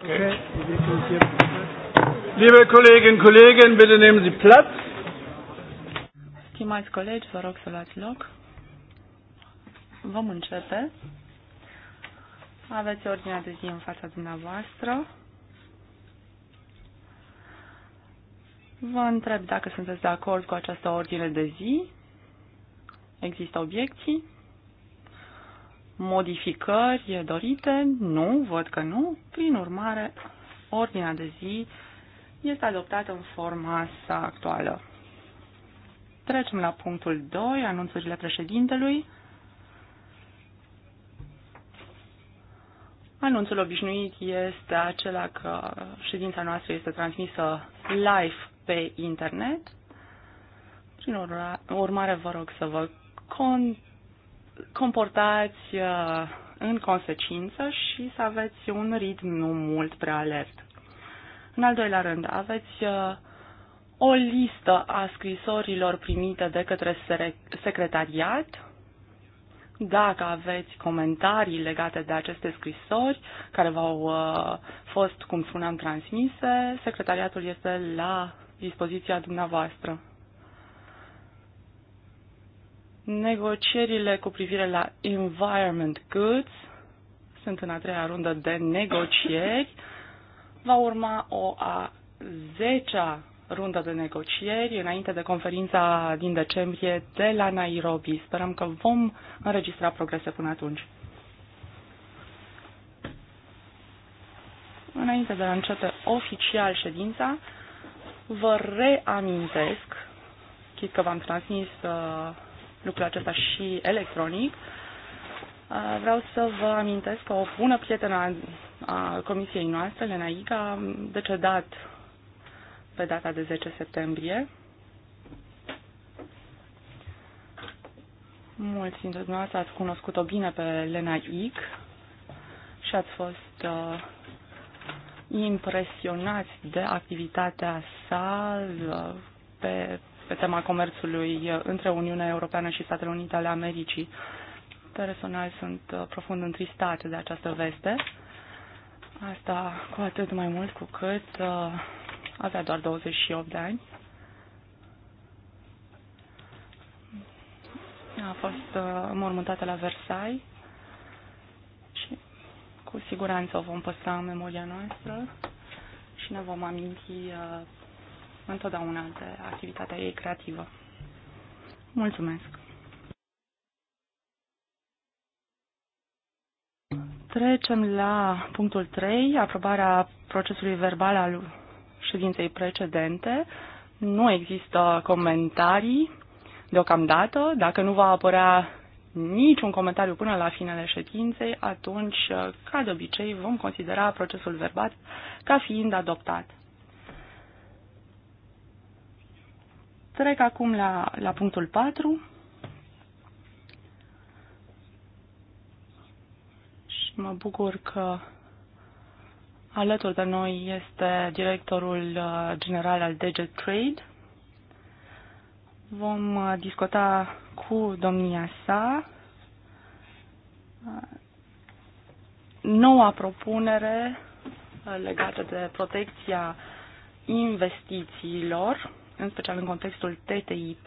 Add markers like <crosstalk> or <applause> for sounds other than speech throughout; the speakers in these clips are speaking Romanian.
Okay. Liebe Kolleginnen und Kollegen, bitte nehmen Sie Platz. Stimați colegi, vă rog să luați loc. Vom începe. Aveți ordinea de zi în fața dumneavoastră. Vă întreb dacă sunteți de acord cu această ordine de zi. Există obiecții? modificări dorite? Nu, văd că nu. Prin urmare, ordinea de zi este adoptată în forma sa actuală. Trecem la punctul 2, anunțurile președintelui. Anunțul obișnuit este acela că ședința noastră este transmisă live pe internet. Prin urmare, vă rog să vă con- comportați uh, în consecință și să aveți un ritm nu mult prea alert. În al doilea rând, aveți uh, o listă a scrisorilor primite de către secretariat. Dacă aveți comentarii legate de aceste scrisori care v-au uh, fost, cum spuneam, transmise, secretariatul este la dispoziția dumneavoastră. Negocierile cu privire la environment goods sunt în a treia rundă de negocieri. Va urma o a zecea rundă de negocieri înainte de conferința din decembrie de la Nairobi. Sperăm că vom înregistra progrese până atunci. Înainte de a începe oficial ședința, vă reamintesc, chit că v-am transmis uh, lucrul acesta și electronic. Uh, vreau să vă amintesc că o bună prietenă a comisiei noastre, Lena Iga, a decedat pe data de 10 septembrie. Mulți dintre dumneavoastră ați cunoscut-o bine pe Lena Ig și ați fost uh, impresionați de activitatea sa uh, pe pe tema comerțului uh, între Uniunea Europeană și Statele Unite ale Americii. Personal sunt uh, profund întristat de această veste. Asta cu atât mai mult cu cât uh, avea doar 28 de ani. A fost uh, mormântată la Versailles și cu siguranță o vom păstra în memoria noastră și ne vom aminti uh, întotdeauna de activitatea ei creativă. Mulțumesc! Trecem la punctul 3, aprobarea procesului verbal al ședinței precedente. Nu există comentarii deocamdată. Dacă nu va apărea niciun comentariu până la finele ședinței, atunci, ca de obicei, vom considera procesul verbal ca fiind adoptat. Trec acum la, la punctul 4. Și mă bucur că alături de noi este directorul uh, general al DG Trade. Vom uh, discuta cu domnia sa uh, noua propunere legată de protecția investițiilor în special în contextul TTIP.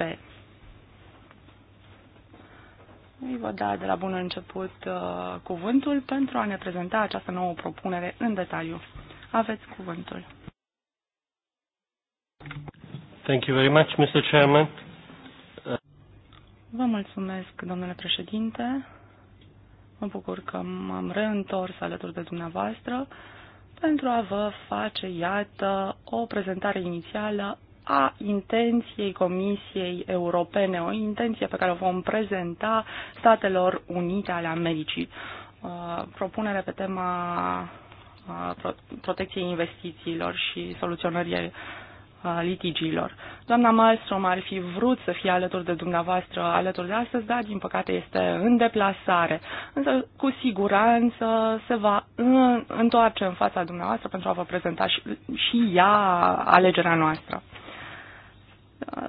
Îi vă da de la bun început uh, cuvântul pentru a ne prezenta această nouă propunere în detaliu. Aveți cuvântul. Thank you very much, Mr. Chairman. Vă mulțumesc, domnule președinte. Mă bucur că m-am reîntors alături de dumneavoastră pentru a vă face, iată, o prezentare inițială a intenției Comisiei Europene, o intenție pe care o vom prezenta Statelor Unite ale Americii. Uh, propunere pe tema uh, protecției investițiilor și soluționării uh, litigiilor. Doamna Malmström ar fi vrut să fie alături de dumneavoastră alături de astăzi, dar din păcate este în deplasare. Însă cu siguranță se va întoarce în fața dumneavoastră pentru a vă prezenta și, și ea alegerea noastră.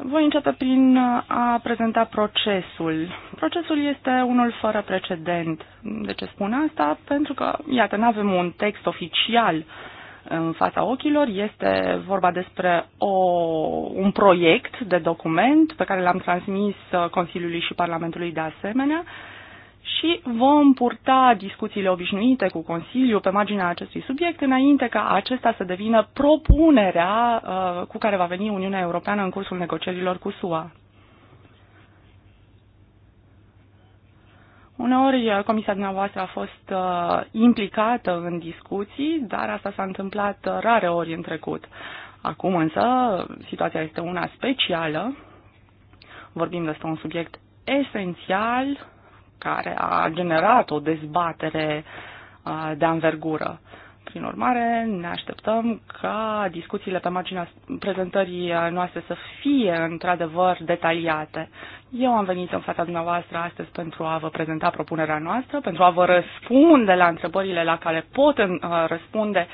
Voi începe prin a prezenta procesul. Procesul este unul fără precedent. De ce spun asta? Pentru că, iată, nu avem un text oficial în fața ochilor. Este vorba despre o, un proiect de document pe care l-am transmis Consiliului și Parlamentului de asemenea. Uh, și vom purta discuțiile obișnuite cu Consiliu pe marginea acestui subiect înainte ca acesta să devină propunerea uh, cu care va veni Uniunea Europeană în cursul negocierilor cu SUA. Uneori uh, comisia dumneavoastră a fost uh, implicată în discuții, dar asta s-a întâmplat uh, rare ori în trecut. Acum însă situația este una specială. Vorbim despre un subiect esențial care a generat o dezbatere de anvergură. Prin urmare, ne așteptăm ca discuțiile pe marginea prezentării noastre să fie într-adevăr detaliate. Eu am venit în fața dumneavoastră astăzi pentru a vă prezenta propunerea noastră, pentru a vă răspunde la întrebările la care pot uh, răspunde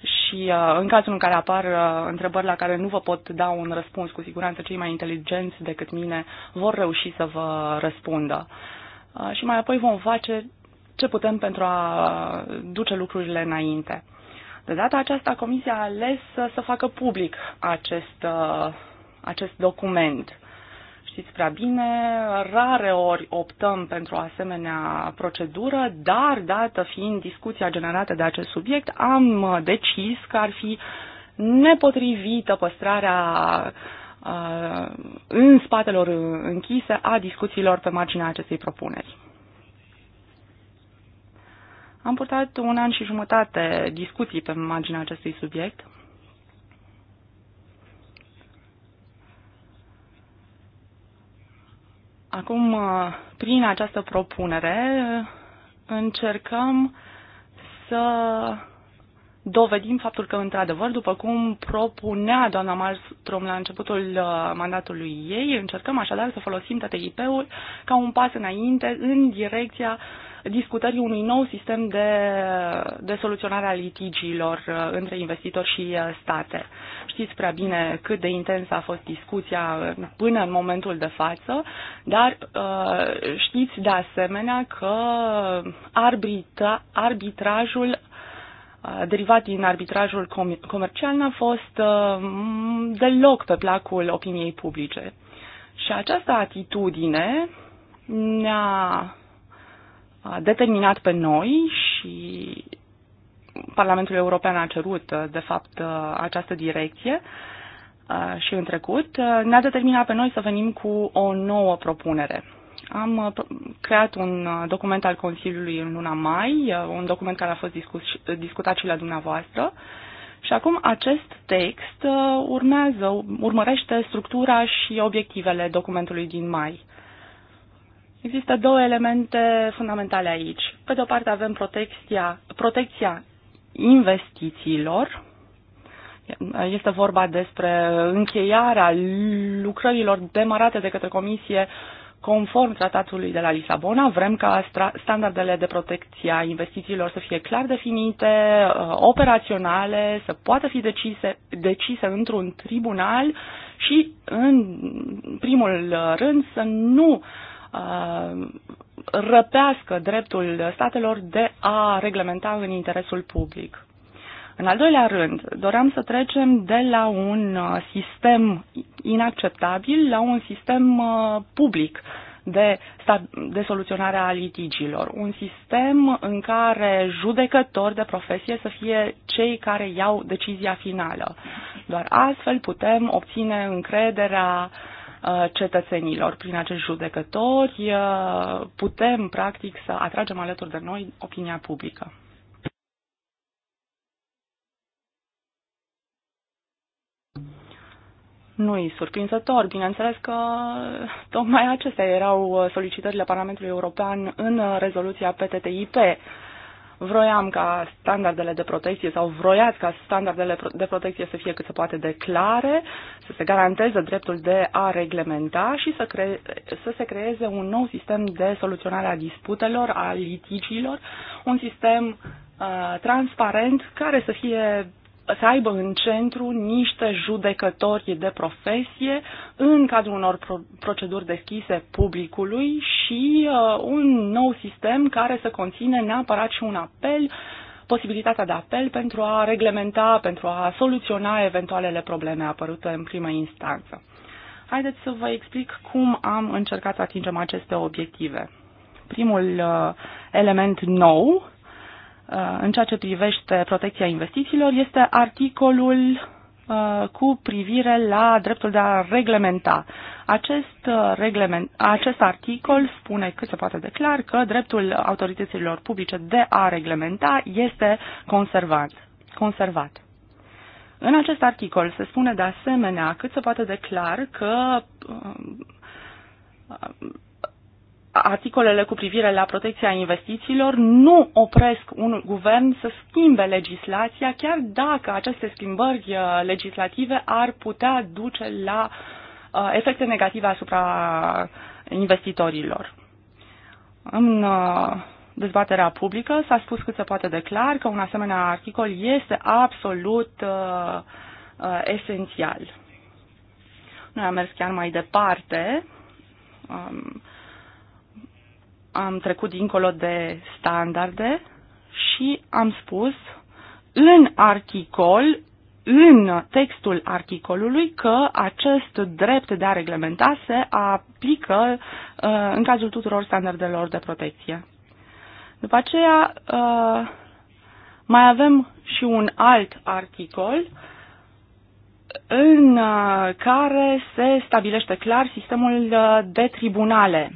și uh, în cazul în care apar uh, întrebări la care nu vă pot da un răspuns, cu siguranță cei mai inteligenți decât mine vor reuși să vă răspundă. Uh, și mai apoi vom face ce putem pentru a duce lucrurile înainte. De data aceasta, Comisia a ales să, să facă public acest, uh, acest document. Știți prea bine, rare ori optăm pentru o asemenea procedură, dar, dată fiind discuția generată de acest subiect, am uh, decis că ar fi nepotrivită păstrarea Uh, în spatelor închise a discuțiilor pe marginea acestei propuneri. Am purtat un an și jumătate discuții pe marginea acestui subiect. Acum, uh, prin această propunere, încercăm să dovedim faptul că, într-adevăr, după cum propunea doamna Malmström la începutul uh, mandatului ei, încercăm așadar să folosim TTIP-ul ca un pas înainte în direcția discutării unui nou sistem de, de soluționare a litigiilor uh, între investitori și uh, state. Știți prea bine cât de intensă a fost discuția până în momentul de față, dar știți de asemenea că arbitra, arbitrajul derivat din arbitrajul comercial n-a fost uh, deloc pe placul opiniei publice. Și această atitudine ne-a determinat pe noi și Parlamentul European a cerut, uh, de fapt, uh, această direcție și în trecut, ne-a determinat pe noi să venim cu o nouă propunere. Am uh, creat un uh, document al Consiliului în luna mai, uh, un document care a fost discus, discutat și la dumneavoastră. Și acum acest text urmează, urmărește structura și obiectivele documentului din mai. Există două elemente fundamentale aici. Pe de o parte avem protecția, protecția investițiilor. Este vorba despre încheiarea lucrărilor demarate de către Comisie Conform tratatului de la Lisabona, vrem ca standardele de protecție a investițiilor să fie clar definite, uh, operaționale, să poată fi decise, decise într-un tribunal și, în primul rând, să nu uh, răpească dreptul statelor de a reglementa în interesul public. În al doilea rând, doream să trecem de la un uh, sistem inacceptabil la un sistem uh, public de, de soluționare a litigiilor. Un sistem în care judecători de profesie să fie cei care iau decizia finală. Doar astfel putem obține încrederea uh, cetățenilor prin acești judecători, putem practic să atragem alături de noi opinia publică. Nu e surprinzător, bineînțeles că <laughs> tocmai acestea erau uh, solicitările Parlamentului European în uh, rezoluția PTTIP. Vroiam ca standardele de protecție sau vroiați ca standardele de protecție să fie cât se poate de clare, să se garanteze dreptul de a reglementa și să, cre- să se creeze un nou sistem de soluționare a disputelor, a litigiilor, un sistem uh, transparent care să fie să aibă în centru niște judecători de profesie în cadrul unor pro- proceduri deschise publicului și uh, un nou sistem care să conține neapărat și un apel, posibilitatea de apel pentru a reglementa, pentru a soluționa eventualele probleme apărute în primă instanță. Haideți să vă explic cum am încercat să atingem aceste obiective. Primul uh, element nou Uh, în ceea ce privește protecția investițiilor este articolul uh, cu privire la dreptul de a reglementa. Acest, uh, reglement, acest articol spune cât se poate de clar că dreptul autorităților publice de a reglementa este conservat. conservat. În acest articol se spune de asemenea cât se poate de clar că articolele cu privire la protecția investițiilor nu opresc un guvern să schimbe legislația, chiar dacă aceste schimbări uh, legislative ar putea duce la uh, efecte negative asupra investitorilor. În uh, dezbaterea publică s-a spus cât se poate de clar că un asemenea articol este absolut esențial. Noi am mers chiar mai departe. Um, am trecut dincolo de standarde și am spus în articol, în textul articolului, că acest drept de a reglementa se aplică uh, în cazul tuturor standardelor de protecție. După aceea, uh, mai avem și un alt articol în uh, care se stabilește clar sistemul de tribunale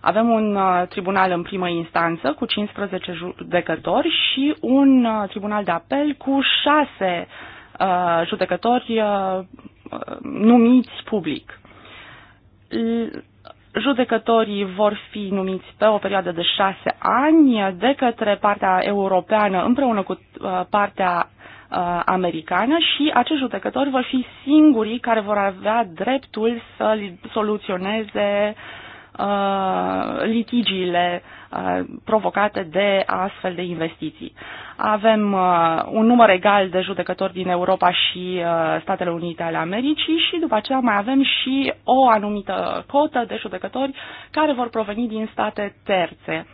avem un uh, tribunal în primă instanță cu 15 judecători și un uh, tribunal de apel cu 6 uh, judecători numiți public. Judecătorii vor fi numiți pe o perioadă de 6 ani de către partea europeană împreună cu partea americană și acești judecători vor fi singurii care vor avea dreptul să soluționeze Uh, litigiile uh, provocate de astfel de investiții. Avem uh, un număr egal de judecători din Europa și Statele Unite ale Americii și după aceea mai avem și o anumită cotă de judecători care vor proveni din state terțe.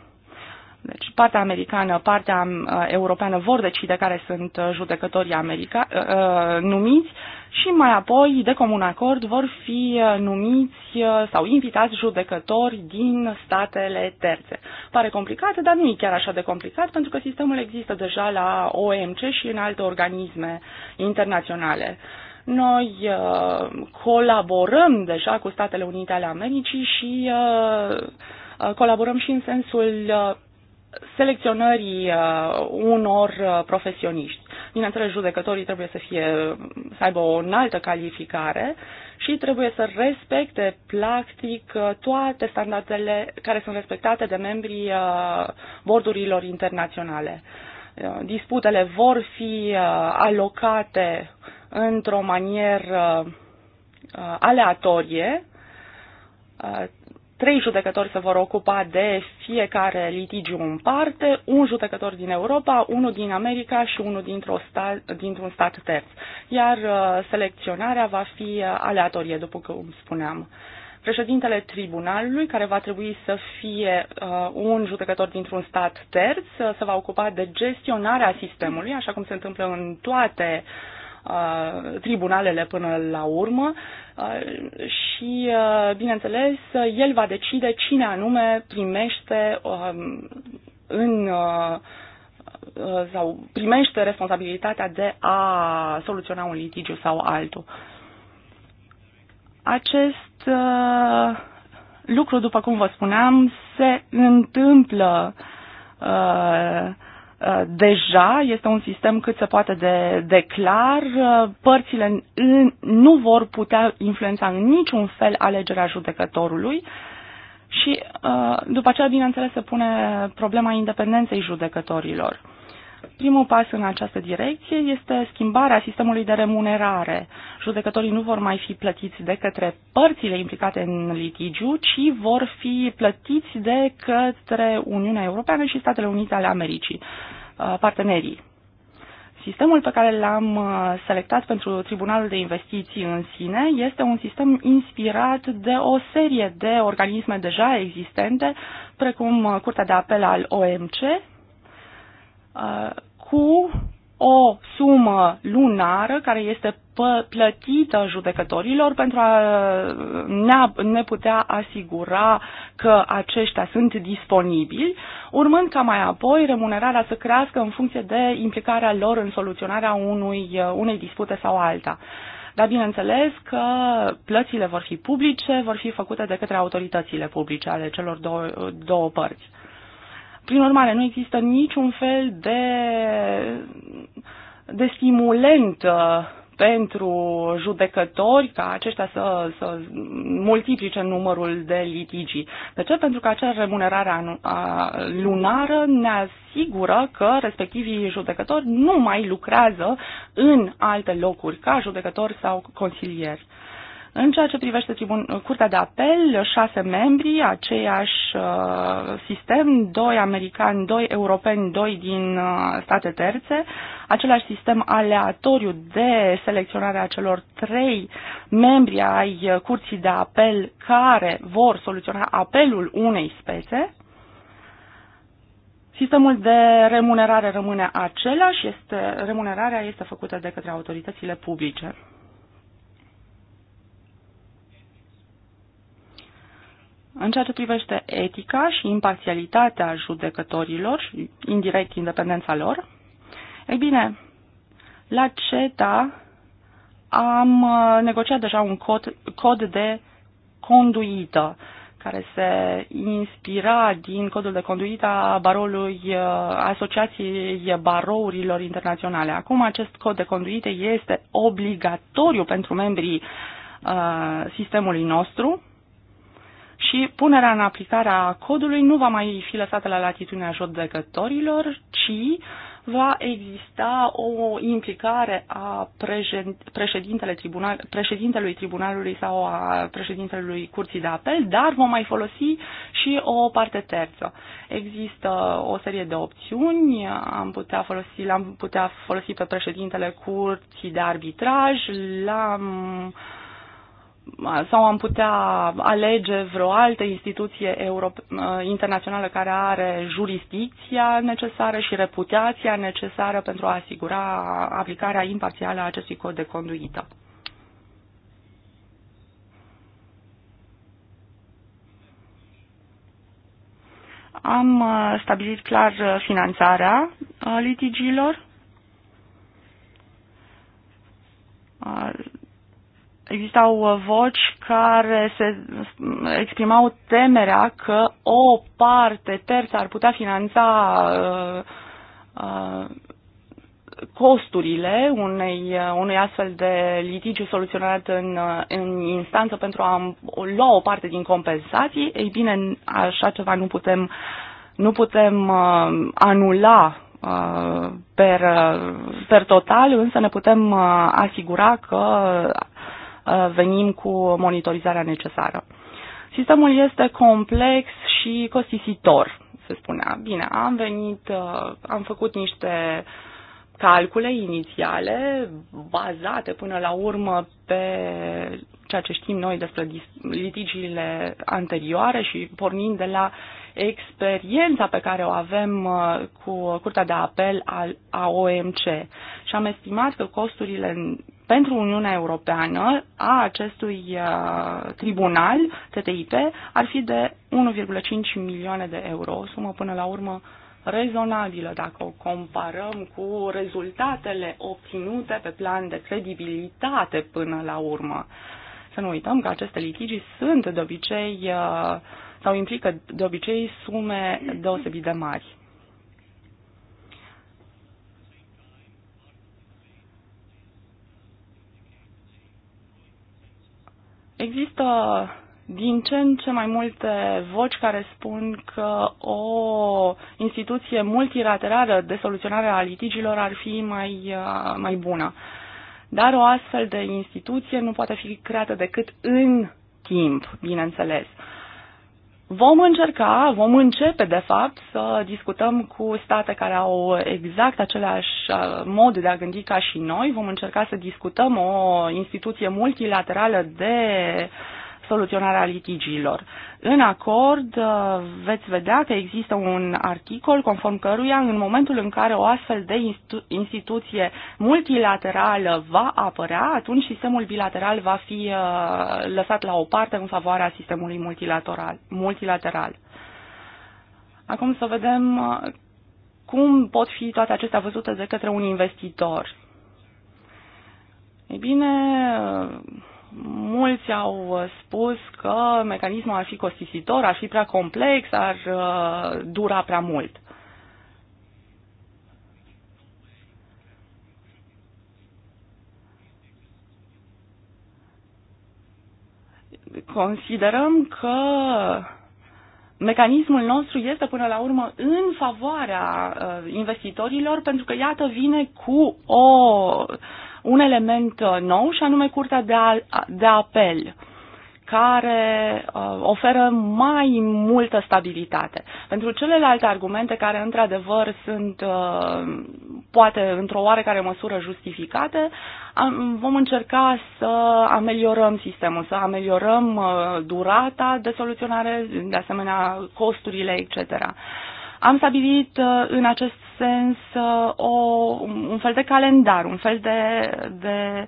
Deci partea americană, partea uh, europeană vor decide care sunt uh, judecătorii america, uh, numiți și mai apoi, de comun acord, vor fi numiți sau invitați judecători din statele terțe. Pare complicat, dar nu e chiar așa de complicat, pentru că sistemul există deja la OMC și în alte organisme internaționale noi colaborăm deja cu Statele Unite ale Americii și colaborăm și în sensul selecționării uh, unor uh, profesioniști. Bineînțeles, judecătorii trebuie să, fie, să aibă o înaltă calificare și trebuie să respecte practic uh, toate standardele care sunt respectate de membrii bordurilor internaționale. Disputele vor fi alocate într-o manieră aleatorie, trei judecători se vor ocupa de fiecare litigiu în parte, un judecător din Europa, unul din America și unul dintr-un stat, dintr stat terț. Iar uh, selecționarea va fi uh, aleatorie, după cum spuneam. Președintele tribunalului, care va trebui să fie uh, un judecător dintr-un stat terț, uh, se va ocupa de gestionarea sistemului, așa cum se întâmplă în toate uh, Uh, tribunalele până la urmă uh, și, uh, bineînțeles, el va decide cine anume primește um, în sau primește responsabilitatea de a soluționa un litigiu sau altul. Acest lucru, după cum vă spuneam, se întâmplă uh, deja, este un sistem cât se poate de, de clar, părțile nu vor putea influența în niciun fel alegerea judecătorului și uh, după aceea, bineînțeles, se pune problema independenței judecătorilor. Primul pas în această direcție este schimbarea sistemului de remunerare. Judecătorii nu vor mai fi plătiți de către părțile implicate în litigiu, ci vor fi plătiți de către Uniunea Europeană și Statele Unite ale Americii, uh, partenerii. Sistemul pe care l-am uh, selectat pentru Tribunalul de Investiții în sine este un sistem inspirat de o serie de organisme deja existente, precum uh, Curtea de Apel al OMC, Uh, cu o sumă lunară care este plătită judecătorilor pentru a uh, ne putea asigura că aceștia sunt disponibili, urmând ca mai apoi remunerarea să crească în funcție de implicarea lor în soluționarea unui, uh, unei dispute sau alta. Dar bineînțeles că plățile vor fi publice, vor fi făcute de către autoritățile publice ale celor două, două părți. Prin urmare, nu există niciun fel de, de stimulent uh, pentru judecători ca aceștia să, să multiplice numărul de litigii. De ce? Pentru că acea remunerare lunară ne asigură că respectivii judecători nu mai lucrează în alte locuri ca judecători sau consilieri. În ceea ce privește tribun- Curtea de Apel, șase membri, aceeași uh, sistem, doi americani, doi europeni, doi din uh, state terțe, același sistem aleatoriu de selecționare a celor trei membri ai uh, Curții de Apel care vor soluționa apelul unei spețe. Sistemul de remunerare rămâne același, este, remunerarea este făcută de către autoritățile publice. În ceea ce privește etica și imparțialitatea judecătorilor indirect independența lor, ei bine, la CETA am uh, negociat deja un cod, cod de conduită care se inspira din codul de conduită a barolului uh, Asociației Barourilor Internaționale. Acum acest cod de conduită este obligatoriu pentru membrii uh, sistemului nostru, și punerea în aplicare a codului nu va mai fi lăsată la latitudinea judecătorilor, ci va exista o implicare a președintele tribunal, președintelui tribunalului sau a președintelui curții de apel, dar vom mai folosi și o parte terță. Există o serie de opțiuni, am putea folosi, l-am putea folosi pe președintele curții de arbitraj, l-am uh, sau am putea alege vreo altă instituție uh, internațională care are jurisdicția necesară și reputația necesară pentru a asigura aplicarea imparțială a acestui cod de conduită. Am uh, stabilit clar uh, finanțarea litigiilor existau uh, voci care se mm, exprimau temerea că o parte terță ar putea finanța uh, uh, costurile unei, unui astfel de litigiu soluționat în, în instanță pentru a lua o parte din compensații, ei bine, așa ceva nu putem, nu putem uh, anula uh, per, per total, însă ne putem uh, asigura că Uh, venim cu monitorizarea necesară. Sistemul este complex și costisitor, se spunea. Bine, am venit, uh, am făcut niște calcule inițiale bazate până la urmă pe ceea ce știm noi despre litigiile anterioare și pornind de la experiența pe care o avem uh, cu Curtea de Apel a OMC. Și am estimat că costurile pentru Uniunea Europeană a acestui uh, tribunal TTIP ar fi de 1,5 milioane de euro, o sumă până la urmă rezonabilă dacă o comparăm cu rezultatele obținute pe plan de credibilitate până la urmă. Să nu uităm că aceste litigi sunt de obicei uh, sau implică de obicei sume deosebit de mari. Există din ce în ce mai multe voci care spun că o instituție multilaterală de soluționare a litigilor ar fi mai, uh, mai bună. Dar o astfel de instituție nu poate fi creată decât în timp, bineînțeles. Uh, Vom încerca, vom începe de fapt să discutăm cu state care au exact același uh, mod de a gândi ca și noi. Vom încerca să discutăm o instituție multilaterală de soluționarea litigiilor. În acord uh, veți vedea că există un articol conform căruia în momentul în care o astfel de instituție multilaterală va apărea, atunci sistemul bilateral va fi uh, lăsat la o parte în favoarea sistemului multilateral. multilateral. Acum să vedem uh, cum pot fi toate acestea văzute de către un investitor. Ei bine, mulți au uh, spus că mecanismul ar fi costisitor, ar fi prea complex, ar uh, dura prea mult. Considerăm că mecanismul nostru este până la urmă în favoarea uh, investitorilor pentru că iată vine cu o uh, un element uh, nou și anume Curtea de, a, de Apel care uh, oferă mai multă stabilitate. Pentru celelalte argumente care, într-adevăr, sunt uh, poate într-o oarecare măsură justificate, am, vom încerca să ameliorăm sistemul, să ameliorăm uh, durata de soluționare, de asemenea costurile, etc. Am stabilit uh, în acest sens o, un fel de calendar, un fel de, de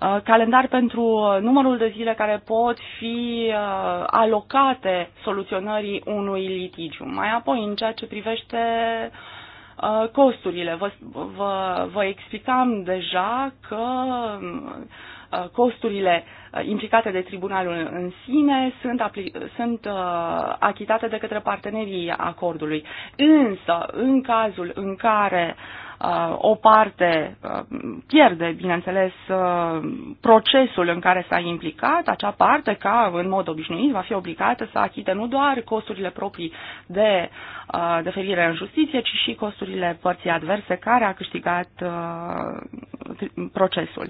uh, calendar pentru numărul de zile care pot fi uh, alocate soluționării unui litigiu. Mai apoi, în ceea ce privește uh, costurile, vă, vă, vă explicam deja că Uh, costurile uh, implicate de tribunalul în sine sunt, sunt uh, achitate de către partenerii acordului. Însă, în cazul în care uh, o parte uh, pierde, bineînțeles, uh, procesul în care s-a implicat, acea parte, ca în mod obișnuit, va fi obligată să achite nu doar costurile proprii de uh, deferire în justiție, ci și costurile părții adverse care a câștigat uh, procesul.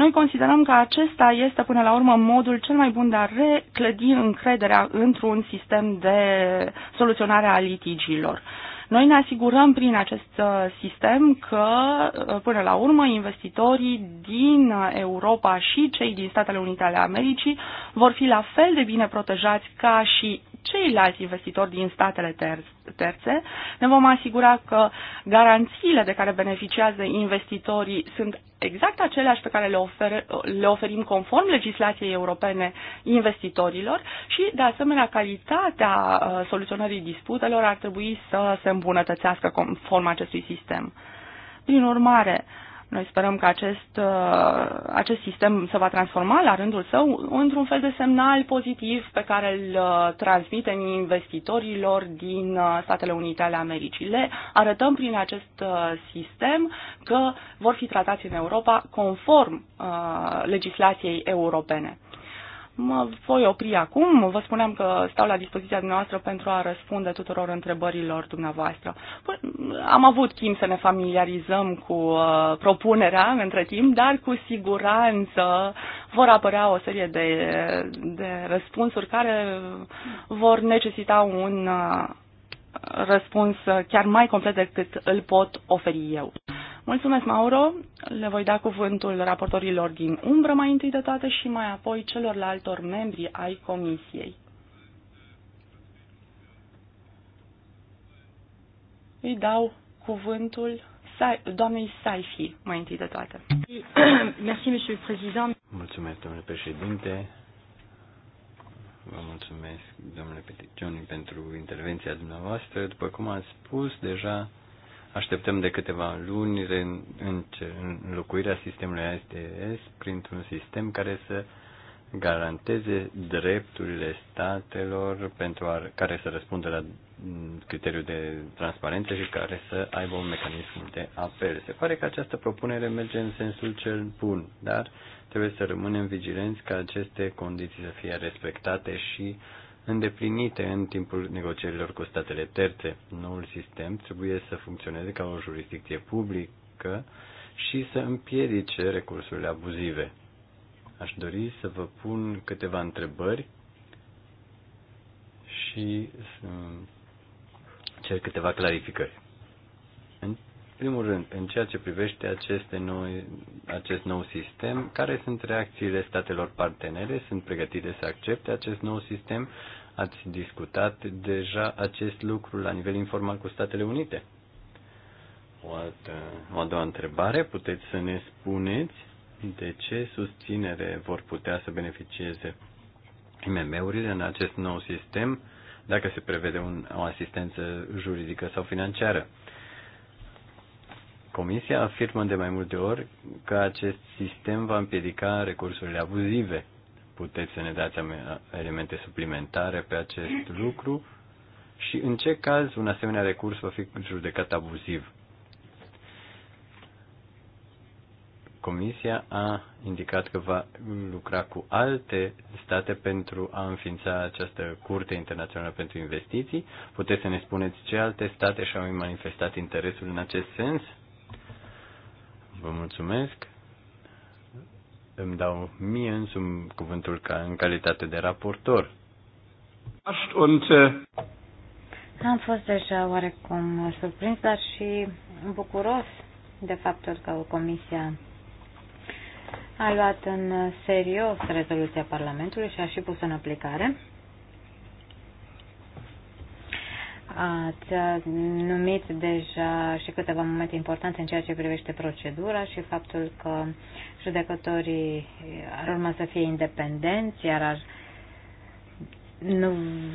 Noi considerăm că acesta este până la urmă modul cel mai bun de a reclădi încrederea într-un sistem de soluționare a litigiilor. Noi ne asigurăm prin acest uh, sistem că, uh, până la urmă, investitorii din Europa și cei din Statele Unite ale Americii vor fi la fel de bine protejați ca și ceilalți investitori din statele terțe. Ne vom asigura că garanțiile de care beneficiază investitorii sunt exact aceleași pe care le, ofer, le oferim conform legislației europene investitorilor și, de asemenea, calitatea uh, soluționării disputelor ar trebui să se îmbunătățească conform acestui sistem. Prin urmare, uh, noi sperăm că acest, uh, acest sistem se va transforma la rândul său într-un fel de semnal pozitiv pe care îl uh, transmitem investitorilor din uh, Statele Unite ale Americii. Le arătăm prin acest sistem că vor fi tratați în Europa conform legislației europene. Mă voi opri acum. Vă spuneam că stau la dispoziția noastră pentru a răspunde tuturor întrebărilor dumneavoastră. Am avut timp să ne familiarizăm cu uh, propunerea între timp, dar cu siguranță vor apărea o serie de, de răspunsuri care vor necesita un uh, răspuns uh, chiar mai complet decât îl pot oferi eu. Mulțumesc, Mauro. Le voi da cuvântul raportorilor din umbră mai întâi de toate și mai apoi celorlaltor membri ai comisiei. Îi dau cuvântul doamnei Saifi mai întâi de toate. Mulțumesc, domnule președinte. Vă mulțumesc, domnule Peticioni, pentru intervenția dumneavoastră. După cum am spus, deja așteptăm de câteva luni înlocuirea sistemului ASTS printr-un sistem care să garanteze drepturile statelor pentru a, care să răspundă la criteriul de transparență și care să aibă un mecanism de apel. Se pare că această propunere merge în sensul cel bun, dar Trebuie să rămânem vigilenți ca aceste condiții să fie respectate și îndeplinite în timpul negocierilor cu statele terțe. Noul sistem trebuie să funcționeze ca o jurisdicție publică și să împiedice recursurile abuzive. Aș dori să vă pun câteva întrebări și uh, cer câteva clarificări primul rând, în ceea ce privește aceste noi, acest nou sistem, care sunt reacțiile statelor partenere? Sunt pregătite să accepte acest nou sistem? Ați discutat deja acest lucru la nivel informal cu Statele Unite? O, altă, o a doua întrebare, puteți să ne spuneți de ce susținere vor putea să beneficieze IMM-urile în acest nou sistem, dacă se prevede un, o asistență juridică sau financiară? Comisia afirmă de mai multe ori că acest sistem va împiedica recursurile abuzive. Puteți să ne dați elemente suplimentare pe acest lucru și în ce caz un asemenea recurs va fi judecat abuziv? Comisia a indicat că va lucra cu alte state pentru a înființa această Curte Internațională pentru Investiții. Puteți să ne spuneți ce alte state și-au manifestat interesul în acest sens? Vă mulțumesc. Îmi dau mie însumi cuvântul ca în calitate de raportor. Uh, Am fost deja oarecum surprins, dar și bucuros de faptul că o Comisia a luat în serios rezoluția Parlamentului și a și pus în aplicare. Ați numit deja și câteva momente importante în ceea ce privește procedura și faptul că judecătorii ar urma să fie independenți, iar ar, nu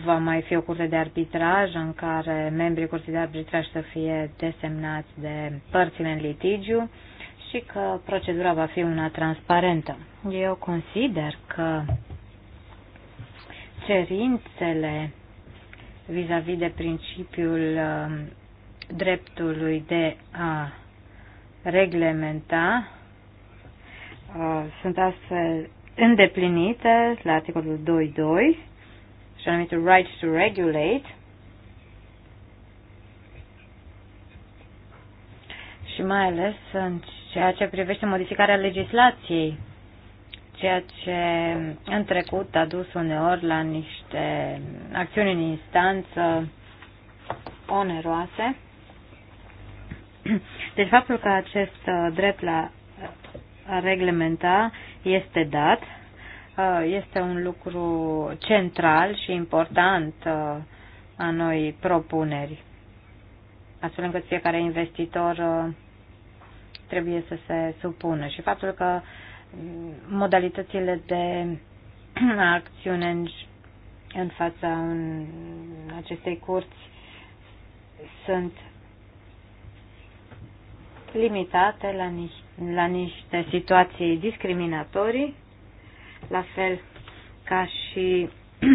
va mai fi o curte de arbitraj în care membrii curții de arbitraj să fie desemnați de părțile în litigiu și că procedura va fi una transparentă. Eu consider că cerințele vis-a-vis -vis de principiul um, dreptului de a reglementa uh, sunt astfel îndeplinite la articolul 2.2 și anumitul right to regulate și mai ales în ceea ce privește modificarea legislației ceea ce în trecut a dus uneori la niște acțiuni în instanță oneroase. Deci faptul că acest drept la reglementa este dat este un lucru central și important a noi propuneri, astfel încât fiecare investitor trebuie să se supună. Și faptul că modalitățile de <clears throat> acțiune în, în fața un, acestei curți sunt limitate la, ni- la niște situații discriminatorii, la fel ca și <clears throat>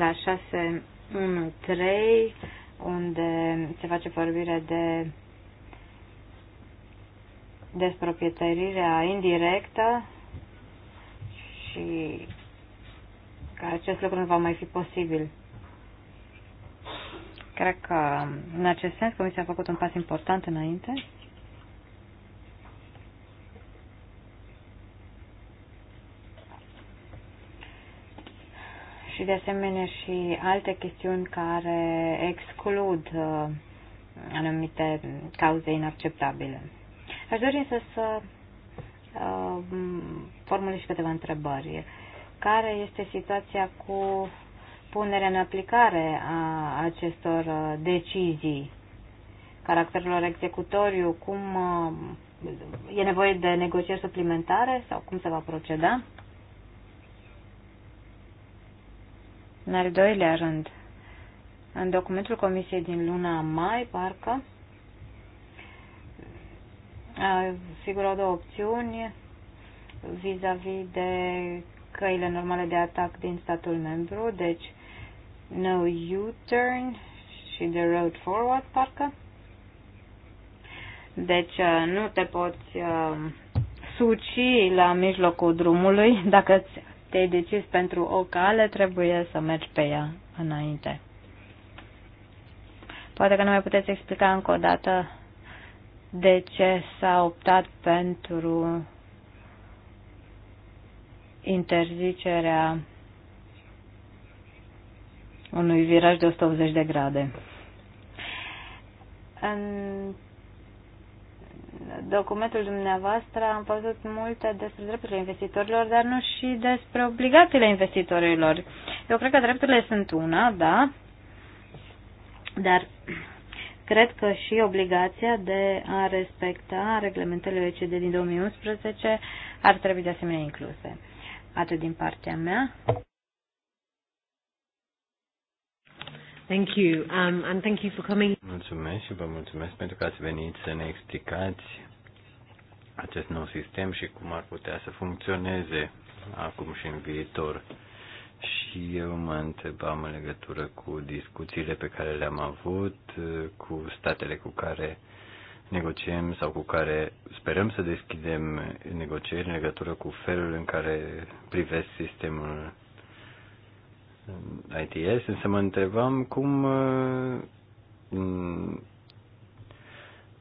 la 613, unde se face vorbire de desproprietărirea indirectă și că acest lucru nu va mai fi posibil. Cred că, în acest sens, Comisia a făcut un pas important înainte. Și, de asemenea, și alte chestiuni care exclud uh, anumite cauze inacceptabile. Aș dori însă să uh, formulez și câteva întrebări. Care este situația cu punerea în aplicare a acestor uh, decizii, caracterul lor executoriu, cum uh, e nevoie de negocieri suplimentare sau cum se va proceda? În al doilea rând, în documentul Comisiei din luna mai, parcă, Sigur au două opțiuni vis-a-vis -vis de căile normale de atac din statul membru, deci no U-turn și the road forward, parcă. Deci nu te poți uh, suci la mijlocul drumului. <laughs> Dacă te-ai decis pentru o cale, trebuie să mergi pe ea înainte. Poate că nu mai puteți explica încă o dată de ce s-a optat pentru interzicerea unui viraj de 180 de grade. În documentul dumneavoastră am văzut multe despre drepturile investitorilor, dar nu și despre obligațiile investitorilor. Eu cred că drepturile sunt una, da, dar Cred că și obligația de a respecta reglementele OECD din 2011 ar trebui de asemenea incluse. Atât din partea mea. Thank you, um, and thank you for coming. Mulțumesc și vă mulțumesc pentru că ați venit să ne explicați acest nou sistem și cum ar putea să funcționeze acum și în viitor și eu mă întrebam în legătură cu discuțiile pe care le-am avut cu statele cu care negociem sau cu care sperăm să deschidem negocieri în legătură cu felul în care privesc sistemul ITS, însă mă întrebam cum uh,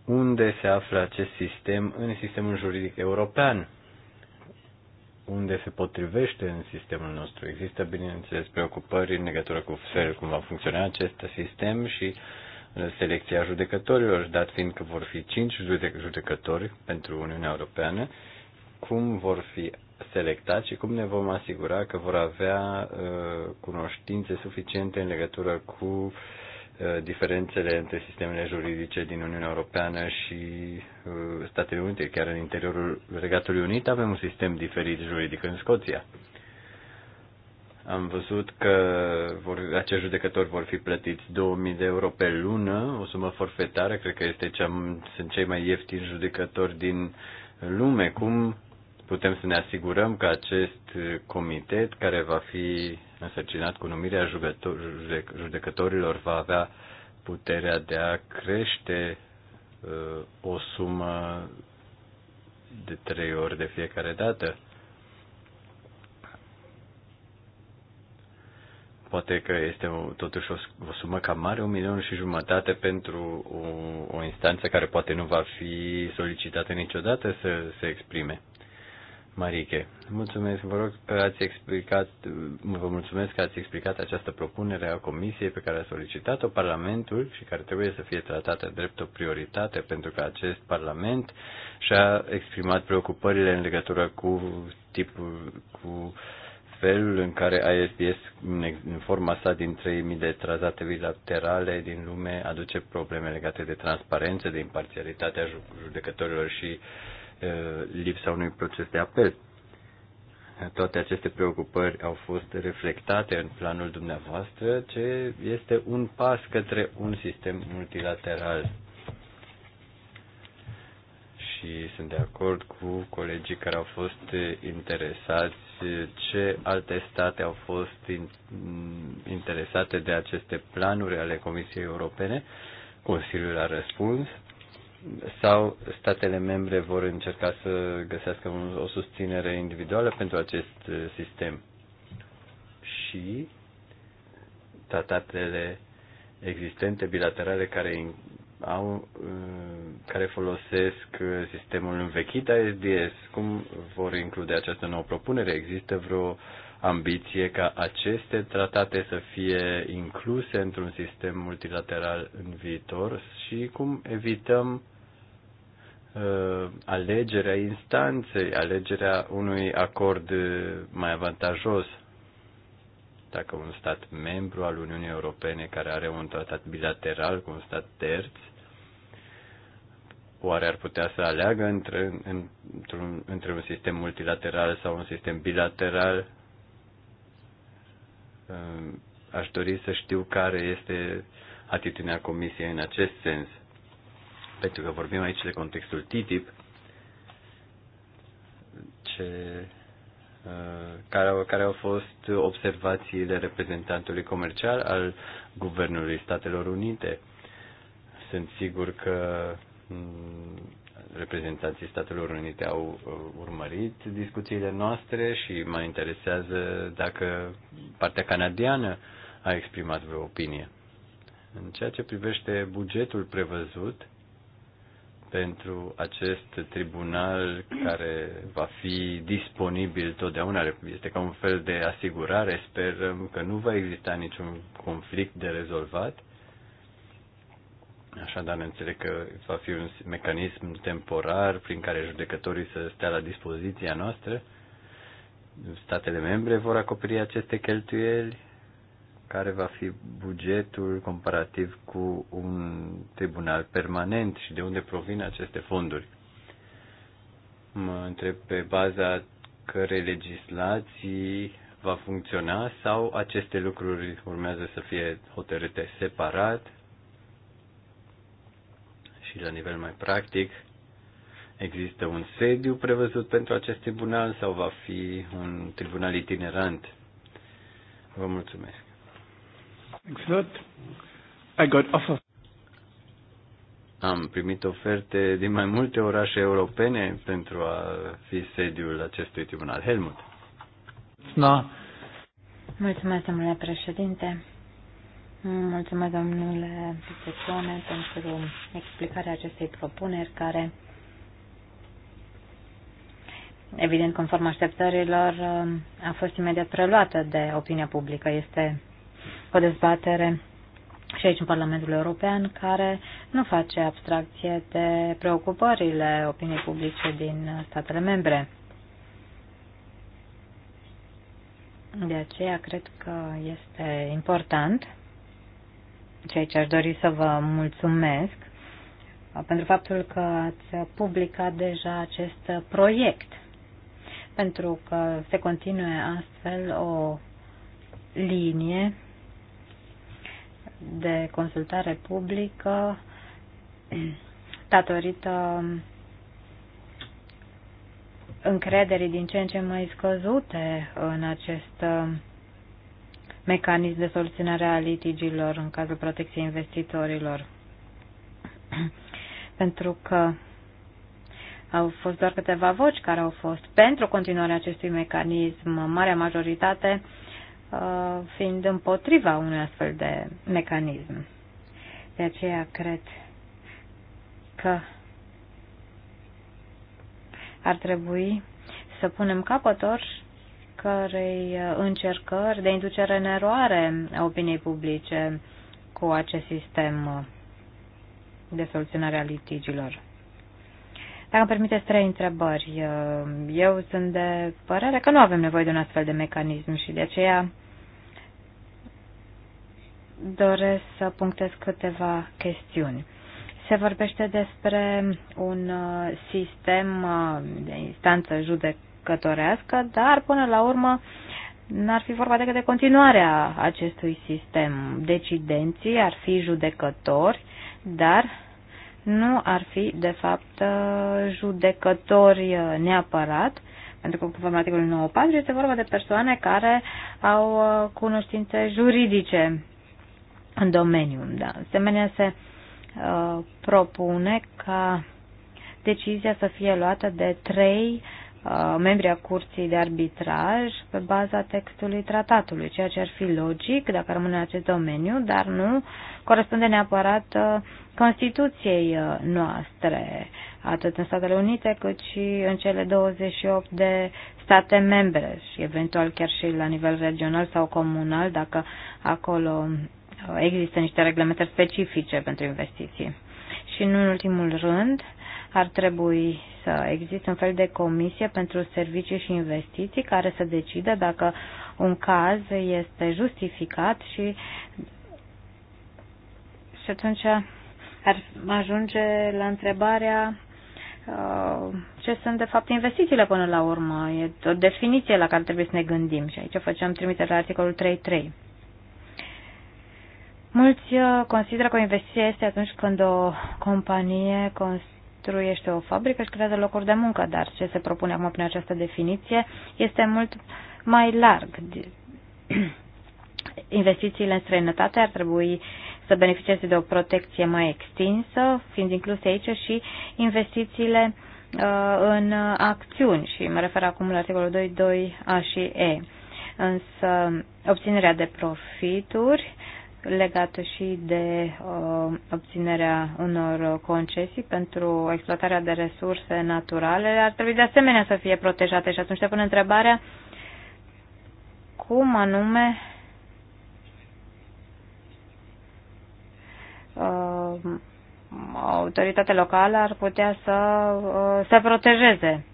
unde se află acest sistem în sistemul juridic european unde se potrivește în sistemul nostru. Există, bineînțeles, preocupări în legătură cu felul cum va funcționa acest sistem și uh, selecția judecătorilor, dat fiind că vor fi cinci judecători pentru Uniunea Europeană, cum vor fi selectați și cum ne vom asigura că vor avea uh, cunoștințe suficiente în legătură cu uh, Uh, diferențele între sistemele juridice din Uniunea Europeană și uh, Statele Unite. Chiar în interiorul Regatului Unit avem un sistem diferit juridic în Scoția. Am văzut că vor, acești judecători vor fi plătiți 2000 de euro pe lună, o sumă forfetară, cred că este cea, sunt cei mai ieftini judecători din lume. Cum putem să ne asigurăm că acest comitet care va fi însărcinat cu numirea judecătorilor va avea puterea de a crește uh, o sumă de trei ori de fiecare dată. Poate că este totuși o, o sumă cam mare, un milion și jumătate pentru o, o instanță care poate nu va fi solicitată niciodată să se exprime. Marike, Mulțumesc, vă rog, ați explicat, vă mulțumesc că ați explicat această propunere a Comisiei pe care a solicitat-o Parlamentul și care trebuie să fie tratată drept o prioritate pentru că acest Parlament și-a exprimat preocupările în legătură cu tipul, cu felul în care ISDS, în forma sa din 3.000 de tratate bilaterale din lume, aduce probleme legate de transparență, de imparțialitatea judecătorilor și uh, lipsa unui proces de apel. Toate aceste preocupări au fost reflectate în planul dumneavoastră, ce este un pas către un sistem multilateral. Și sunt de acord cu colegii care au fost interesați ce alte state au fost interesate de aceste planuri ale Comisiei Europene. Consiliul a răspuns sau statele membre vor încerca să găsească o susținere individuală pentru acest uh, sistem. Și tratatele existente bilaterale care au, uh, care folosesc uh, sistemul învechit SDS cum vor include această nouă propunere? Există vreo ambiție ca aceste tratate să fie incluse într-un sistem multilateral în viitor și cum evităm uh, alegerea instanței, alegerea unui acord mai avantajos. Dacă un stat membru al Uniunii Europene care are un tratat bilateral cu un stat terț, oare ar putea să aleagă între, între, un între un sistem multilateral sau un sistem bilateral aș dori să știu care este atitudinea Comisiei în acest sens. Pentru că vorbim aici de contextul TTIP, ce, uh, care, au, care au fost observațiile reprezentantului comercial al Guvernului Statelor Unite. Sunt sigur că mm, reprezentanții Statelor Unite au uh, urmărit discuțiile noastre și mă interesează dacă partea canadiană a exprimat vreo opinie. În ceea ce privește bugetul prevăzut pentru acest tribunal care va fi disponibil totdeauna, este ca un fel de asigurare, sperăm că nu va exista niciun conflict de rezolvat Așadar, înțeleg că va fi un mecanism temporar prin care judecătorii să stea la dispoziția noastră. Statele membre vor acoperi aceste cheltuieli. Care va fi bugetul comparativ cu un tribunal permanent și de unde provin aceste fonduri? Mă întreb pe baza cărei legislații va funcționa sau aceste lucruri urmează să fie hotărâte separat și la nivel mai practic, există un sediu prevăzut pentru acest tribunal sau va fi un tribunal itinerant? Vă mulțumesc. Thanks I got offer. Am primit oferte din mai multe orașe europene pentru a fi sediul acestui tribunal. Helmut. No. Mulțumesc, domnule președinte. Mulțumesc, domnule Pisecione, pentru explicarea acestei propuneri care, evident, conform așteptărilor, a fost imediat preluată de opinia publică. Este o dezbatere și aici în Parlamentul European care nu face abstracție de preocupările opiniei publice din statele membre. De aceea cred că este important ceea ce aș dori să vă mulțumesc uh, pentru faptul că ați publicat deja acest uh, proiect, pentru că se continue astfel o linie de consultare publică datorită um, încrederii din ce în ce mai scăzute în acest um, mecanism de soluționare a litigiilor în cazul protecției investitorilor. <clears throat> Pentru că au fost doar câteva voci care au fost pentru continuarea acestui mecanism, marea majoritate uh, fiind împotriva unui astfel de mecanism. De aceea cred că ar trebui să punem capăt oricărei uh, încercări de inducere în eroare a opiniei publice cu acest sistem uh, de soluționare a litigilor. Dacă îmi permiteți trei întrebări, uh, eu sunt de părere că nu avem nevoie de un astfel de mecanism și de aceea doresc să punctez câteva chestiuni. Se vorbește despre un sistem de instanță judec căsătorească, dar până la urmă n-ar fi vorba decât de continuarea acestui sistem. Decidenții ar fi judecători, dar nu ar fi, de fapt, judecători neapărat, pentru că, conform articolului 9.4, este vorba de persoane care au uh, cunoștințe juridice în domeniu. Da. Asemenea, se uh, propune ca decizia să fie luată de trei Uh, membrii a curții de arbitraj pe baza textului tratatului, ceea ce ar fi logic dacă rămâne în acest domeniu, dar nu corespunde neapărat uh, Constituției uh, noastre, atât în Statele Unite cât și în cele 28 de state membre și eventual chiar și la nivel regional sau comunal, dacă acolo există niște reglementări specifice pentru investiții. Și nu în ultimul rând, ar trebui să existe un fel de comisie pentru servicii și investiții care să decide dacă un caz este justificat și, și atunci ar ajunge la întrebarea uh, ce sunt de fapt investițiile până la urmă. E o definiție la care trebuie să ne gândim și aici făceam trimitere la articolul 3.3. Mulți uh, consideră că o investiție este atunci când o companie construiește este o fabrică și creează locuri de muncă, dar ce se propune acum prin această definiție este mult mai larg. <clears throat> Investițiile în străinătate ar trebui să beneficieze de o protecție mai extinsă, fiind incluse aici și investițiile uh, în acțiuni și mă refer acum la articolul 2, 2, A și E. Însă obținerea de profituri legată și de uh, obținerea unor concesii pentru exploatarea de resurse naturale, ar trebui de asemenea să fie protejate. Și atunci te pun întrebarea cum anume uh, autoritatea locală ar putea să uh, se protejeze.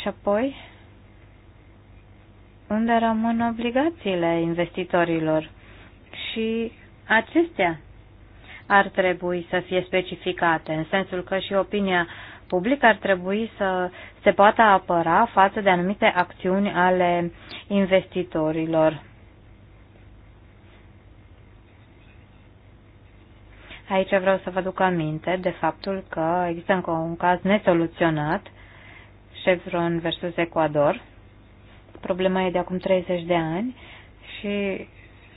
Și apoi, unde rămân obligațiile investitorilor? și acestea ar trebui să fie specificate, în sensul că și opinia publică ar trebui să se poată apăra față de anumite acțiuni ale investitorilor. Aici vreau să vă duc aminte de faptul că există încă un caz nesoluționat, Chevron versus Ecuador. Problema e de acum 30 de ani și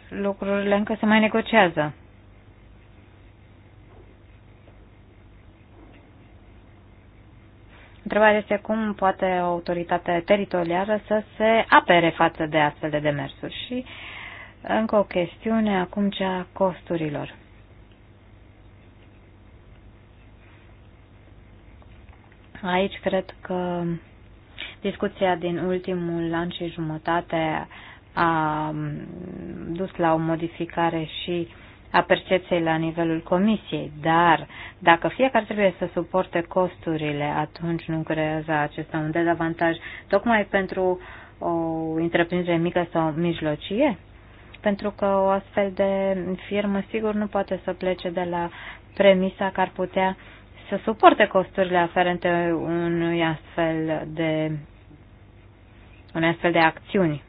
lucrurile încă se mai negociază. Întrebarea este cum poate o autoritate teritorială să se apere față de astfel de demersuri. Și încă o chestiune, acum cea a costurilor. Aici cred că discuția din ultimul an și jumătate a dus la o modificare și a percepției la nivelul comisiei, dar dacă fiecare trebuie să suporte costurile, atunci nu creează acesta un dezavantaj tocmai pentru o întreprindere mică sau mijlocie? Pentru că o astfel de firmă sigur nu poate să plece de la premisa că ar putea să suporte costurile aferente unui astfel de unui astfel de acțiuni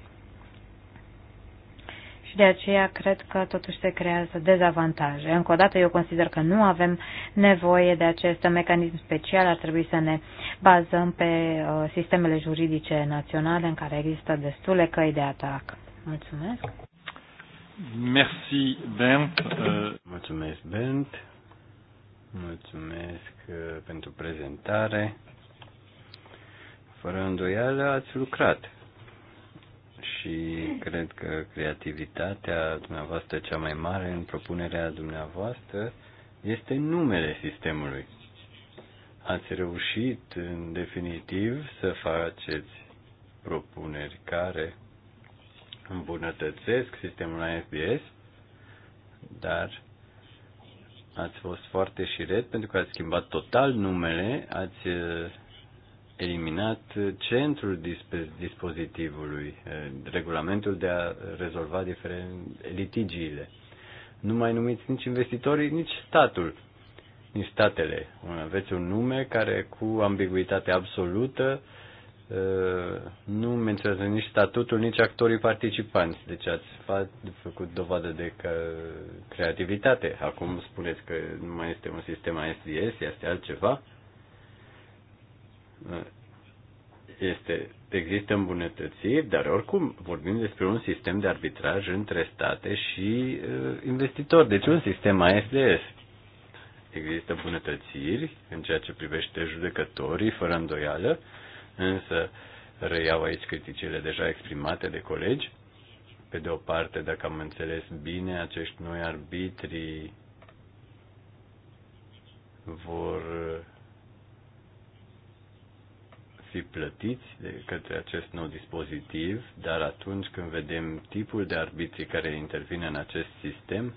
și de aceea cred că totuși se creează dezavantaje. Încă o dată eu consider că nu avem nevoie de acest mecanism special, ar trebui să ne bazăm pe uh, sistemele juridice naționale în care există destule căi de atac. Mulțumesc! Merci, Bent. Uh, Mulțumesc, Bent. Mulțumesc uh, pentru prezentare. Fără îndoială ați lucrat și cred că creativitatea dumneavoastră cea mai mare în propunerea dumneavoastră este numele sistemului. Ați reușit, în definitiv, să faceți propuneri care îmbunătățesc sistemul IFBS, dar ați fost foarte șiret pentru că ați schimbat total numele, ați eliminat centrul dispozitivului, eh, regulamentul de a rezolva litigiile. Nu mai numiți nici investitorii, nici statul, nici statele. Aveți un nume care cu ambiguitate absolută eh, nu menționează nici statutul, nici actorii participanți. Deci ați făcut dovadă de că creativitate. Acum spuneți că nu mai este un sistem ASDS, este altceva este, există îmbunătățiri, dar oricum vorbim despre un sistem de arbitraj între state și uh, investitori, deci un sistem ASDS. Există îmbunătățiri în ceea ce privește judecătorii, fără îndoială, însă reiau aici criticile deja exprimate de colegi. Pe de o parte, dacă am înțeles bine, acești noi arbitrii vor uh, fi plătiți de către acest nou dispozitiv, dar atunci când vedem tipul de arbitrii care intervine în acest sistem,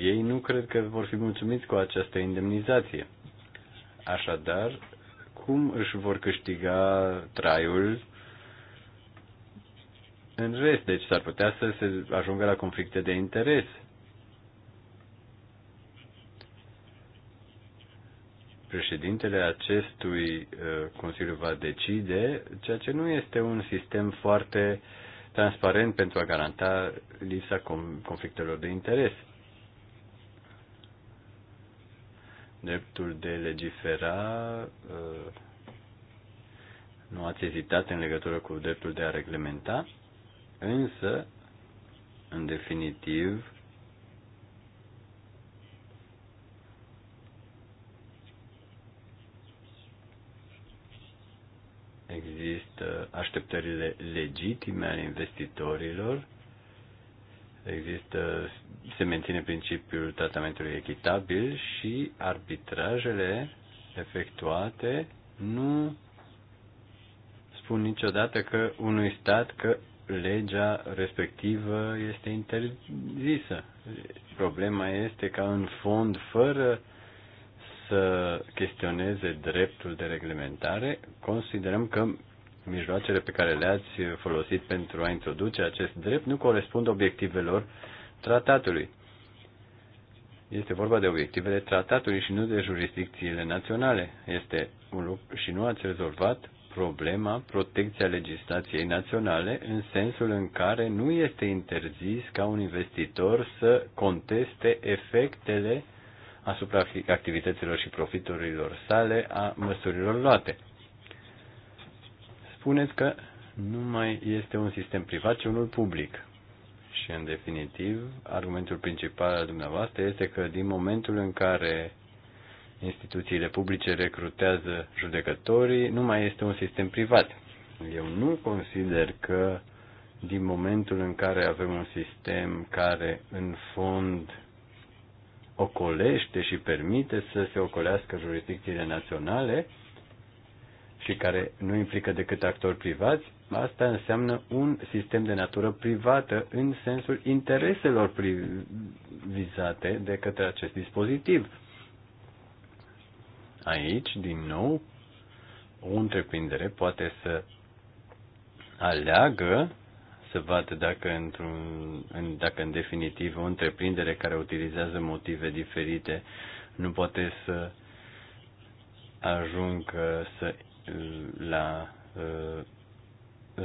ei nu cred că vor fi mulțumiți cu această indemnizație. Așadar, cum își vor câștiga traiul în rest? Deci s-ar putea să se ajungă la conflicte de interes președintele acestui uh, Consiliu va decide, ceea ce nu este un sistem foarte transparent pentru a garanta lipsa conflictelor de interes. Dreptul de legifera uh, nu ați ezitat în legătură cu dreptul de a reglementa, însă, în definitiv, există așteptările legitime ale investitorilor, există, se menține principiul tratamentului echitabil și arbitrajele efectuate nu spun niciodată că unui stat că legea respectivă este interzisă. Problema este ca în fond, fără să chestioneze dreptul de reglementare, considerăm că mijloacele pe care le-ați folosit pentru a introduce acest drept nu corespund obiectivelor tratatului. Este vorba de obiectivele tratatului și nu de jurisdicțiile naționale. Este un lucru și nu ați rezolvat problema protecția legislației naționale în sensul în care nu este interzis ca un investitor să conteste efectele asupra activităților și profiturilor sale a măsurilor luate. Spuneți că nu mai este un sistem privat, ci unul public. Și, în definitiv, argumentul principal al dumneavoastră este că din momentul în care instituțiile publice recrutează judecătorii, nu mai este un sistem privat. Eu nu consider că din momentul în care avem un sistem care, în fond, ocolește și permite să se ocolească jurisdicțiile naționale și care nu implică decât actori privați, asta înseamnă un sistem de natură privată în sensul intereselor privizate de către acest dispozitiv. Aici, din nou, o întreprindere poate să aleagă să vadă dacă, într-un, dacă în definitiv o întreprindere care utilizează motive diferite nu poate să ajungă să, la,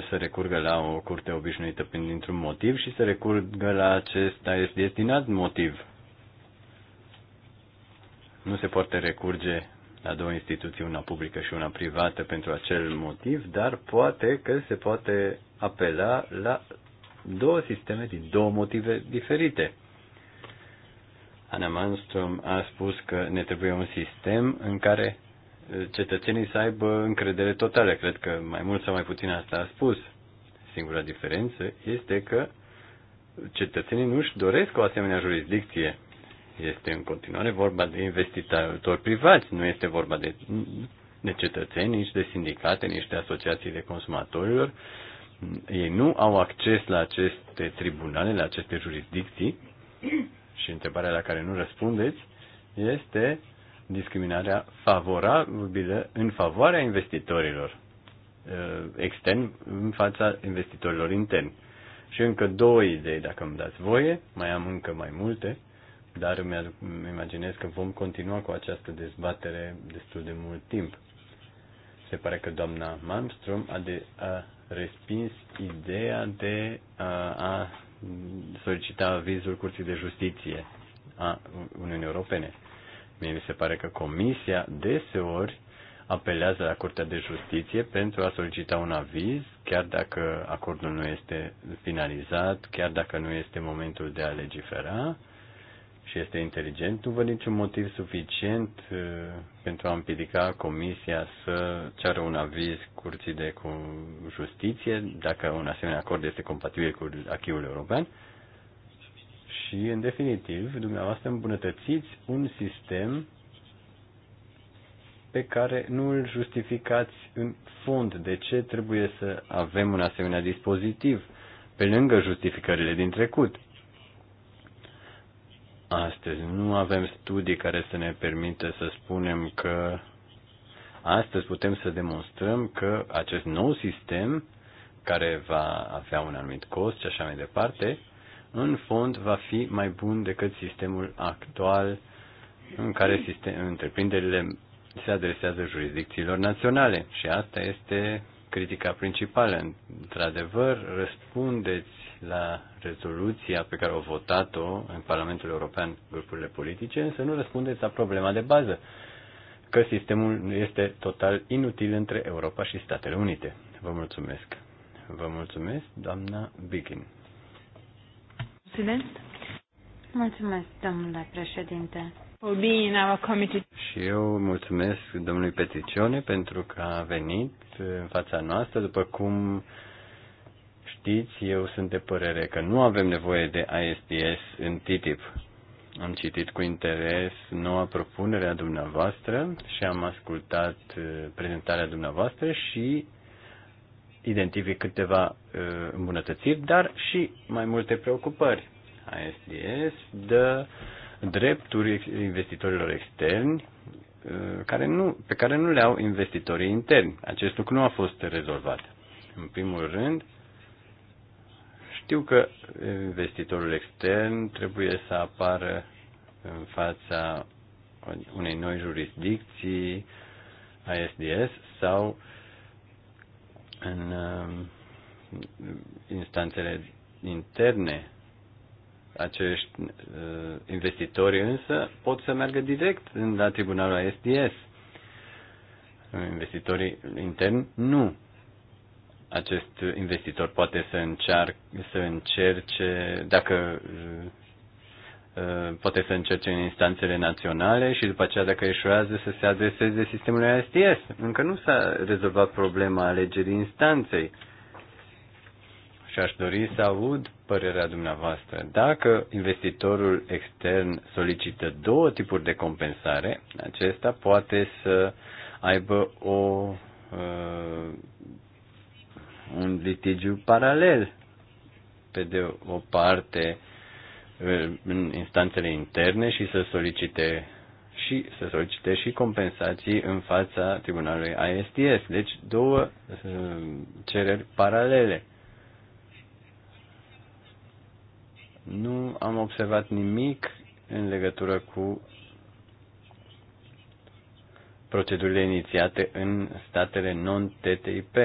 să recurgă la o curte obișnuită dintr-un motiv și să recurgă la acesta este motiv. Nu se poate recurge la două instituții, una publică și una privată pentru acel motiv, dar poate că se poate apela la două sisteme din două motive diferite. Anna Manstrom a spus că ne trebuie un sistem în care eh, cetățenii să aibă încredere totală. Cred că mai mult sau mai puțin asta a spus. Singura diferență este că cetățenii nu își doresc o asemenea jurisdicție. Este în continuare vorba de investitori privați, nu este vorba de, de cetățeni, nici de sindicate, nici de asociații de consumatorilor. Ei nu au acces la aceste tribunale, la aceste jurisdicții și întrebarea la care nu răspundeți este discriminarea favorabilă în favoarea investitorilor uh, extern în fața investitorilor interni. Și încă două idei, dacă îmi dați voie, mai am încă mai multe dar îmi imaginez că vom continua cu această dezbatere destul de mult timp. Se pare că doamna Malmström a, de, a respins ideea de a, a solicita avizul Curții de Justiție a Uniunii Europene. Mie mi se pare că Comisia deseori apelează la Curtea de Justiție pentru a solicita un aviz, chiar dacă acordul nu este finalizat, chiar dacă nu este momentul de a legifera, și este inteligent, nu văd niciun motiv suficient uh, pentru a împiedica Comisia să ceară un aviz curții de justiție, dacă un asemenea acord este compatibil cu achiul european. Și, în definitiv, dumneavoastră îmbunătățiți un sistem pe care nu îl justificați în fond. De ce trebuie să avem un asemenea dispozitiv, pe lângă justificările din trecut? astăzi. Nu avem studii care să ne permită să spunem că astăzi putem să demonstrăm că acest nou sistem, care va avea un anumit cost și așa mai departe, în fond va fi mai bun decât sistemul actual în care sistem, întreprinderile se adresează jurisdicțiilor naționale. Și asta este critica principală. Într-adevăr, răspundeți la rezoluția pe care au votat-o în Parlamentul European grupurile politice, însă nu răspundeți la problema de bază, că sistemul este total inutil între Europa și Statele Unite. Vă mulțumesc. Vă mulțumesc, doamna Biggin. Mulțumesc. Mulțumesc, domnule președinte. Și eu mulțumesc domnului Petricione pentru că a venit în fața noastră, după cum știți, eu sunt de părere că nu avem nevoie de ISDS în TTIP. Am citit cu interes noua propunere a dumneavoastră și am ascultat uh, prezentarea dumneavoastră și identific câteva uh, îmbunătățiri, dar și mai multe preocupări. ISDS dă drepturi investitorilor externi uh, care nu, pe care nu le au investitorii interni. Acest lucru nu a fost rezolvat. În primul rând, știu că investitorul extern trebuie să apară în fața unei noi jurisdicții, ISDS, sau în um, instanțele interne. Acești uh, investitori însă pot să meargă direct la tribunalul ISDS. Investitorii interni nu acest investitor poate să, încear, să încerce, dacă uh, uh, poate să încerce în instanțele naționale și după aceea, dacă eșuează, să se adreseze sistemului ASTS. Încă nu s-a rezolvat problema alegerii instanței. Și aș dori să aud părerea dumneavoastră. Dacă investitorul extern solicită două tipuri de compensare, acesta poate să aibă o uh, un litigiu paralel. Pe de o parte, în instanțele interne și să solicite și să solicite și compensații în fața tribunalului ISTS. Deci două uh, cereri paralele. Nu am observat nimic în legătură cu procedurile inițiate în statele non-TTIP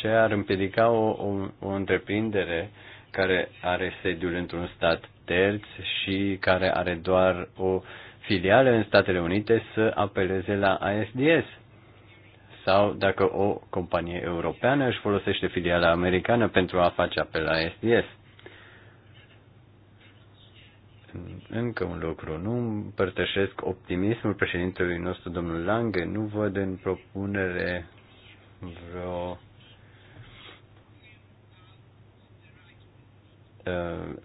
ce ar împiedica o, o, o întreprindere care are sediul într-un stat terț și care are doar o filială în Statele Unite să apeleze la ASDS? Sau dacă o companie europeană își folosește filiala americană pentru a face apel la ASDS? Încă un lucru. Nu împărtășesc optimismul președintelui nostru, domnul Lange. Nu văd în propunere vreo Uh,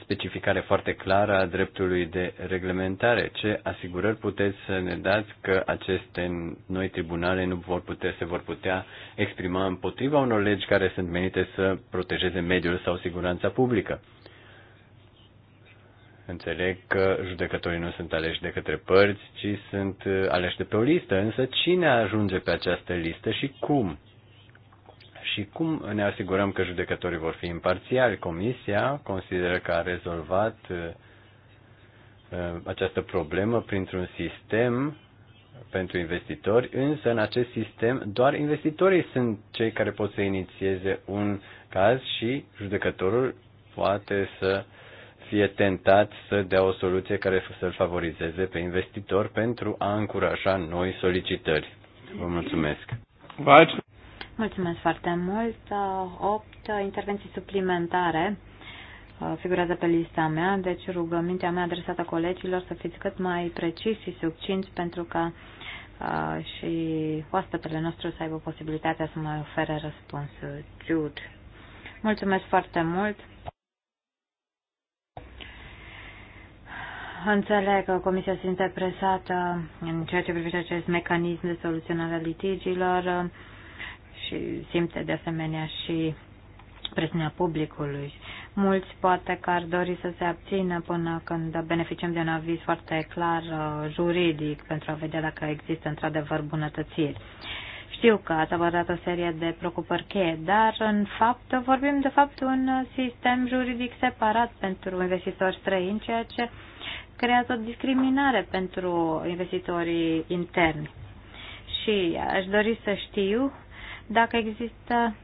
specificare foarte clară a dreptului de reglementare. Ce asigurări puteți să ne dați că aceste noi tribunale nu vor putea, se vor putea exprima împotriva unor legi care sunt menite să protejeze mediul sau siguranța publică? Înțeleg că judecătorii nu sunt aleși de către părți, ci sunt uh, aleși de pe o listă. Însă cine ajunge pe această listă și cum? și cum ne asigurăm că judecătorii vor fi imparțiali? Comisia consideră că a rezolvat uh, uh, această problemă printr-un sistem pentru investitori, însă în acest sistem doar investitorii sunt cei care pot să inițieze un caz și judecătorul poate să fie tentat să dea o soluție care să-l favorizeze pe investitor pentru a încuraja noi solicitări. Vă mulțumesc. Mulțumesc foarte mult. Uh, opt intervenții suplimentare uh, figurează pe lista mea, deci rugămintea mea adresată colegilor să fiți cât mai precis și succinți pentru că uh, și oaspetele nostru să aibă posibilitatea să mai ofere răspunsuri. Jude. Mulțumesc foarte mult. Înțeleg că Comisia este interpresată în ceea ce privește acest mecanism de soluționare a litigiilor și simte de asemenea și presiunea publicului. Mulți poate că ar dori să se abțină până când beneficiem de un aviz foarte clar uh, juridic pentru a vedea dacă există într-adevăr bunătățiri. Știu că ați abordat o serie de preocupări cheie, dar în fapt vorbim de fapt un sistem juridic separat pentru investitori străini, ceea ce creează o discriminare pentru investitorii interni. Și aș dori să știu dacă există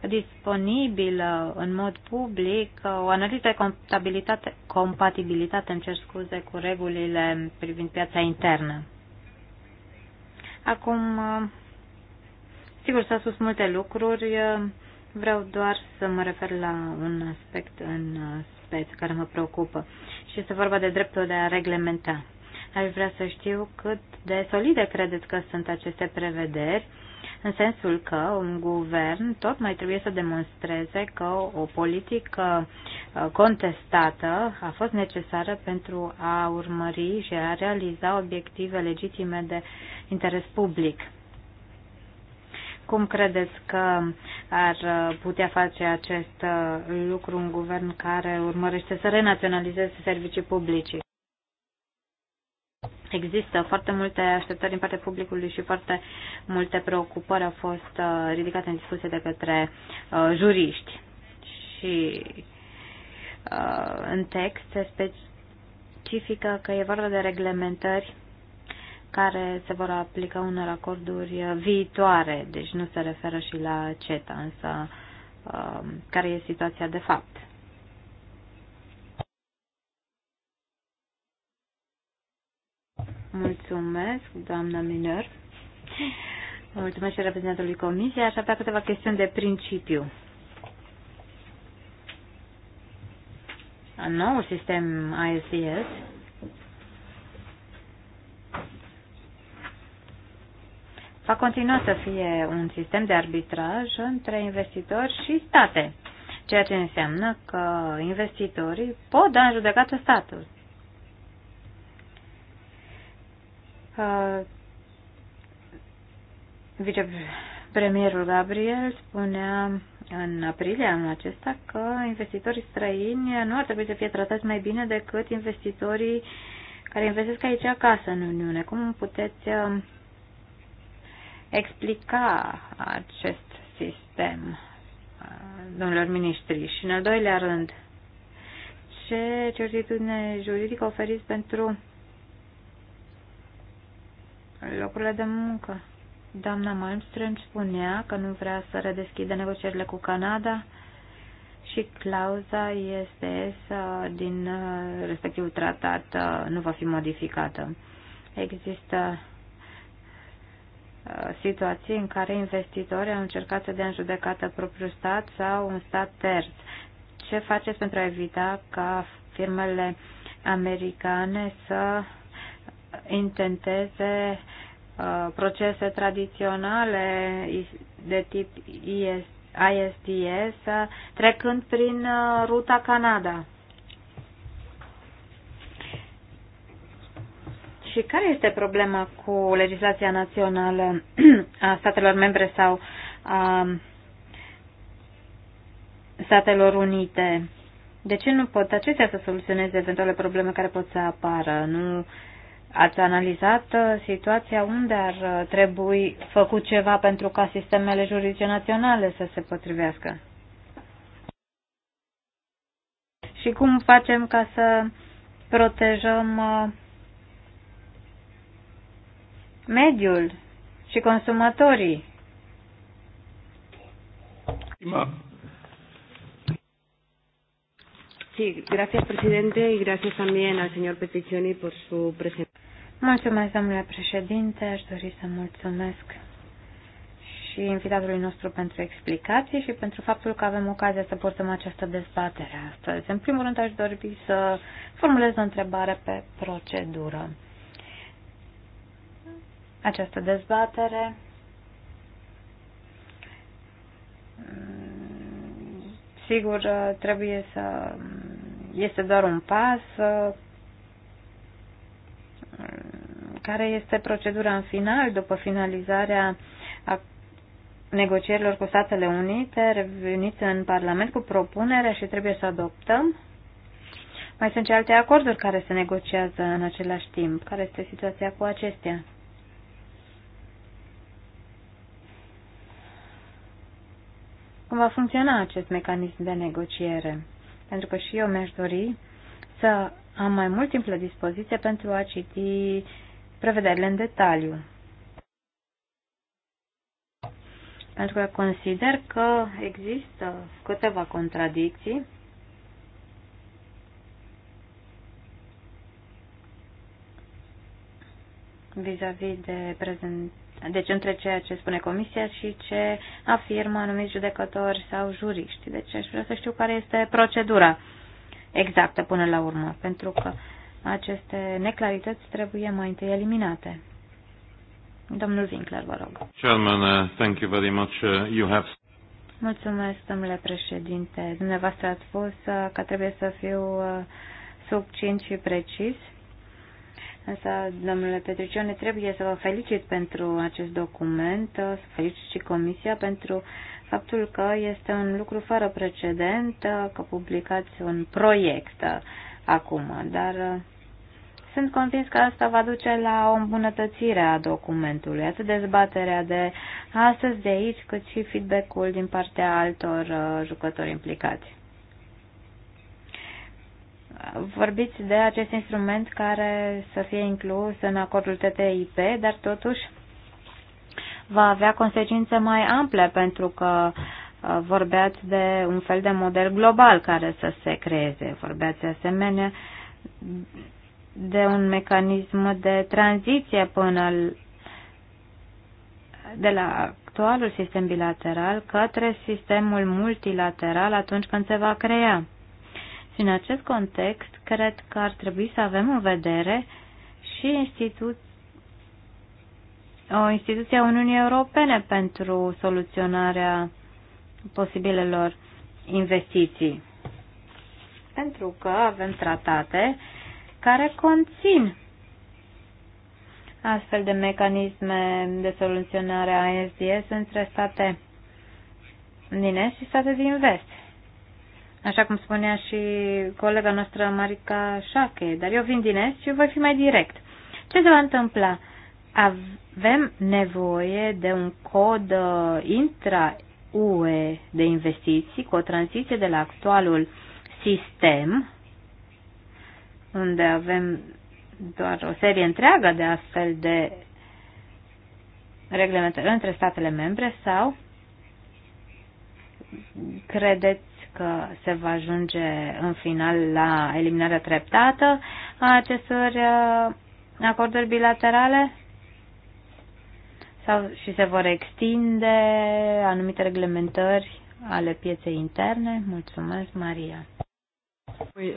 disponibilă în mod public o analiză de compatibilitate, compatibilitate în cer scuze, cu regulile privind piața internă. Acum, sigur, s-au spus multe lucruri, vreau doar să mă refer la un aspect în speță care mă preocupă și este vorba de dreptul de a reglementa. Aș vrea să știu cât de solide credeți că sunt aceste prevederi în sensul că un guvern tot mai trebuie să demonstreze că o politică uh, contestată a fost necesară pentru a urmări și a realiza obiective legitime de interes public. Cum credeți că ar uh, putea face acest uh, lucru un guvern care urmărește să renaționalizeze servicii publice? Există foarte multe așteptări din partea publicului și foarte multe preocupări au fost uh, ridicate în discuție de către uh, juriști. Și uh, în text se specifică că e vorba de reglementări care se vor aplica unor acorduri uh, viitoare, deci nu se referă și la CETA, însă uh, care e situația de fapt. Mulțumesc, doamna Minor. Mulțumesc și reprezentantului Comisiei. Aș avea câteva chestiuni de principiu. În nou sistem ISDS va continua să fie un sistem de arbitraj între investitori și state, ceea ce înseamnă că investitorii pot da în judecată statul. Vicepremierul Gabriel spunea în aprilie anul acesta că investitorii străini nu ar trebui să fie tratați mai bine decât investitorii care investesc aici acasă în Uniune. Cum puteți um, explica acest sistem, uh, domnilor ministri? Și în al doilea rând, ce certitudine juridică oferiți pentru locurile de muncă. Doamna Malmström spunea că nu vrea să redeschidă negocierile cu Canada și clauza este să din uh, respectivul tratat uh, nu va fi modificată. Există uh, situații în care investitorii au încercat să dea în judecată propriul stat sau un stat terț. Ce faceți pentru a evita ca firmele americane să intenteze uh, procese tradiționale de tip ISDS, uh, trecând prin uh, ruta Canada. Și care este problema cu legislația națională <clears throat> a statelor membre sau a Statelor Unite? De ce nu pot acestea să soluționeze eventuale probleme care pot să apară? Nu Ați analizat uh, situația unde ar uh, trebui făcut ceva pentru ca sistemele juridice naționale să se potrivească? Și cum facem ca să protejăm uh, mediul și consumatorii? Sí, gracias, presidente, y gracias también al señor Peticioni por su presencia. Mulțumesc, domnule președinte. Aș dori să mulțumesc și invitatului nostru pentru explicații și pentru faptul că avem ocazia să portăm această dezbatere astăzi. În primul rând, aș dori să formulez o întrebare pe procedură. Această dezbatere mm, sigur trebuie să este doar un pas uh, care este procedura în final, după finalizarea a negocierilor cu Statele Unite, reveniți în Parlament cu propunerea și trebuie să adoptăm. Mai sunt și alte acorduri care se negociază în același timp. Care este situația cu acestea? Cum va funcționa acest mecanism de negociere? pentru că și eu mi-aș dori să am mai mult timp la dispoziție pentru a citi prevederile în detaliu. Pentru că consider că există câteva contradicții vis-a-vis -vis de prezent deci între ceea ce spune comisia și ce afirmă anumiți judecători sau juriști. Deci aș vrea să știu care este procedura exactă până la urmă, pentru că aceste neclarități trebuie mai întâi eliminate. Domnul Winkler, vă rog. Chairman, uh, thank you very much. Uh, you have... Mulțumesc, domnule președinte. Dumneavoastră ați spus uh, că trebuie să fiu uh, succint și precis. Uh, Însă, domnule Petricione, trebuie să vă felicit pentru acest document, să felicit și Comisia pentru faptul că este un lucru fără precedent, că publicați un proiect acum, dar uh, sunt convins că asta va duce la o îmbunătățire a documentului, atât dezbaterea de astăzi de aici, cât și feedback-ul din partea altor uh, jucători implicați vorbiți de acest instrument care să fie inclus în acordul TTIP, dar totuși va avea consecințe mai ample pentru că uh, vorbeați de un fel de model global care să se creeze. Vorbeați asemenea de un mecanism de tranziție până de la actualul sistem bilateral către sistemul multilateral atunci când se va crea. Și în acest context, cred că ar trebui să avem în vedere și institu- o instituție a Uniunii Europene pentru soluționarea posibilelor investiții. Pentru că avem tratate care conțin astfel de mecanisme de soluționare a SDS între state din Est și state din Vest. Așa cum spunea și colega noastră Marica Șache, dar eu vin din Est și voi fi mai direct. Ce se va întâmpla? Avem nevoie de un cod uh, intra-UE de investiții cu o tranziție de la actualul sistem, unde avem doar o serie întreagă de astfel de reglementări între statele membre sau credeți că se va ajunge în final la eliminarea treptată a acestor uh, acorduri bilaterale? Sau și se vor extinde anumite reglementări ale pieței interne? Mulțumesc, Maria. Păi,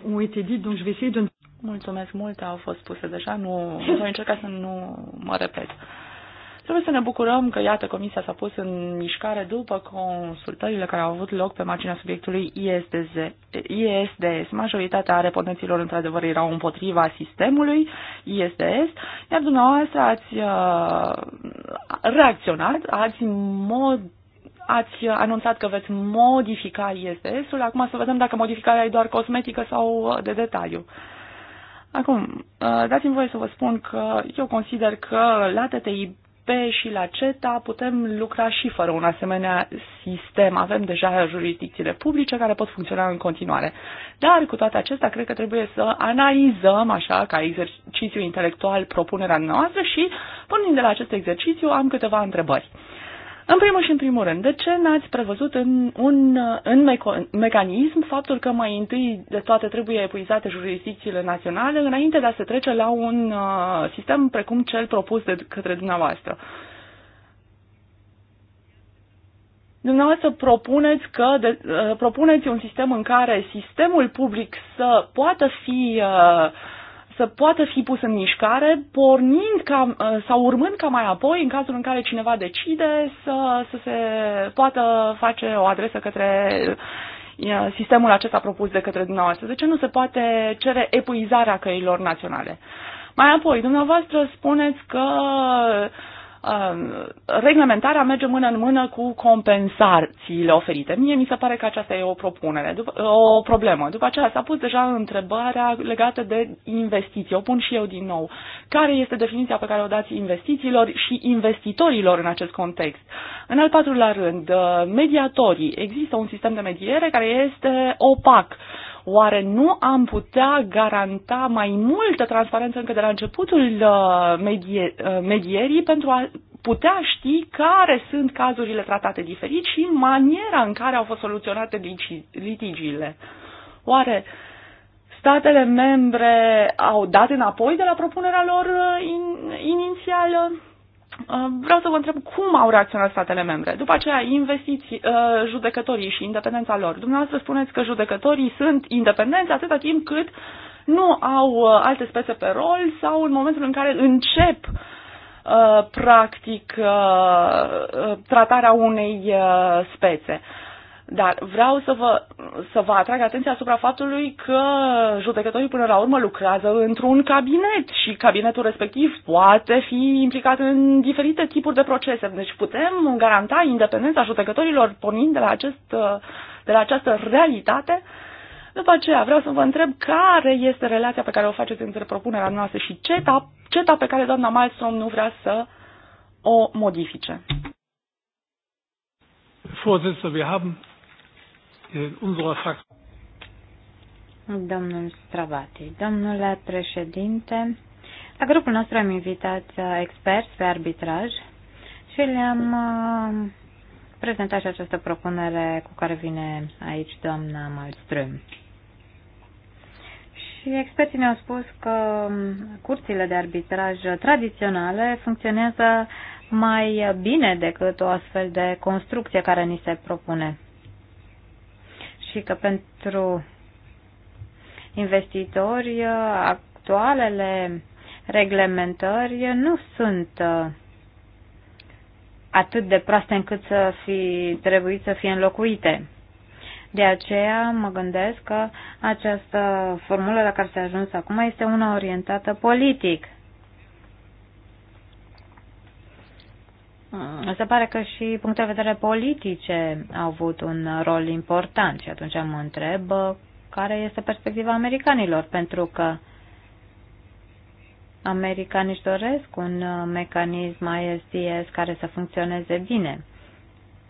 Mulțumesc mult, au fost spuse deja, nu, voi încerca să nu mă repet. Trebuie să ne bucurăm că, iată, Comisia s-a pus în mișcare după consultările care au avut loc pe marginea subiectului ISDZ, ISDS. Majoritatea respondenților, într-adevăr, erau împotriva sistemului ISDS, iar dumneavoastră ați uh, reacționat, ați mod ați anunțat că veți modifica ISDS-ul. Acum să vedem dacă modificarea e doar cosmetică sau de detaliu. Acum, uh, dați-mi voie să vă spun că eu consider că la TTIP P și la CETA da, putem lucra și fără un asemenea sistem. Avem deja jurisdicțiile publice care pot funcționa în continuare. Dar cu toate acestea, cred că trebuie să analizăm așa ca exercițiu intelectual propunerea noastră și pornind de la acest exercițiu am câteva întrebări. Uh, în primul și în primul rând, de ce n-ați prevăzut în, un, în meco- mecanism faptul că mai întâi de toate trebuie epuizate jurisdicțiile naționale înainte de a se trece la un uh, sistem precum cel propus de către dumneavoastră? Dumneavoastră propuneți, că de, uh, propuneți un sistem în care sistemul public să poată fi uh, să poată fi pus în mișcare, pornind ca, ă, sau urmând ca mai apoi, în cazul în care cineva decide să, să se poată face o adresă către ă, sistemul acesta propus de către dumneavoastră. De deci ce nu se poate cere epuizarea căilor naționale? Mai apoi, dumneavoastră spuneți că uh, Um, reglementarea merge mână în mână cu compensațiile oferite. Mie mi se pare că aceasta e o propunere, o problemă. După aceea s-a pus deja întrebarea legată de investiții. O pun și eu din nou. Care este definiția pe care o dați investițiilor și investitorilor în acest context? În al patrulea rând, uh, mediatorii. Există un sistem de mediere care este opac. Oare nu am putea garanta mai multă transparență încă de la începutul uh, medie, uh, medierii pentru a putea ști care sunt cazurile tratate diferit și maniera în care au fost soluționate litigiile? Oare statele membre au dat înapoi de la propunerea lor uh, in, inițială? Uh, vreau să vă întreb cum au reacționat statele membre. După aceea, investiții, uh, judecătorii și independența lor. Dumneavoastră spuneți că judecătorii sunt independenți atâta timp cât nu au uh, alte spețe pe rol sau în momentul în care încep practic tratarea unei spețe. Dar vreau să vă, să vă atrag atenția asupra faptului că judecătorii până la urmă lucrează într-un cabinet și cabinetul respectiv poate fi implicat în diferite tipuri de procese. Deci putem garanta independența judecătorilor pornind de la, acest, de la această realitate. După aceea vreau să vă întreb care este relația pe care o faceți între propunerea noastră și CETA, CETA pe care doamna Malmström nu vrea să o modifice. Vorsitzender, wir haben unserer Fraktion. Domnul Stravati, domnule președinte, la grupul nostru am invitat uh, experți pe arbitraj și le-am uh, prezentat și această propunere cu care vine aici doamna Malström. Și experții ne-au spus că um, curțile de arbitraj tradiționale funcționează mai bine decât o astfel de construcție care ni se propune și că pentru investitori uh, actualele reglementări nu sunt uh, atât de proaste încât să fi trebuit să fie înlocuite. De aceea mă gândesc că această formulă la care s-a ajuns acum este una orientată politic Mm, se pare că și puncte de vedere politice au avut un rol important și atunci mă întreb uh, care este perspectiva americanilor, pentru că americanii își doresc un uh, mecanism ISDS care să funcționeze bine.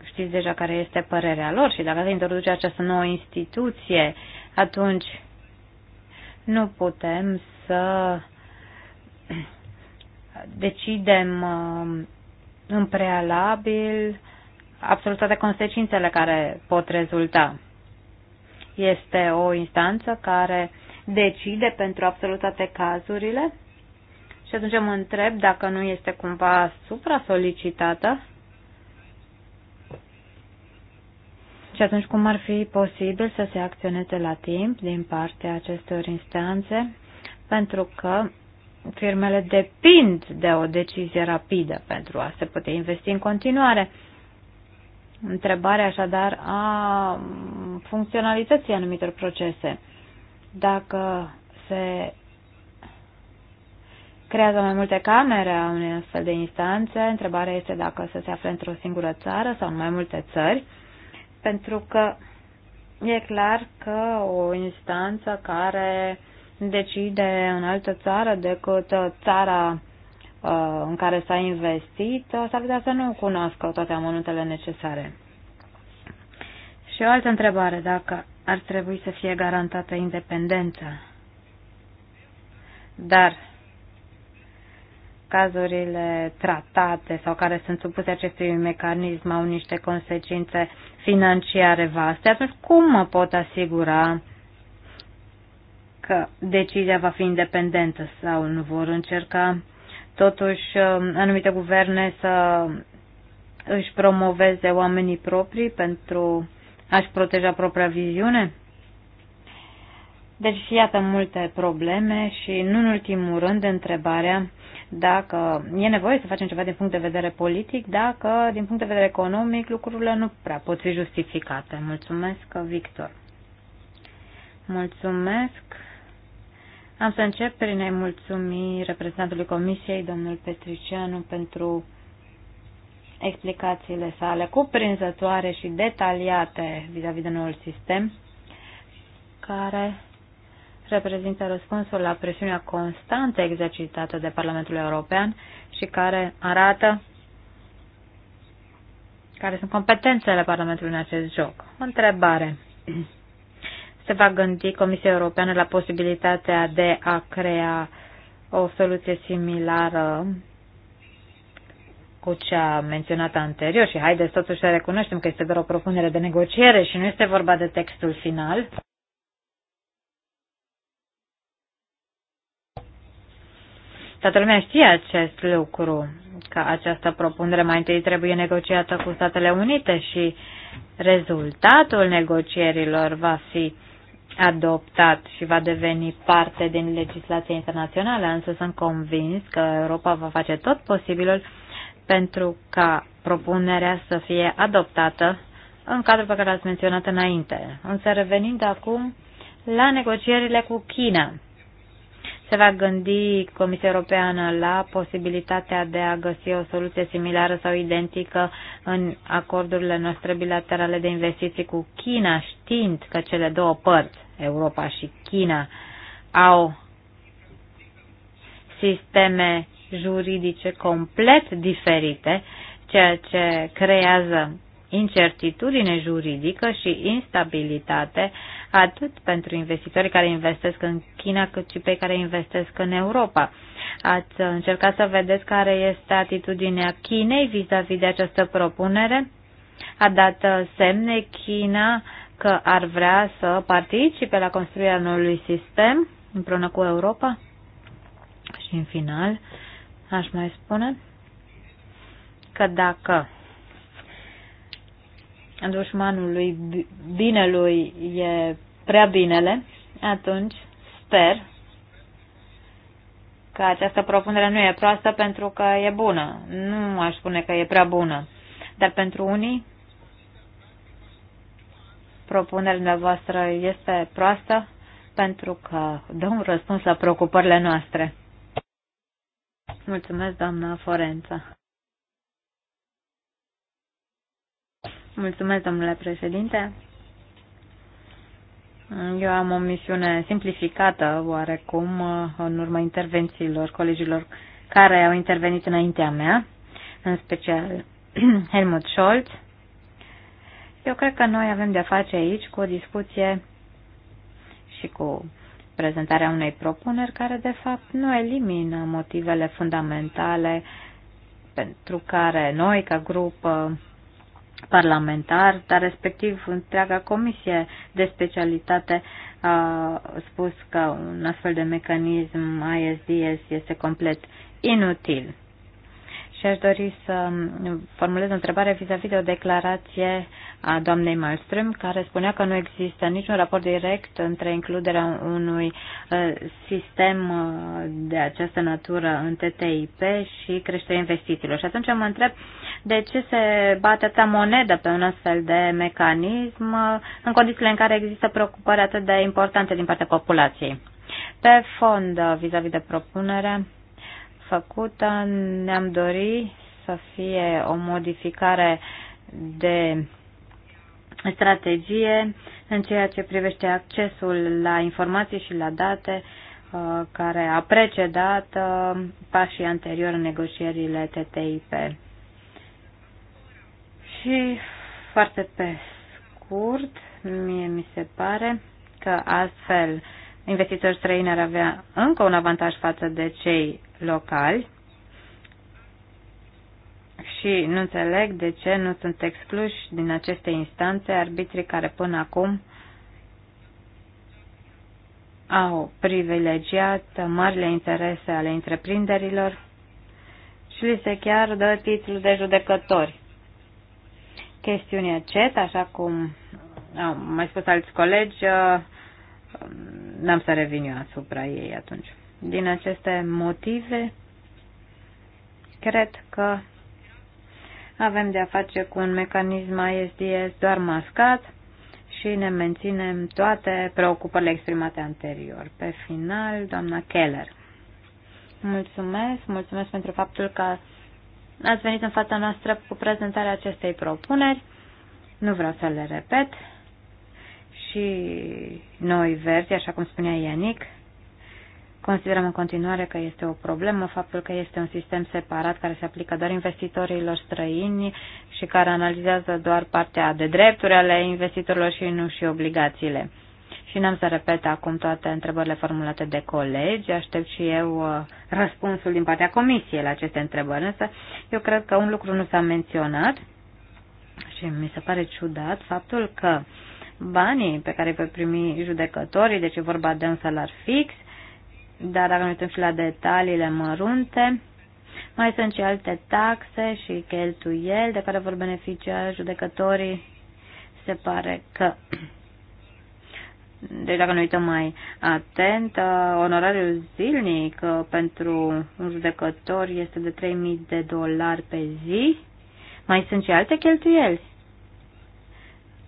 Știți deja care este părerea lor și dacă se introduce această nouă instituție, atunci nu putem să decidem uh, în prealabil absolut toate consecințele care pot rezulta. Este o instanță care decide pentru absolut toate cazurile și atunci mă întreb dacă nu este cumva supra-solicitată și atunci cum ar fi posibil să se acționeze la timp din partea acestor instanțe pentru că firmele depind de o decizie rapidă pentru a se putea investi în continuare. Întrebarea așadar a funcționalității anumitor procese. Dacă se creează mai multe camere a unei astfel de instanțe, întrebarea este dacă să se afle într-o singură țară sau în mai multe țări, pentru că e clar că o instanță care decide în altă țară decât uh, țara uh, în care s-a investit, uh, s-ar putea să nu cunoască toate amănuntele necesare. Și o altă întrebare, dacă ar trebui să fie garantată independența. Dar cazurile tratate sau care sunt supuse acestui mecanism au niște consecințe financiare vaste, atunci cum mă pot asigura că decizia va fi independentă sau nu vor încerca totuși um, anumite guverne să își promoveze oamenii proprii pentru a-și proteja propria viziune? Deci, iată multe probleme și, nu în ultimul rând, întrebarea dacă e nevoie să facem ceva din punct de vedere politic, dacă, din punct de vedere economic, lucrurile nu prea pot fi justificate. Mulțumesc, Victor. Mulțumesc. Am să încep prin a-i mulțumi reprezentantului Comisiei, domnul Petricianu, pentru explicațiile sale cuprinzătoare și detaliate vis-a-vis -vis de noul sistem, care reprezintă răspunsul la presiunea constantă exercitată de Parlamentul European și care arată care sunt competențele Parlamentului în acest joc. O întrebare se va gândi Comisia Europeană la posibilitatea de a crea o soluție similară cu cea menționată anterior și haideți totuși să recunoaștem că este doar o propunere de negociere și nu este vorba de textul final. Toată lumea știe acest lucru, că această propunere mai întâi trebuie negociată cu Statele Unite și rezultatul negocierilor va fi uh, adoptat și va deveni parte din legislația internațională, însă sunt convins că Europa va face tot posibilul pentru ca propunerea să fie adoptată în cadrul pe care l-ați menționat înainte. Însă revenind acum la negocierile cu China. Se va gândi Comisia Europeană la posibilitatea de a găsi o soluție similară sau identică în acordurile noastre bilaterale de investiții cu China, știind că cele două părți, Europa și China, au sisteme juridice complet diferite, ceea ce creează incertitudine juridică și instabilitate atât pentru investitorii care investesc în China, cât și pe care investesc în Europa. Ați încercat să vedeți care este atitudinea Chinei vis-a-vis -vis de această propunere? A dat semne China că ar vrea să participe la construirea noului sistem împreună cu Europa? Și în final, aș mai spune că dacă dușmanului binelui e prea binele, atunci sper că această propunere nu e proastă pentru că e bună. Nu aș spune că e prea bună. Dar pentru unii, propunerea dumneavoastră este proastă pentru că dă un răspuns la preocupările noastre. Mulțumesc, doamna Forența. Mulțumesc, domnule președinte. Eu am o misiune simplificată, oarecum, în urma intervențiilor colegilor care au intervenit înaintea mea, în special <clears throat> Helmut Scholz. Eu cred că noi avem de-a face aici cu o discuție și cu prezentarea unei propuneri care, de fapt, nu elimină motivele fundamentale pentru care noi, ca grup, parlamentar, dar respectiv întreaga comisie de specialitate a spus că un astfel de mecanism ISDS este complet inutil. Și aș dori să formulez o întrebare vis-a-vis -vis de o declarație a doamnei Malmström, care spunea că nu există niciun raport direct între includerea unui uh, sistem uh, de această natură în TTIP și creșterea investițiilor. Și atunci mă întreb uh, de ce se bate atâta monedă pe un astfel de mecanism în condițiile în care există preocupări atât de importante din partea populației. Pe fond, vis-a-vis -vis de propunere făcută, ne-am dorit să fie o modificare de strategie în ceea ce privește accesul la informații și la date uh, care a precedat uh, pașii anterior în negocierile TTIP. Și foarte pe scurt, mie mi se pare că astfel investitori străini ar avea încă un avantaj față de cei locali și nu înțeleg de ce nu sunt excluși din aceste instanțe arbitrii care până acum au privilegiat marile interese ale întreprinderilor și li se chiar dă titlul de judecători. Chestiunea CET, așa cum am mai spus alți colegi, uh, n-am să revin eu asupra ei atunci. Din aceste motive, cred că avem de a face cu un mecanism ISDS doar mascat și ne menținem toate preocupările exprimate anterior. Pe final, doamna Keller. Mulțumesc, mulțumesc pentru faptul că Ați venit în fața noastră cu prezentarea acestei propuneri. Nu vreau să le repet. Și noi, verzi, așa cum spunea Ianic, Considerăm în continuare că este o problemă faptul că este un sistem separat care se aplică doar investitorilor străini și care analizează doar partea de drepturi ale investitorilor și nu și obligațiile și n-am să repet acum toate întrebările formulate de colegi. Aștept și eu uh, răspunsul din partea comisiei la aceste întrebări, însă eu cred că un lucru nu s-a menționat și mi se pare ciudat faptul că banii pe care îi vor primi judecătorii, deci e vorba de un salar fix, dar dacă ne uităm și la detaliile mărunte, mai sunt și alte taxe și cheltuieli de care vor beneficia judecătorii. Se pare că deci dacă ne uităm mai atent, uh, onorariul zilnic uh, pentru un judecător este de 3000 de dolari pe zi. Mai sunt și alte cheltuieli.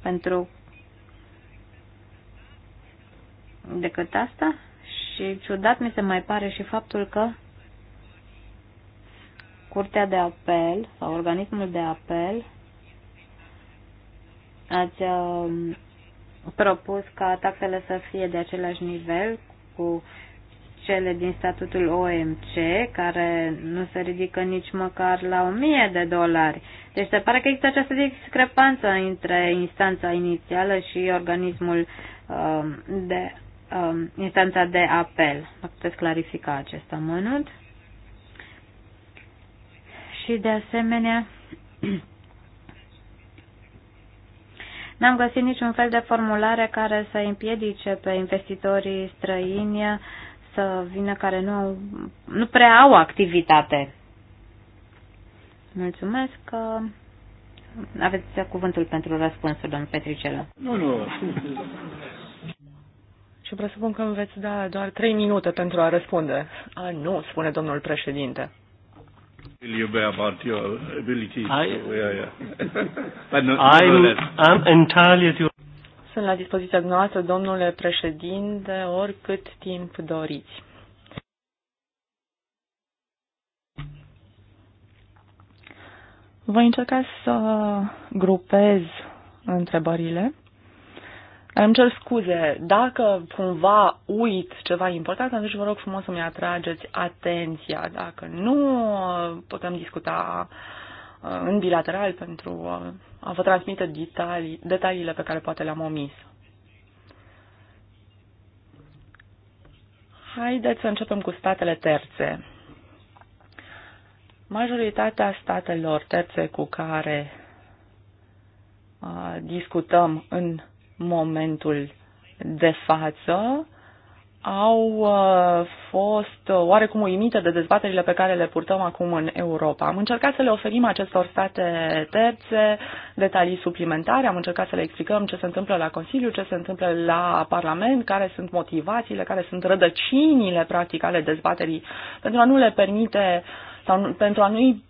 Pentru decât asta și ciudat mi se mai pare și faptul că curtea de apel sau organismul de apel ați um, propus ca taxele să fie de același nivel cu cele din statutul OMC, care nu se ridică nici măcar la 1000 de dolari. Deci se pare că există această discrepanță între instanța inițială și organismul um, de um, instanța de apel. Mă puteți clarifica acest amănunt? Și de asemenea, <clears throat> N-am găsit niciun fel de formulare care să împiedice pe investitorii străini să vină care nu, nu prea au activitate. Mulțumesc că aveți cuvântul pentru răspunsul, domnul Petricelă. Nu, nu. Și presupun că îmi veți da doar trei minute pentru a răspunde. A, nu, spune domnul președinte. Liebe about your I, yeah, yeah. <laughs> I'm, I'm entirely at your... Sunt la dispoziția dumneavoastră, domnule președinte, oricât timp doriți. Voi încerca să grupez întrebările. Îmi cer scuze, dacă cumva uit ceva important, atunci vă rog frumos să-mi atrageți atenția. Dacă nu, putem discuta uh, în bilateral pentru uh, a vă transmite detalii, detaliile pe care poate le-am omis. Haideți să începem cu statele terțe. Majoritatea statelor terțe cu care uh, discutăm în momentul de față au uh, fost oarecum uimite de dezbaterile pe care le purtăm acum în Europa. Am încercat să le oferim acestor state terțe detalii suplimentare, am încercat să le explicăm ce se întâmplă la Consiliu, ce se întâmplă la Parlament, care sunt motivațiile, care sunt rădăcinile practic ale dezbaterii, pentru a nu le permite sau pentru a nu-i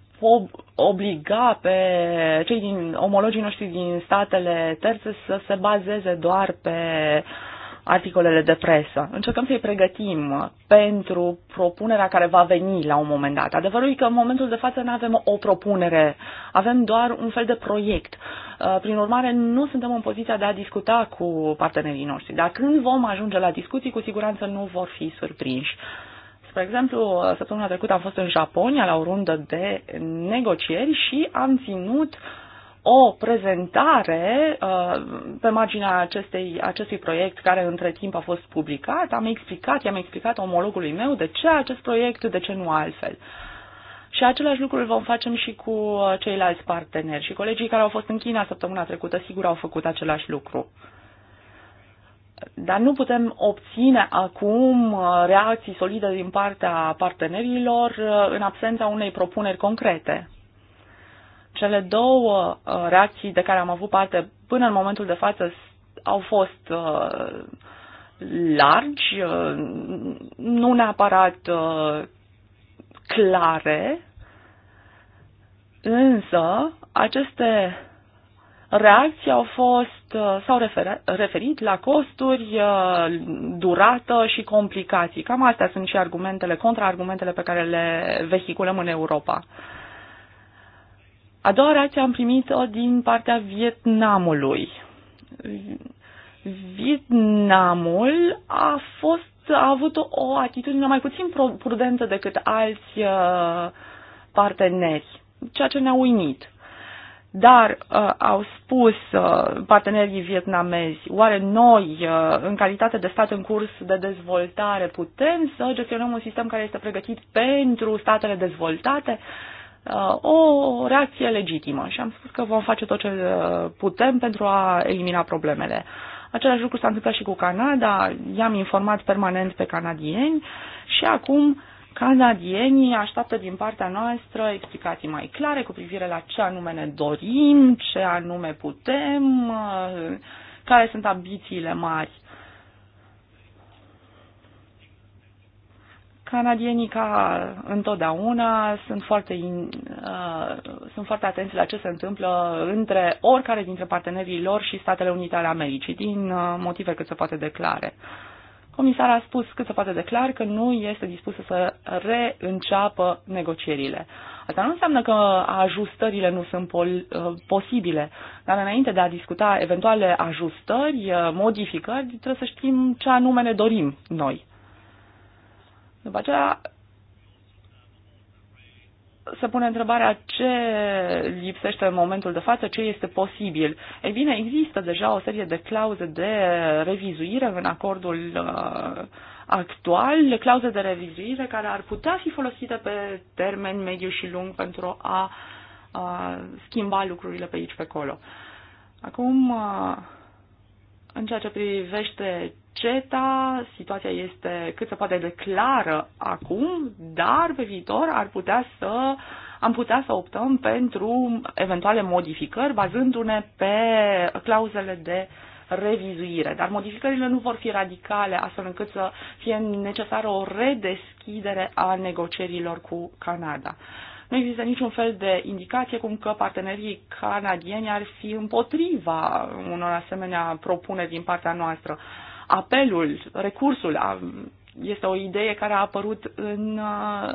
obliga pe cei din omologii noștri din statele terțe să se bazeze doar pe articolele de presă. Încercăm să-i pregătim pentru propunerea care va veni la un moment dat. Adevărul e că în momentul de față nu avem o propunere, avem doar un fel de proiect. Uh, prin urmare, nu suntem în poziția de a discuta cu partenerii noștri, dar când vom ajunge la discuții, cu siguranță nu vor fi surprinși. Spre exemplu, săptămâna trecută am fost în Japonia la o rundă de negocieri și am ținut o prezentare uh, pe marginea acestei, acestui proiect care între timp a fost publicat. Am explicat, i-am explicat omologului meu de ce acest proiect, de ce nu altfel. Și același lucru îl vom face și cu uh, ceilalți parteneri și colegii care au fost în China săptămâna trecută, sigur au făcut același lucru. Dar nu putem obține acum uh, reacții solide din partea partenerilor uh, în absența unei propuneri concrete. Cele două uh, reacții de care am avut parte până în momentul de față au fost largi, nu neapărat clare, însă aceste Reacții au fost, uh, s-au referit la costuri, uh, durată și complicații. Cam astea sunt și argumentele, contraargumentele pe care le vehiculăm în Europa. A doua reacție am primit-o din partea Vietnamului. Vietnamul a fost a avut o atitudine mai puțin prudentă decât alți uh, parteneri, ceea ce ne-a uimit. Dar uh, au spus uh, partenerii vietnamezi, oare noi, uh, în calitate de stat în curs de dezvoltare, putem să gestionăm un sistem care este pregătit pentru statele dezvoltate? Uh, o reacție legitimă și am spus că vom face tot ce uh, putem pentru a elimina problemele. Același lucru s-a întâmplat și cu Canada, i-am informat permanent pe canadieni și acum uh, Canadienii așteaptă din partea noastră explicații mai clare cu privire la ce anume ne dorim, ce anume putem, uh, care sunt ambițiile mari. Canadienii, ca întotdeauna, sunt foarte, uh, sunt foarte atenți la ce se întâmplă între oricare dintre partenerii lor și Statele Unite ale Americii, din uh, motive cât se poate declare. Uh, Comisar a spus cât se poate de clar că nu este dispusă să reînceapă negocierile. Asta nu înseamnă că ajustările nu sunt uh, posibile, dar înainte de a discuta eventuale ajustări, uh, modificări, trebuie să știm ce anume ne dorim noi. După aceea, se pune întrebarea ce lipsește în momentul de față, ce este posibil. Ei bine, există deja o serie de clauze de revizuire în acordul uh, actual, clauze de revizuire care ar putea fi folosite pe termen mediu și lung pentru a, schimba lucrurile pe aici pe acolo. Acum, uh, în ceea ce privește CETA, situația este cât se poate de clară acum, dar pe viitor ar putea să, am putea să optăm pentru eventuale modificări bazându-ne pe clauzele de revizuire. Dar modificările nu vor fi radicale, astfel încât să fie necesară o redeschidere a negocierilor cu Canada. Nu există niciun fel de indicație cum că partenerii canadieni ar fi împotriva unor asemenea propuneri din partea noastră. Apelul, recursul a, este o idee care a apărut în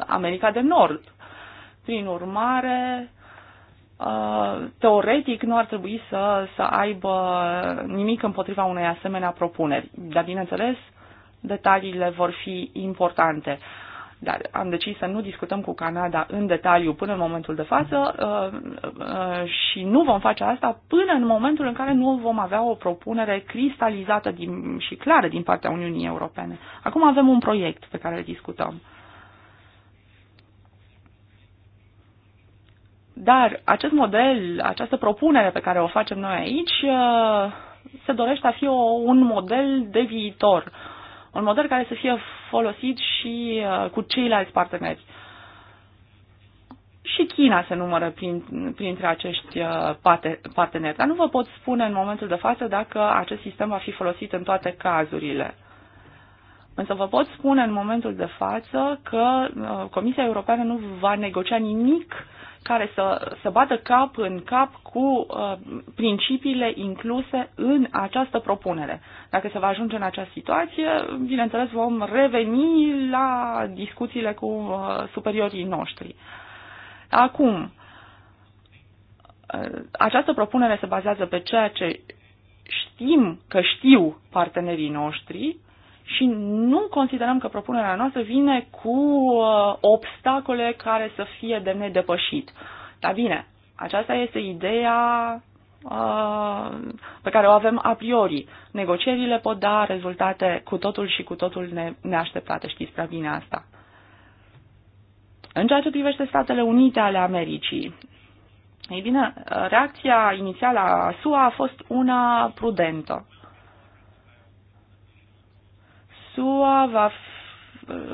America de Nord. Prin urmare, teoretic nu ar trebui să, să aibă nimic împotriva unei asemenea propuneri. Dar, bineînțeles, detaliile vor fi importante. Uh, dar am decis să nu discutăm cu Canada în detaliu până în momentul de față uh, uh, uh, și nu vom face asta până în momentul în care nu vom avea o propunere cristalizată din, și clară din partea Uniunii Europene. Acum avem un proiect pe care îl discutăm. Dar acest model, această propunere pe care o facem noi aici, se dorește a fi o, un model de viitor. Un model care să fie folosit și uh, cu ceilalți parteneri. Și China se numără prin, printre acești uh, parteneri, dar nu vă pot spune în momentul de față dacă acest sistem va fi folosit în toate cazurile. Însă vă pot spune în momentul de față că uh, Comisia Europeană nu va negocia nimic uh, care să, să bată cap în cap cu uh, principiile incluse în această propunere. Dacă se va ajunge în această situație, bineînțeles vom reveni la discuțiile cu uh, superiorii noștri. Acum, uh, această propunere se bazează pe ceea ce știm că știu partenerii noștri, și nu considerăm că propunerea noastră vine cu uh, obstacole care să fie de nedepășit. Dar bine, aceasta este ideea uh, pe care o avem a priori. Negocierile pot da rezultate cu totul și cu totul neașteptate, știți prea bine asta. În ceea ce privește Statele Unite ale Americii, ei bine, reacția inițială a SUA a fost una prudentă. SUA va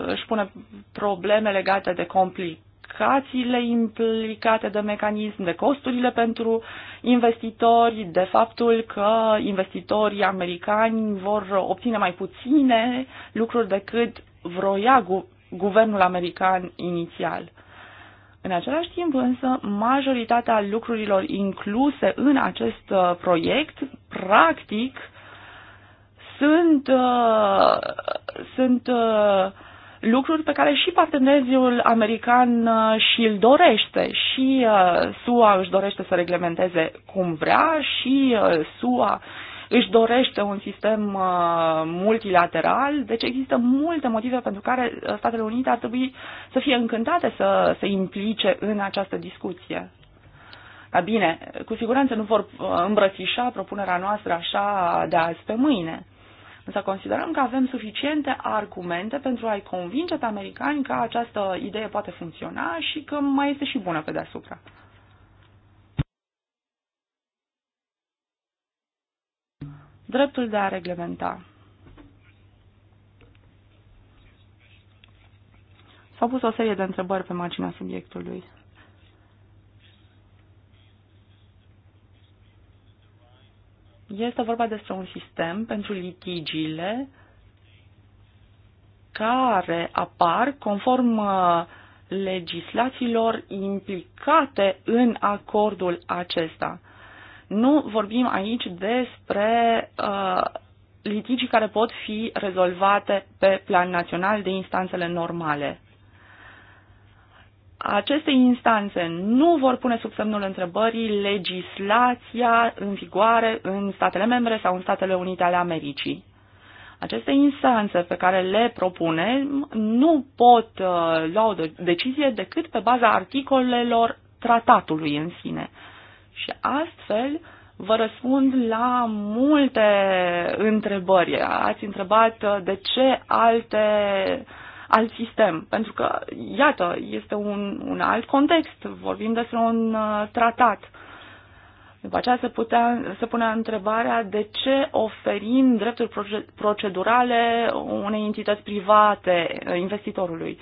își pune probleme legate de complicațiile implicate de mecanism, de costurile pentru investitori, de faptul că investitorii americani vor obține mai puține lucruri decât vroia gu guvernul american inițial. În același timp însă, majoritatea lucrurilor incluse în acest uh, proiect, practic, sunt, uh, sunt uh, lucruri pe care și parteneriul american uh, și îl dorește. Și uh, SUA își dorește să reglementeze cum vrea și uh, SUA își dorește un sistem uh, multilateral, deci există multe motive pentru care uh, Statele Unite ar trebui să fie încântate să se implice în această discuție. Dar bine, cu siguranță nu vor uh, îmbrățișa propunerea noastră așa de azi pe mâine. Însă considerăm că avem suficiente argumente pentru a-i convinge pe americani că această idee poate funcționa și că mai este și bună pe deasupra. Dreptul de a reglementa. S-au pus o serie de întrebări pe marginea subiectului. Este vorba despre un sistem pentru litigiile care apar conform uh, legislațiilor implicate în acordul acesta. Nu vorbim aici despre uh, litigii care pot fi rezolvate pe plan național de instanțele normale aceste instanțe nu vor pune sub semnul întrebării legislația în vigoare în statele membre sau în Statele Unite ale Americii. Aceste instanțe pe care le propune nu pot uh, lua o decizie decât pe baza articolelor tratatului în sine. Și astfel vă răspund la multe întrebări. Ați întrebat uh, de ce alte uh, alt sistem, pentru că, iată, este un, un alt context, vorbim despre un uh, tratat. După aceea se, putea, se punea întrebarea de ce oferim drepturi procedurale unei entități private uh, investitorului.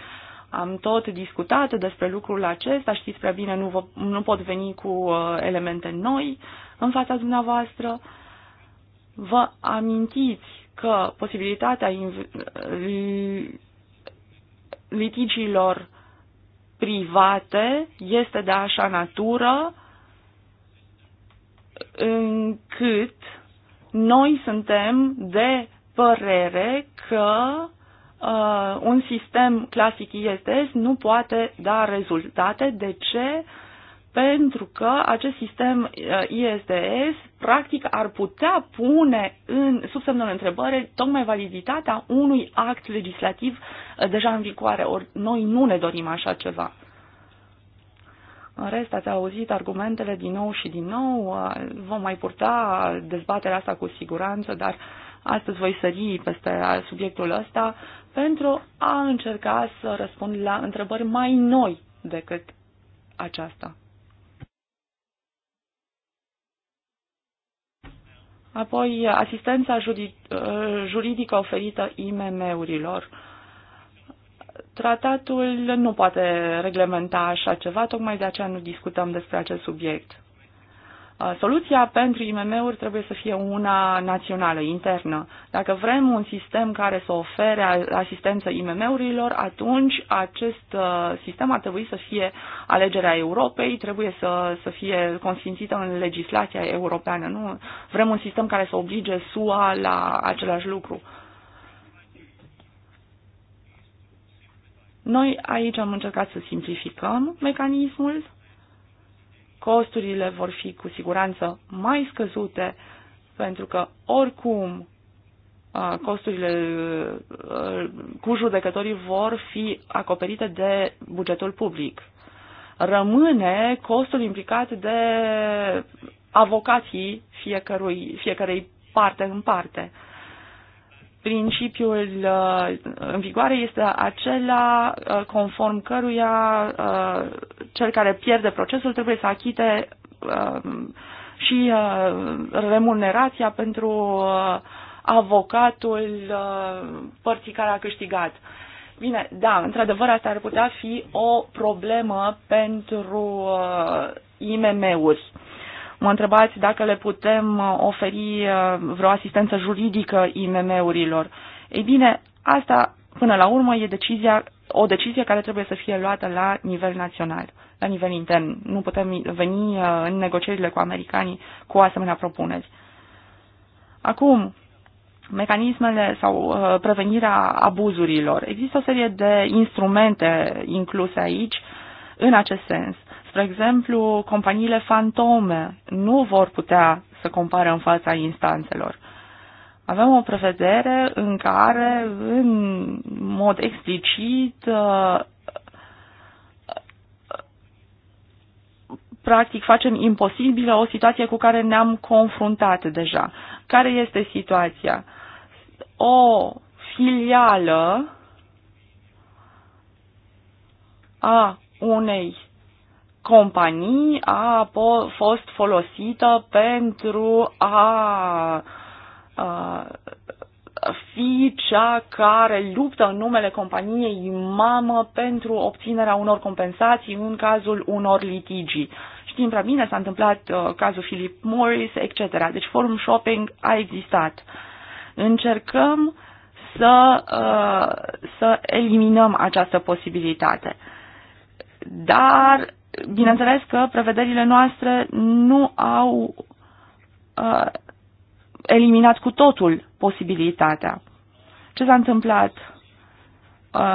Am tot discutat despre lucrul acesta, știți prea bine, nu, vă, nu pot veni cu uh, elemente noi în fața dumneavoastră. Vă amintiți că posibilitatea litigiilor private este de așa natură încât noi suntem de părere că uh, un sistem clasic ISDS nu poate da rezultate. De ce? pentru că acest sistem uh, ISDS practic ar putea pune în sub semnul întrebări tocmai validitatea unui act legislativ uh, deja în vigoare. Ori noi nu ne dorim așa ceva. În rest, ați auzit argumentele din nou și din nou. Uh, vom mai purta dezbaterea asta cu siguranță, dar astăzi voi sări peste subiectul ăsta pentru a încerca să răspund la întrebări mai noi decât aceasta. Apoi, asistența uh, juridică oferită IMM-urilor. Tratatul nu poate reglementa așa ceva, tocmai de aceea nu discutăm despre acest subiect. Uh, soluția pentru IMM-uri trebuie să fie una națională, internă. Dacă vrem un sistem care să ofere asistență IMM-urilor, atunci acest uh, sistem ar trebui să fie alegerea Europei, trebuie să, să fie consfințită în legislația europeană. Nu vrem un sistem care să oblige SUA la același lucru. Noi aici am încercat să simplificăm mecanismul, costurile vor fi cu siguranță mai scăzute, pentru că oricum costurile cu judecătorii vor fi acoperite de bugetul public. Rămâne costul implicat de avocații fiecărui, fiecarei parte în parte principiul uh, în vigoare este acela uh, conform căruia uh, cel care pierde procesul trebuie să achite um, și remunerația pentru avocatul părții care a câștigat. Bine, da, într-adevăr asta ar putea fi o problemă pentru IMM-uri Mă întrebați dacă le putem uh, oferi uh, vreo asistență juridică IMM-urilor. Ei bine, asta până la urmă e decizia, o decizie care trebuie să fie luată la nivel național, la nivel intern. Nu putem veni uh, în negocierile cu americanii cu asemenea propuneri. Acum, mecanismele sau prevenirea abuzurilor. Există o serie de instrumente incluse aici în acest sens. Spre exemplu, companiile fantome nu vor putea să compare în fața instanțelor. Avem o prevedere în care, în mod explicit, uh, practic facem imposibilă o situație cu care ne-am confruntat deja. Care este situația? O filială a unei companii a fost folosită pentru a fi cea care luptă în numele companiei mamă pentru obținerea unor compensații în cazul unor litigii. Știm prea bine, s-a întâmplat uh, cazul Philip Morris, etc. Deci forum shopping a existat. Încercăm să, uh, să eliminăm această posibilitate. Dar bineînțeles că prevederile noastre nu au uh, eliminat cu totul posibilitatea. Ce s-a întâmplat? Uh,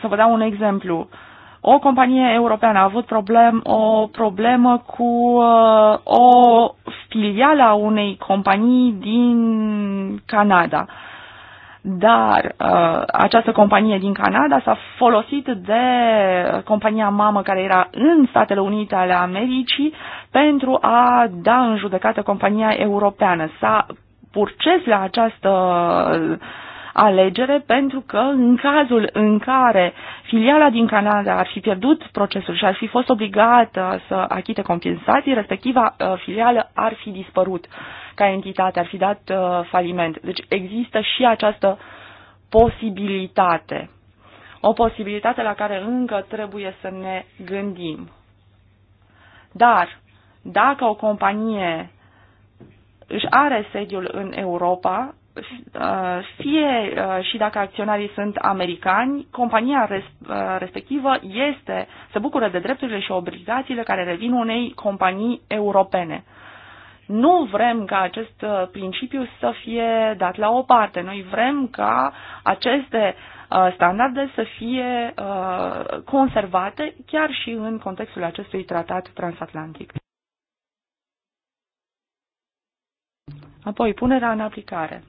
să vă dau un exemplu. o companie europeană a avut problem, o problemă cu uh, o filială a unei companii din Canada. Dar uh, această companie din Canada s-a folosit de compania mamă care era în Statele Unite ale Americii pentru a da în judecată compania europeană. S-a purces la această alegere pentru că în cazul în care filiala din Canada ar fi pierdut procesul și ar fi fost obligată să achite compensații, respectiva uh, filială ar fi dispărut ca entitate, ar fi dat uh, faliment. Deci există și această posibilitate. O posibilitate la care încă trebuie să ne gândim. Dar dacă o companie își are sediul în Europa, uh, fie uh, și dacă acționarii sunt americani, compania uh, respectivă este, se bucură de drepturile și obligațiile care revin unei companii europene. Nu vrem ca acest uh, principiu să fie dat la o parte. Noi vrem ca aceste uh, standarde să fie uh, conservate chiar și în contextul acestui tratat transatlantic. Apoi, punerea în aplicare.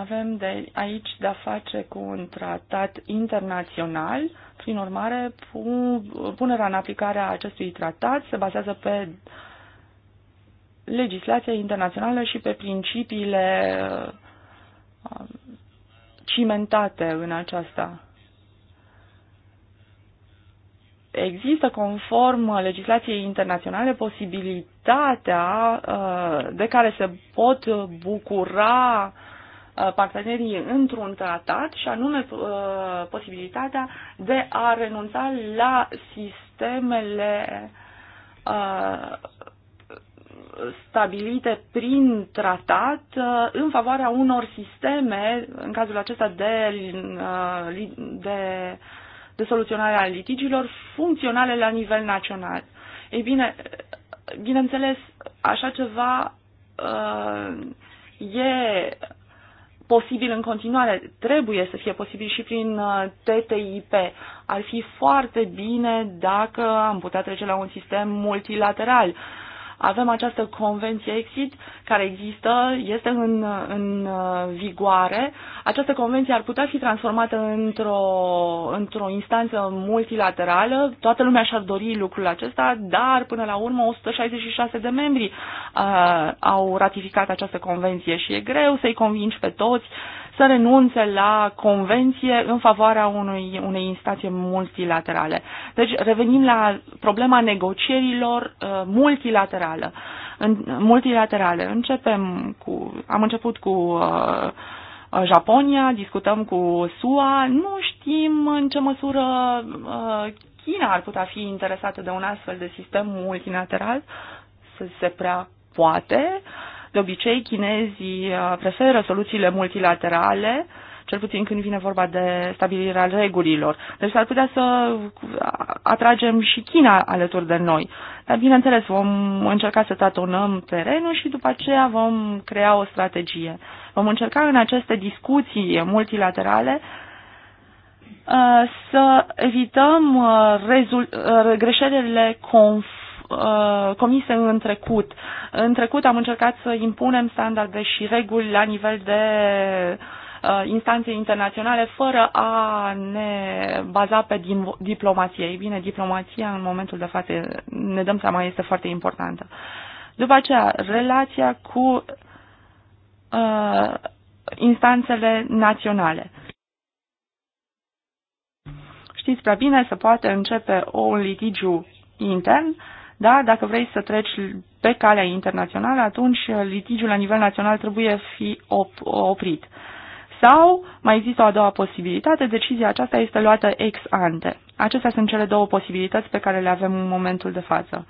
Avem de aici de-a face cu un tratat internațional, prin urmare, punerea în aplicare a acestui tratat se bazează pe legislația internațională și pe principiile um, cimentate în aceasta. Există, conform legislației internaționale, posibilitatea uh, de care se pot bucura uh, Uh, partenerii într-un tratat și anume uh, posibilitatea de a renunța la sistemele uh, stabilite prin tratat în favoarea unor sisteme, în cazul acesta de, de, de soluționare a litigilor, funcționale la nivel național. Ei bine, bineînțeles, așa ceva e posibil în continuare, trebuie să fie posibil și prin uh, TTIP. Ar fi foarte bine dacă am putea trece la un sistem multilateral. Uh, avem această convenție exit care există, este în, în vigoare. Această convenție ar putea fi transformată într-o, într-o instanță multilaterală. Toată lumea și-ar dori lucrul acesta, dar până la urmă 166 de membri uh, au ratificat această convenție și e greu să-i convingi pe toți să renunțe la convenție în favoarea unui, unei instanțe multilaterale. Deci revenim la problema negocierilor uh, multilaterale. În, multilaterale. Începem cu, am început cu uh, Japonia, discutăm cu SUA, nu știm în ce măsură uh, China ar putea fi interesată de un astfel de sistem multilateral, să se prea poate. Uh, de obicei, chinezii uh, preferă soluțiile multilaterale, cel puțin când vine vorba de stabilirea regulilor. Deci s-ar putea să atragem și China alături de noi. Dar, bineînțeles, vom încerca să tatonăm terenul și după aceea vom crea o strategie. Vom încerca în aceste discuții multilaterale uh, să evităm uh, greșelile conf uh, comise în trecut. În trecut am încercat să impunem standarde și reguli la nivel de uh, instanțe internaționale fără a ne baza pe din, diplomație. Ei bine, diplomația în momentul de față ne dăm seama este foarte importantă. După aceea, relația cu uh, instanțele naționale. Știți prea bine, se poate începe un litigiu intern dar dacă vrei să treci pe calea internațională, atunci litigiul la nivel național trebuie fi op- oprit. Sau mai există o a doua posibilitate, decizia aceasta este luată ex ante. Acestea sunt cele două posibilități pe care le avem în momentul de față.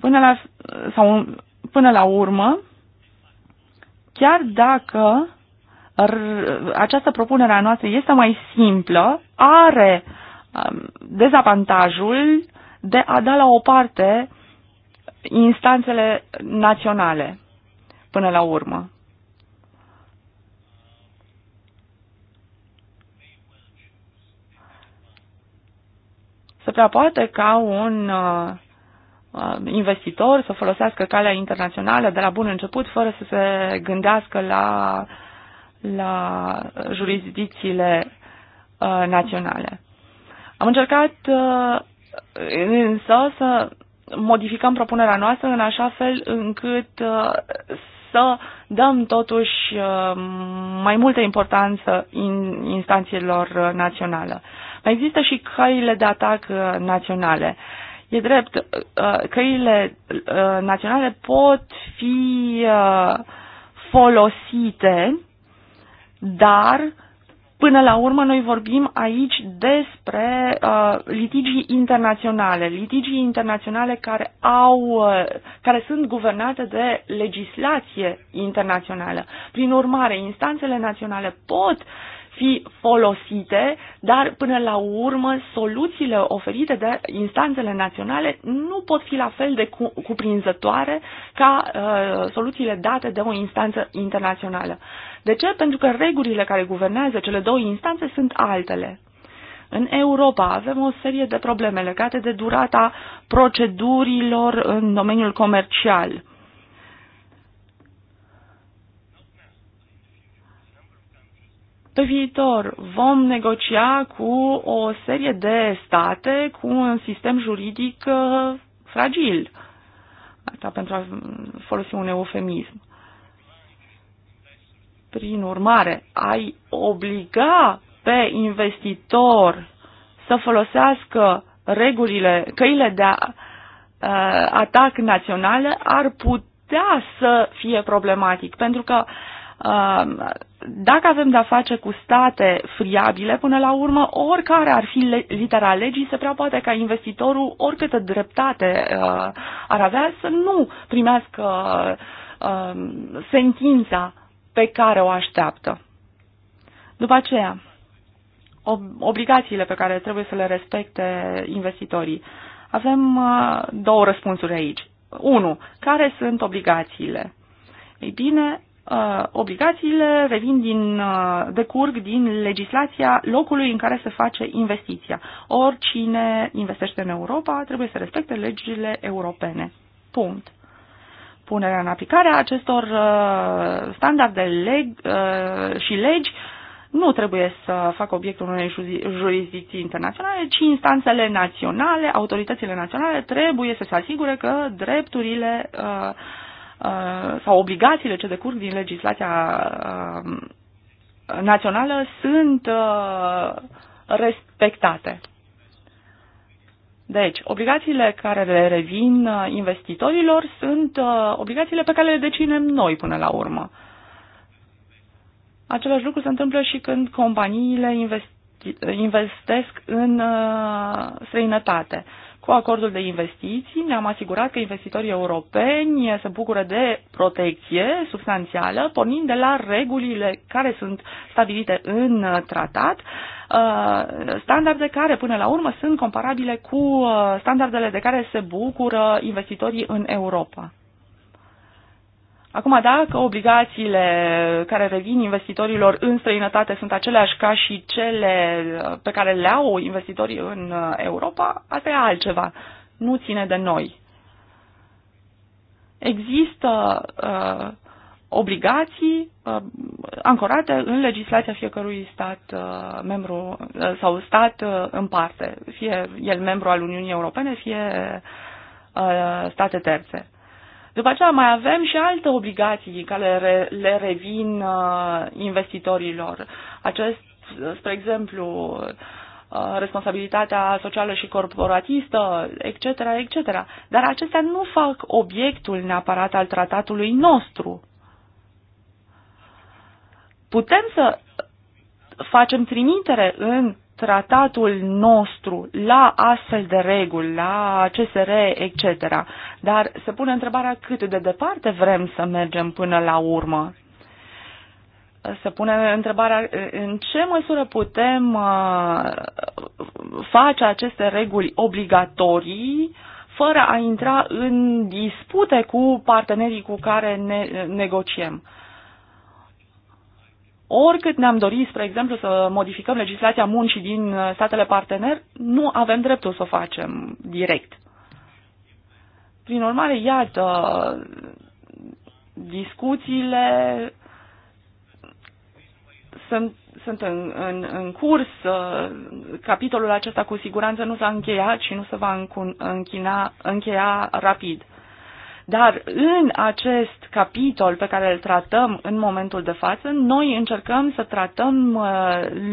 Până la, sau, până la urmă, chiar dacă această propunere a noastră este mai simplă, are um, dezavantajul de a da la o parte instanțele naționale până la urmă. Se prea poate ca un uh, uh, investitor să folosească calea internațională de la bun început fără să se gândească la, la jurisdicțiile uh, naționale. Am încercat însă să modificăm propunerea noastră în așa fel încât uh, să dăm totuși uh, mai multă importanță în instanțiilor naționale. Mai există și căile de atac uh, naționale. E drept, căile naționale pot fi folosite, dar Până la urmă, noi vorbim aici despre uh, litigii internaționale, litigii internaționale care au, uh, care sunt guvernate de legislație internațională. Prin urmare, instanțele naționale pot fi folosite, dar până la urmă soluțiile oferite de instanțele naționale nu pot fi la fel de cuprinzătoare ca uh, soluțiile date de o instanță internațională. De ce? Pentru că regulile care guvernează cele două instanțe sunt altele. În Europa avem o serie de probleme legate de durata procedurilor în domeniul comercial Pe viitor vom negocia cu o serie de state cu un sistem juridic uh, fragil. Asta pentru a folosi un eufemism. Prin urmare, ai obliga pe investitor să folosească regulile, căile de a, uh, atac naționale ar putea să fie problematic, pentru că uh, dacă avem de-a face cu state friabile, până la urmă, oricare ar fi litera legii, se prea poate ca investitorul, oricâtă dreptate uh, ar avea, să nu primească uh, sentința pe care o așteaptă. După aceea, ob- obligațiile pe care trebuie să le respecte investitorii. Avem uh, două răspunsuri aici. Unu, Care sunt obligațiile? Ei bine, Uh, obligațiile revin din, uh, decurg din legislația locului în care se face investiția. Oricine investește în Europa trebuie să respecte legile europene. Punct. Punerea în aplicare a acestor uh, standarde leg, și legi nu trebuie să facă obiectul unei jurisdicții internaționale, ci instanțele naționale, autoritățile naționale trebuie să se asigure că drepturile uh, Uh, sau obligațiile ce decurg din legislația uh, națională sunt uh, respectate. Deci, obligațiile care le revin investitorilor sunt obligațiile pe care le decinem noi până la urmă. Același lucru se întâmplă și când companiile investesc în străinătate. Cu acordul de investiții ne-am asigurat că investitorii europeni se bucură de protecție substanțială, pornind de la regulile care sunt stabilite în tratat, uh, standarde care până la urmă sunt comparabile cu uh, standardele de care se bucură investitorii în Europa. Acum, dacă obligațiile care revin investitorilor în străinătate sunt aceleași ca și cele uh, pe care le au investitorii în uh, Europa, asta e altceva. Nu ține de noi. Există uh, obligații uh, ancorate în legislația fiecărui stat uh, membru uh, sau stat uh, în parte, fie el membru al Uniunii Europene, fie uh, state terțe. După aceea mai avem și alte obligații care le, le revin uh, investitorilor. Acest, spre exemplu, uh, responsabilitatea socială și corporatistă, etc., etc. Dar acestea nu fac obiectul neapărat al tratatului nostru. Putem să facem trimitere în tratatul nostru la astfel de reguli, la CSR, etc. Dar se pune întrebarea cât de departe vrem să mergem până la urmă. Se pune întrebarea în ce măsură putem uh, face aceste reguli obligatorii fără a intra în dispute cu partenerii cu care ne negociem oricât ne-am dorit, spre exemplu, să modificăm legislația muncii din uh, statele partener, nu avem dreptul să o facem direct. Prin urmare, iată, discuțiile sunt, sunt în, în, în curs. Uh, capitolul acesta cu siguranță nu s-a încheiat și nu se va închina, încheia rapid. Dar în acest capitol pe care îl tratăm în momentul de față, noi încercăm să tratăm uh,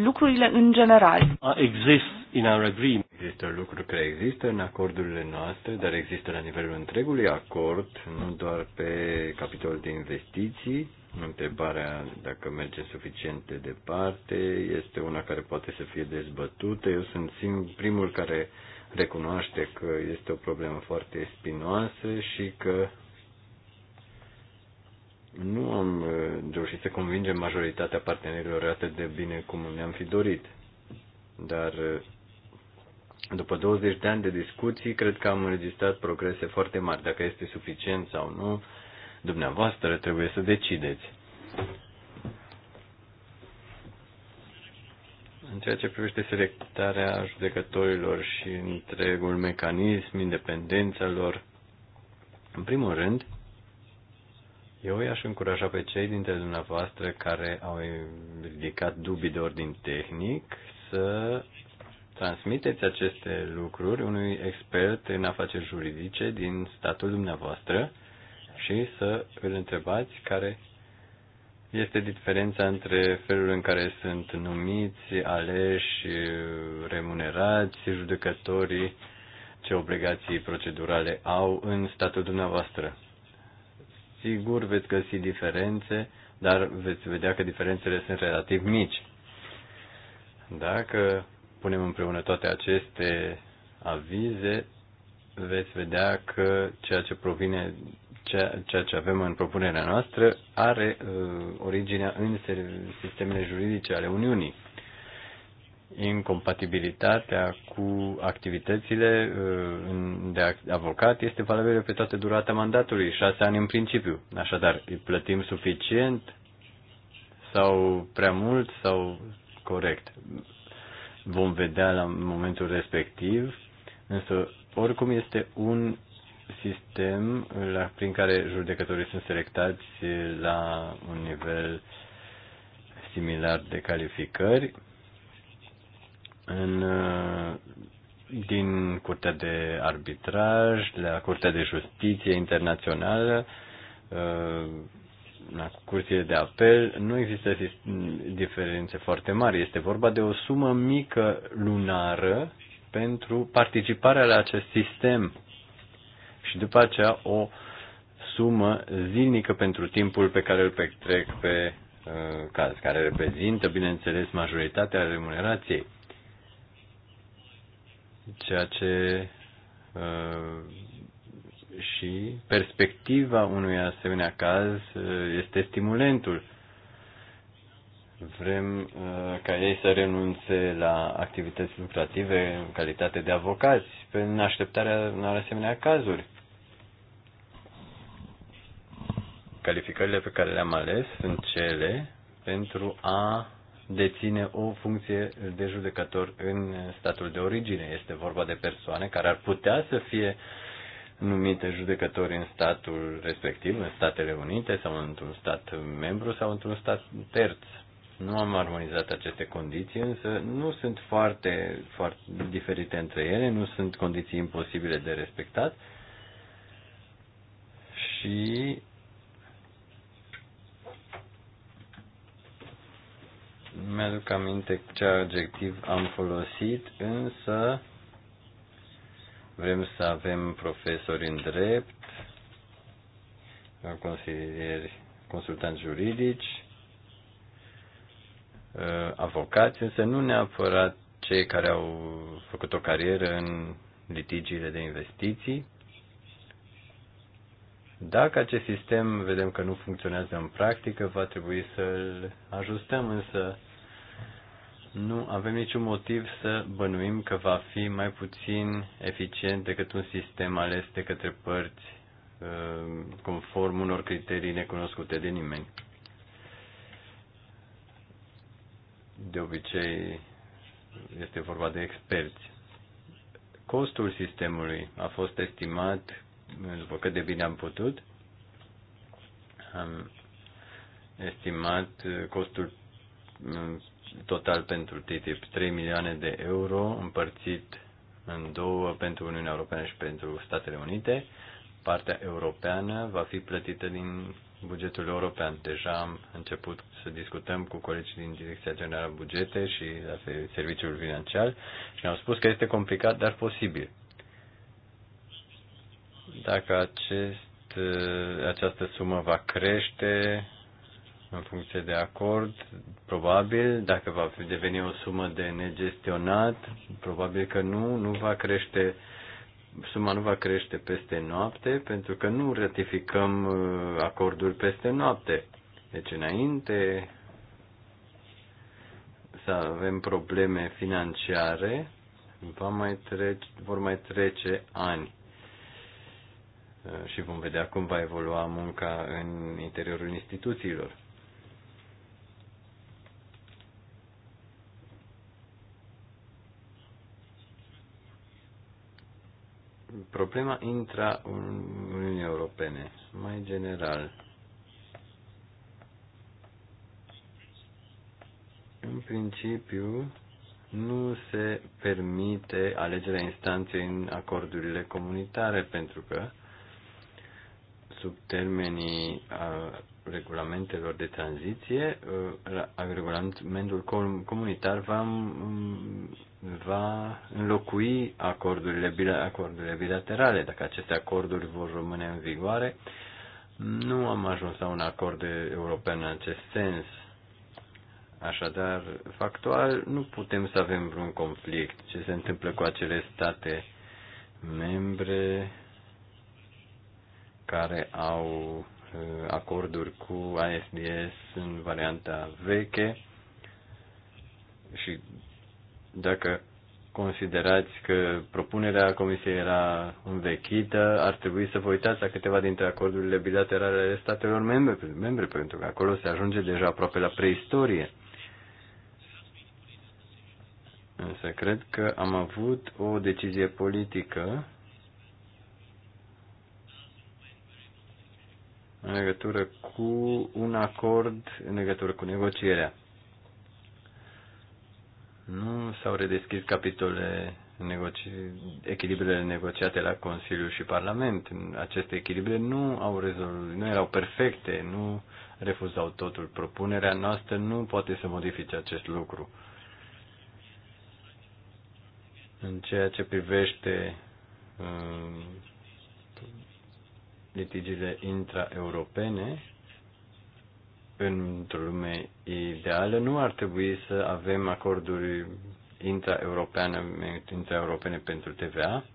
lucrurile în general. Exist in our agreement. Există lucruri care există în acordurile noastre, dar există la nivelul întregului acord, nu doar pe capitolul de investiții, Întrebarea dacă merge suficient de departe este una care poate să fie dezbătută. Eu sunt primul care recunoaște că este o problemă foarte spinoasă și că nu am uh, reușit să convingem majoritatea partenerilor atât de bine cum ne-am fi dorit. Dar uh, după 20 de ani de discuții, cred că am înregistrat progrese foarte mari. Dacă este suficient sau nu, dumneavoastră trebuie să decideți. În ceea ce privește selectarea judecătorilor și întregul mecanism, independența lor, în primul rând, eu i-aș încuraja pe cei dintre dumneavoastră care au ridicat dubii de ordin tehnic să transmiteți aceste lucruri unui expert în afaceri juridice din statul dumneavoastră și să îl întrebați care este diferența între felul în care sunt numiți, aleși, remunerați judecătorii, ce obligații procedurale au în statul dumneavoastră. Sigur, veți găsi diferențe, dar veți vedea că diferențele sunt relativ mici. Dacă punem împreună toate aceste avize, veți vedea că ceea ce provine ceea, ce avem în propunerea noastră are uh, originea în sistemele juridice ale Uniunii. Incompatibilitatea cu activitățile uh, de avocat este valabilă pe toată durata mandatului, șase ani în principiu. Așadar, îi plătim suficient sau prea mult sau corect. Vom vedea la momentul respectiv, însă oricum este un sistem la, prin care judecătorii sunt selectați la un nivel similar de calificări în, din Curtea de Arbitraj, la Curtea de Justiție Internațională, la curțile de apel, nu există diferențe foarte mari. Este vorba de o sumă mică lunară pentru participarea la acest sistem și după aceea o sumă zilnică pentru timpul pe care îl petrec pe uh, caz, care reprezintă, bineînțeles, majoritatea remunerației. Ceea ce uh, și perspectiva unui asemenea caz uh, este stimulentul. Vrem uh, ca ei să renunțe la activități lucrative în calitate de avocați, în așteptarea unor asemenea cazuri. Calificările pe care le-am ales sunt cele pentru a deține o funcție de judecător în statul de origine. Este vorba de persoane care ar putea să fie numite judecători în statul respectiv, în Statele Unite sau într-un stat membru sau într-un stat terț. Nu am armonizat aceste condiții, însă nu sunt foarte, foarte diferite între ele, nu sunt condiții imposibile de respectat și Mi-aduc aminte ce adjectiv am folosit, însă vrem să avem profesori în drept, consilieri, consultanți juridici, uh, avocați, însă nu neapărat cei care au făcut o carieră în litigiile de investiții. Dacă acest sistem vedem că nu funcționează în practică, va trebui să-l ajustăm, însă nu avem niciun motiv să bănuim că va fi mai puțin eficient decât un sistem ales de către părți uh, conform unor criterii necunoscute de nimeni. De obicei este vorba de experți. Costul sistemului a fost estimat după cât de bine am putut, am estimat costul total pentru TTIP 3 milioane de euro împărțit în două pentru Uniunea Europeană și pentru Statele Unite. Partea europeană va fi plătită din bugetul european. Deja am început să discutăm cu colegii din Direcția Generală Bugete și la Serviciul Financiar și ne-au spus că este complicat, dar posibil dacă acest, uh, această sumă va crește în funcție de acord, probabil, dacă va deveni o sumă de negestionat, probabil că nu, nu va crește, suma nu va crește peste noapte, pentru că nu ratificăm uh, acordul peste noapte. Deci înainte să avem probleme financiare, va mai trece, vor mai trece ani și vom vedea cum va evolua munca în interiorul instituțiilor. Problema intra Uniunii Europene, mai general. În principiu, nu se permite alegerea instanței în acordurile comunitare, pentru că sub termenii a regulamentelor de tranziție, regulamentul comunitar va, va înlocui acordurile, acordurile bilaterale. Dacă aceste acorduri vor rămâne în vigoare, nu am ajuns la un acord european în acest sens. Așadar, factual, nu putem să avem vreun conflict. Ce se întâmplă cu acele state membre care au uh, acorduri cu ISDS în varianta veche și dacă considerați că propunerea Comisiei era învechită, ar trebui să vă uitați la câteva dintre acordurile bilaterale ale statelor membre, membre pentru că acolo se ajunge deja aproape la preistorie. Însă cred că am avut o decizie politică în legătură cu un acord, în legătură cu negocierea. Nu s-au redeschis capitole negoci... echilibrele negociate la Consiliu și Parlament. Aceste echilibre nu au rezolv... nu erau perfecte, nu refuzau totul. Propunerea noastră nu poate să modifice acest lucru. În ceea ce privește uh, litigiile intraeuropene, într-o lume ideală, nu ar trebui să avem acorduri intraeuropene, intraeuropene pentru TVA.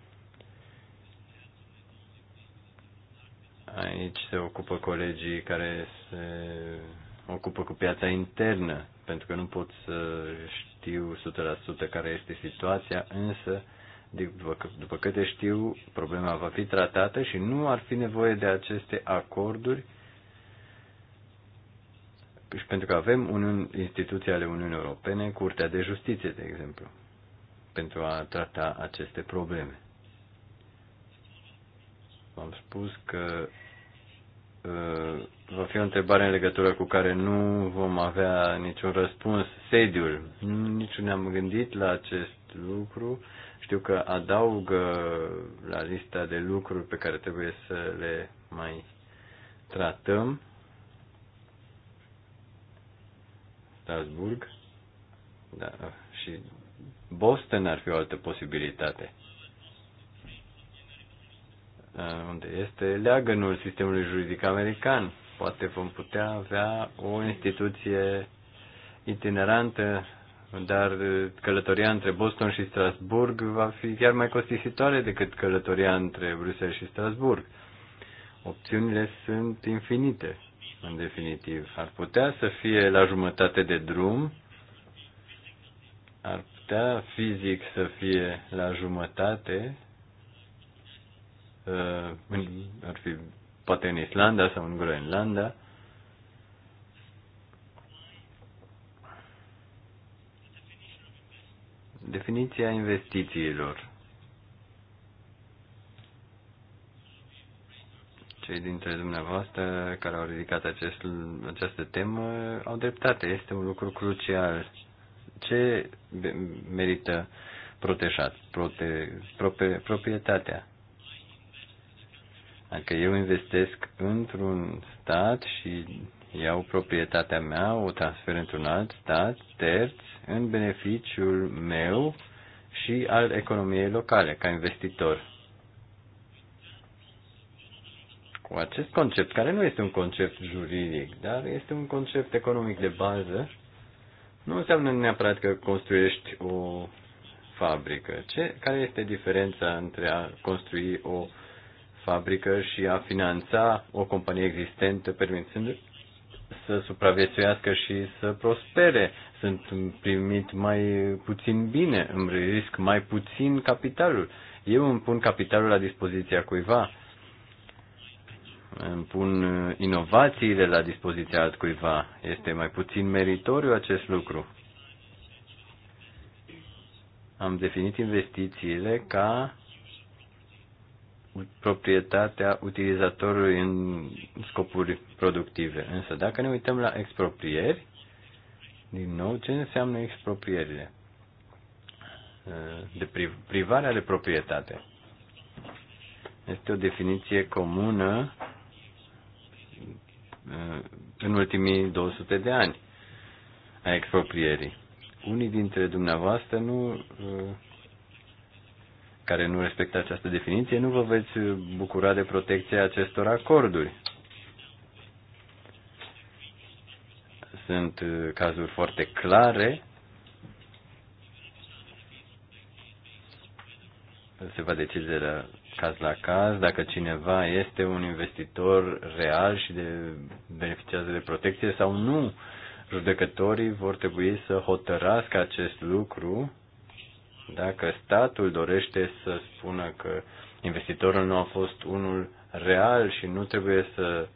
Aici se ocupă colegii care se ocupă cu piața internă, pentru că nu pot să știu 100% care este situația, însă după, după câte știu, problema va fi tratată și nu ar fi nevoie de aceste acorduri și pentru că avem uniuni, instituții ale Uniunii Europene, Curtea de Justiție, de exemplu, pentru a trata aceste probleme. V-am spus că uh, va fi o întrebare în legătură cu care nu vom avea niciun răspuns. Sediul. Nici nu ne-am gândit la acest lucru. Uh, știu că adaugă la lista de lucruri pe care trebuie să le mai tratăm. Strasburg. Da, și Boston ar fi o altă posibilitate. Da, unde este leagănul sistemului juridic american. Poate vom putea avea o instituție itinerantă dar uh, călătoria între Boston și Strasburg va fi chiar mai costisitoare decât călătoria între Bruxelles și Strasburg. Opțiunile sunt infinite, în definitiv. Ar putea să fie la jumătate de drum, ar putea fizic să fie la jumătate, uh, ar fi poate în Islanda sau în Groenlanda, Definiția investițiilor. Cei dintre dumneavoastră care au ridicat acest, această temă au dreptate. Este un lucru crucial. Ce merită protejat? Prote, prope, proprietatea. Dacă eu investesc într-un stat și iau proprietatea mea, o transfer într-un alt stat, terți în beneficiul meu și al economiei locale ca investitor. Cu acest concept, care nu este un concept juridic, dar este un concept economic de bază, nu înseamnă neapărat că construiești o fabrică. Ce, care este diferența între a construi o fabrică și a finanța o companie existentă permițându-i să supraviețuiască și să prospere. Sunt primit mai puțin bine, îmi risc mai puțin capitalul. Eu îmi pun capitalul la dispoziția cuiva, îmi pun inovațiile la dispoziția altcuiva. Este mai puțin meritoriu acest lucru. Am definit investițiile ca proprietatea utilizatorului în scopuri productive. Însă dacă ne uităm la exproprieri, din nou, ce înseamnă exproprierile? De priv- privarea de proprietate. Este o definiție comună în ultimii 200 de ani a exproprierii. Unii dintre dumneavoastră nu care nu respectă această definiție, nu vă veți bucura de protecția acestor acorduri. Sunt uh, cazuri foarte clare. Se va decide la caz la caz dacă cineva este un investitor real și de, beneficiază de protecție sau nu. Judecătorii vor trebui să hotărască acest lucru dacă statul dorește să spună că investitorul nu a fost unul real și nu trebuie să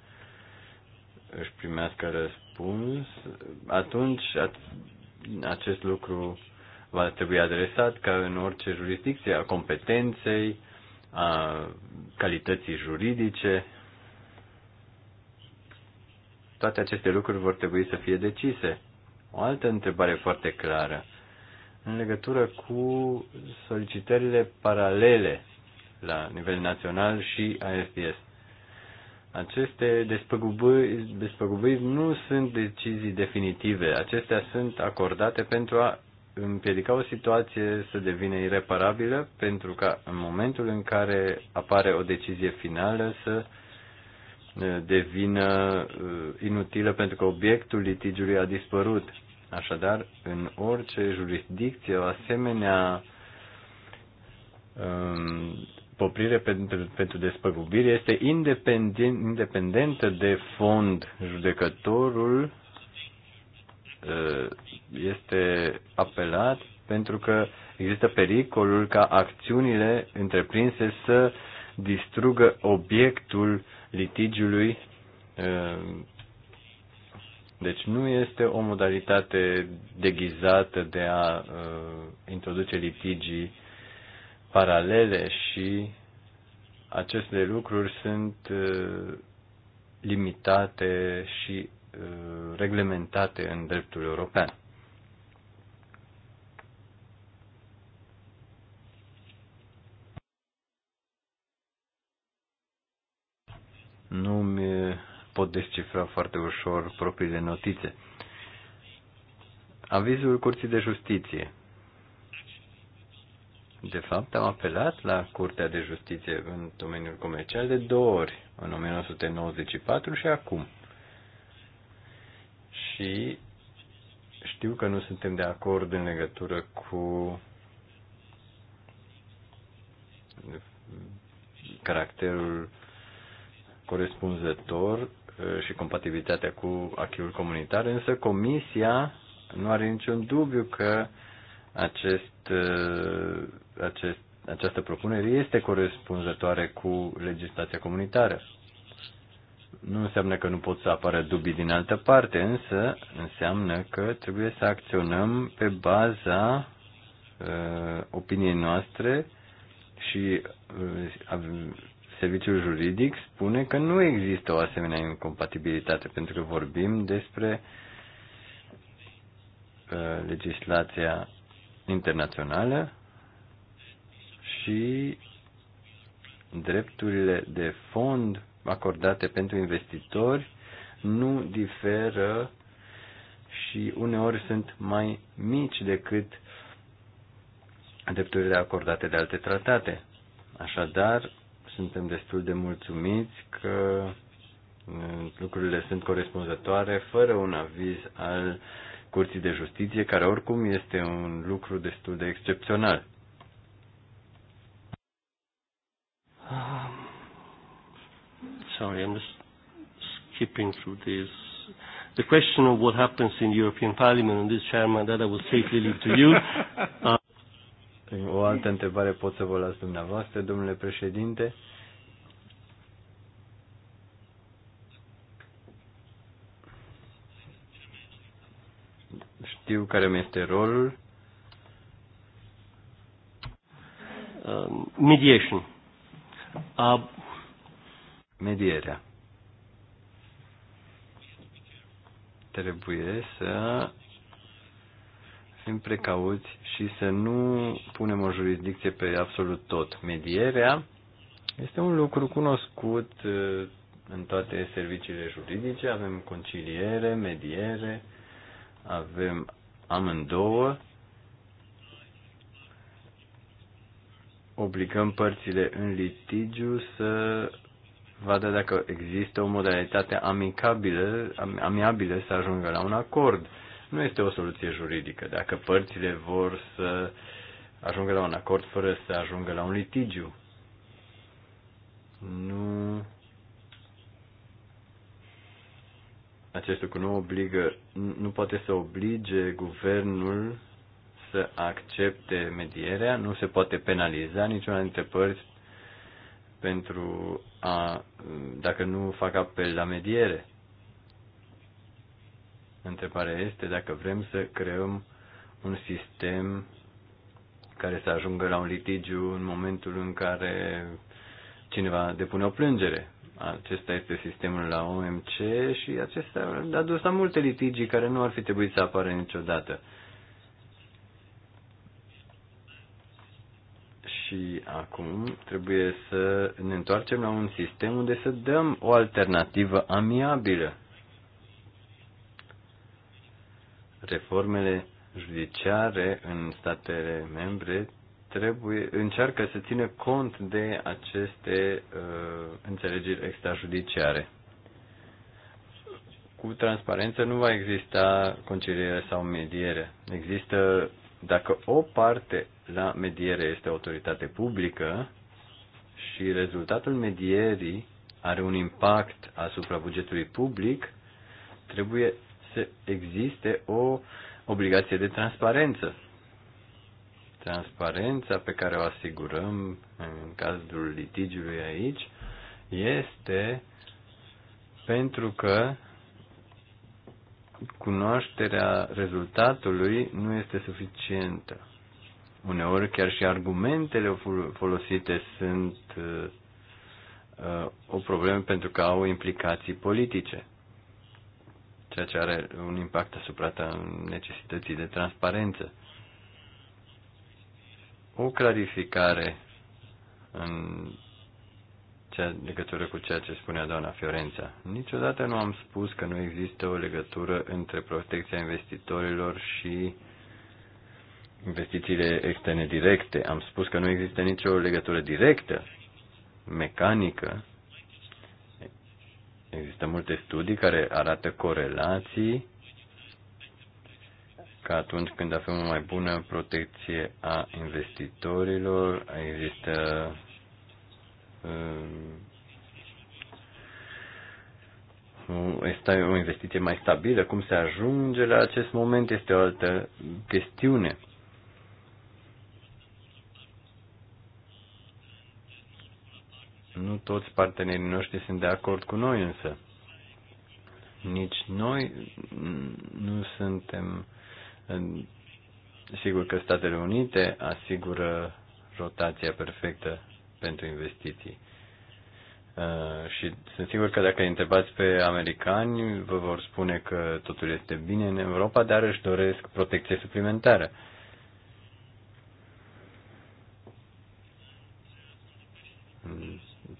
își primească răspuns, atunci acest lucru va trebui adresat ca în orice jurisdicție a competenței, a calității juridice. Toate aceste lucruri vor trebui să fie decise. O altă întrebare foarte clară în legătură cu solicitările paralele la nivel național și AFPS. Aceste despăgubiri, nu sunt decizii definitive. Acestea sunt acordate pentru a împiedica o situație să devină ireparabilă, pentru ca în momentul în care apare o decizie finală să uh, devină uh, inutilă pentru că obiectul litigiului a dispărut. Așadar, în orice jurisdicție, o asemenea um, poprire pentru, pentru despăgubire este independent, independentă de fond. Judecătorul uh, este apelat pentru că există pericolul ca acțiunile întreprinse să distrugă obiectul litigiului uh, deci nu este o modalitate deghizată de a uh, introduce litigii paralele și aceste lucruri sunt uh, limitate și uh, reglementate în dreptul european. Nu mi pot descifra foarte ușor propriile notițe. Avizul Curții de Justiție. De fapt, am apelat la Curtea de Justiție în domeniul comercial de două ori, în 1994 și acum. Și știu că nu suntem de acord în legătură cu caracterul corespunzător Uh, și compatibilitatea cu acquis comunitar, însă Comisia nu are niciun dubiu că acest, uh, acest, această propunere este corespunzătoare cu legislația comunitară. Nu înseamnă că nu pot să apară dubii din altă parte, însă înseamnă că trebuie să acționăm pe baza uh, opiniei noastre și uh, serviciul juridic spune că nu există o asemenea incompatibilitate, pentru că vorbim despre uh, legislația internațională și drepturile de fond acordate pentru investitori nu diferă și uneori sunt mai mici decât drepturile acordate de alte tratate. Așadar, suntem destul de mulțumiți că uh, lucrurile sunt corespunzătoare fără un aviz al Curții de Justiție, care oricum este un lucru destul de excepțional. Um, sorry, I'm just skipping through this. The question of what happens in European Parliament and this chairman, that I will safely leave to you. Uh, <laughs> O altă întrebare pot să vă las dumneavoastră, domnule președinte. Știu care mi este rolul. Um, mediation. Uh, medierea. Trebuie să fim precauți și să nu punem o jurisdicție pe absolut tot. Medierea este un lucru cunoscut uh, în toate serviciile juridice. Avem conciliere, mediere, avem amândouă. Obligăm părțile în litigiu să vadă dacă există o modalitate amicabilă, amiabilă să ajungă la un acord nu este o soluție juridică. Dacă părțile vor să ajungă la un acord fără să ajungă la un litigiu, nu. Acest lucru nu obligă, nu poate să oblige guvernul să accepte medierea, nu se poate penaliza niciuna dintre părți pentru a, dacă nu fac apel la mediere. Întrebarea este dacă vrem să creăm un sistem care să ajungă la un litigiu în momentul în care cineva depune o plângere. Acesta este sistemul la OMC și acesta a dus la multe litigii care nu ar fi trebuit să apară niciodată. Și acum trebuie să ne întoarcem la un sistem unde să dăm o alternativă amiabilă reformele judiciare în statele membre trebuie, încearcă să țină cont de aceste uh, înțelegeri extrajudiciare. Cu transparență nu va exista conciliere sau mediere. Există, dacă o parte la mediere este autoritate publică și rezultatul medierii are un impact asupra bugetului public, trebuie să existe o obligație de transparență. Transparența pe care o asigurăm în cazul litigiului aici este pentru că cunoașterea rezultatului nu este suficientă. Uneori chiar și argumentele folosite sunt uh, uh, o problemă pentru că au implicații politice ceea ce are un impact asupra necesității de transparență. O clarificare în cea, legătură cu ceea ce spunea doamna Fiorența. Niciodată nu am spus că nu există o legătură între protecția investitorilor și investițiile externe directe. Am spus că nu există nicio legătură directă, mecanică, Există multe studii care arată corelații că atunci când avem o mai bună protecție a investitorilor, există uh, este o investiție mai stabilă. Cum se ajunge la acest moment este o altă chestiune. Nu toți partenerii noștri sunt de acord cu noi însă. Nici noi nu suntem. Sigur că Statele Unite asigură rotația perfectă pentru investiții. Uh, și sunt sigur că dacă îi întrebați pe americani, vă vor spune că totul este bine în Europa, dar își doresc protecție suplimentară.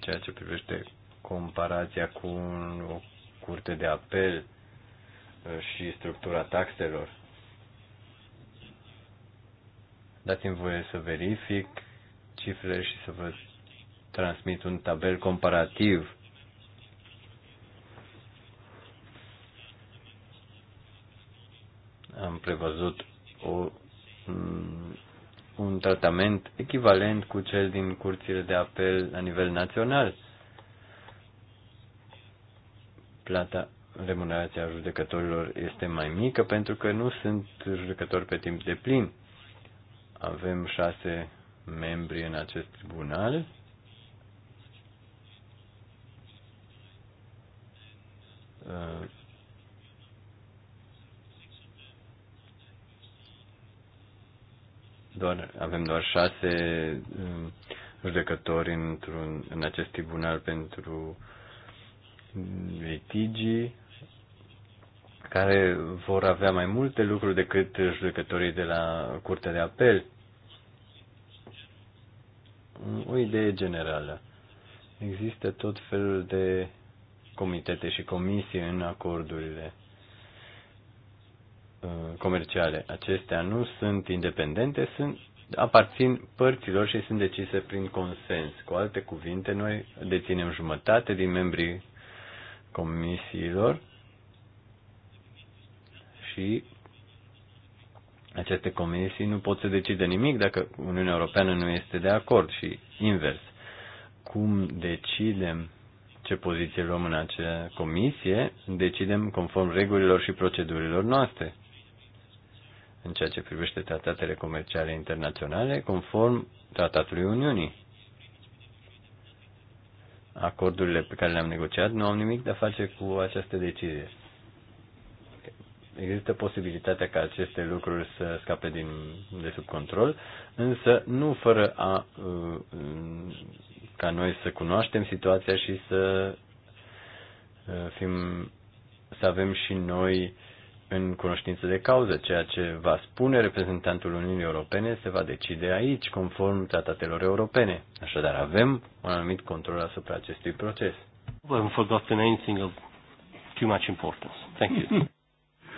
ceea ce privește comparația cu o curte de apel uh, și structura taxelor. Dați-mi voie să verific cifrele și să vă transmit un tabel comparativ. Am prevăzut o mm, un tratament echivalent cu cel din curțile de apel la nivel național. Plata, remunerația judecătorilor este mai mică pentru că nu sunt judecători pe timp de plin. Avem șase membri în acest tribunal. Uh, doar, avem doar șase um, judecători într-un, în acest tribunal pentru litigii care vor avea mai multe lucruri decât judecătorii de la Curtea de Apel. O idee generală. Există tot felul de comitete și comisii în acordurile Uh, comerciale. Acestea nu sunt independente, sunt, aparțin părților și sunt decise prin consens. Cu alte cuvinte, noi deținem jumătate din membrii comisiilor și aceste comisii nu pot să decide nimic dacă Uniunea Europeană nu este de acord și invers. Cum decidem ce poziție luăm în acea comisie, decidem conform regulilor și procedurilor noastre în ceea ce privește tratatele comerciale internaționale, conform Tratatului Uniunii. Acordurile pe care le-am negociat nu au nimic de a face cu această decizie. Există posibilitatea ca aceste lucruri să scape din, de sub control, însă nu fără a, ca noi să cunoaștem situația și să fim, să avem și noi uh, în cunoștință de cauză. Ceea ce va spune reprezentantul Uniunii Europene se va decide aici, conform tratatelor europene. Așadar, avem un anumit control asupra acestui proces. I forgotten anything of too much importance. Thank you.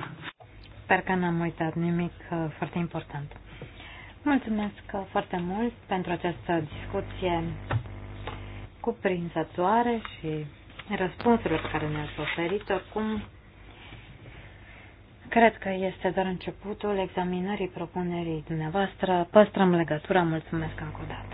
<laughs> Sper că n-am uitat nimic uh, foarte important. Mulțumesc uh, foarte mult pentru această discuție cuprinzătoare și răspunsurile pe care ne-ați oferit. Oricum, Cred că este doar începutul examinării propunerii dumneavoastră. Păstrăm legătura. Mulțumesc încă o dată.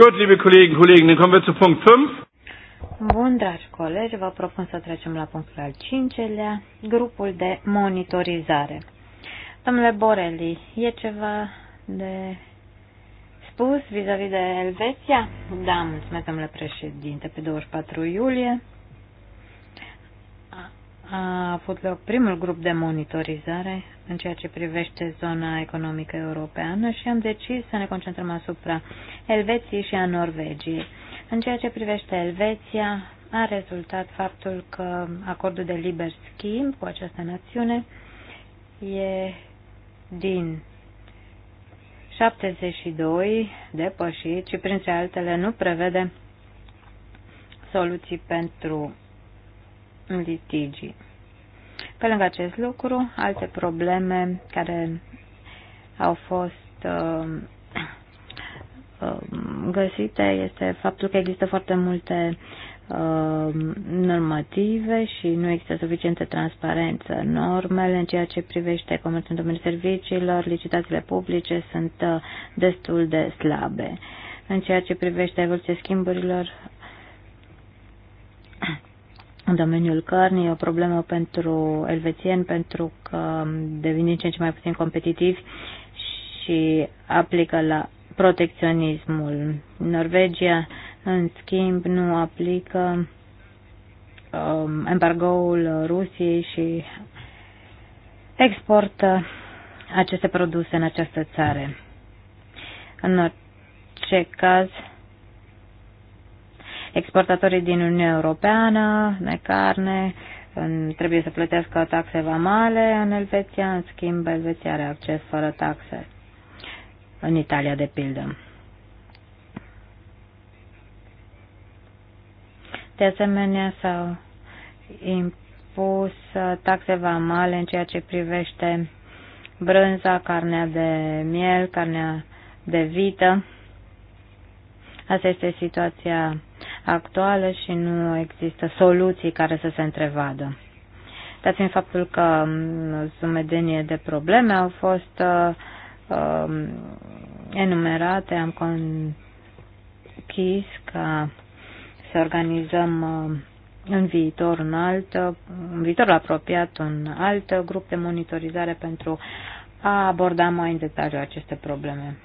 Gut, liebe Kollegen, Kollegen, dann kommen wir zu Punkt 5. Bun, dragi colegi, vă propun să trecem la punctul al cincelea, grupul de monitorizare. Domnule Borelli, e ceva de spus vis-a-vis -vis de Elveția? Da, mulțumesc, domnule președinte, pe 24 iulie a avut loc primul grup de monitorizare în ceea ce privește zona economică europeană și am decis să ne concentrăm asupra Elveției și a Norvegiei. În ceea ce privește Elveția, a rezultat faptul că acordul de liber schimb cu această națiune e din 72 depășit și printre altele nu prevede soluții pentru litigii. Pe lângă acest lucru, alte probleme care au fost uh, găsite este faptul că există foarte multe um, normative și nu există suficientă transparență. Normele în ceea ce privește comerțul în domeniul serviciilor, licitațiile publice sunt uh, destul de slabe. În ceea ce privește evoluția schimburilor, în domeniul cărnii e o problemă pentru elvețieni pentru că devin din ce în ce mai puțin competitivi și aplică la protecționismul. Norvegia, în schimb, nu aplică um, embargoul Rusiei și exportă aceste produse în această țară. În orice caz, exportatorii din Uniunea Europeană de carne trebuie să plătească taxe vamale în Elveția, în schimb Elveția are acces fără taxe în Italia, de pildă. De asemenea, s-au impus taxe vamale în ceea ce privește brânza, carnea de miel, carnea de vită. Asta este situația actuală și nu există soluții care să se întrevadă. Dar fiind faptul că mm, sumedenie de probleme au fost uh, um, enumerate, am conchis că să organizăm uh, în viitor un alt, în uh, viitorul apropiat, un alt grup de monitorizare pentru a aborda mai în detaliu aceste probleme.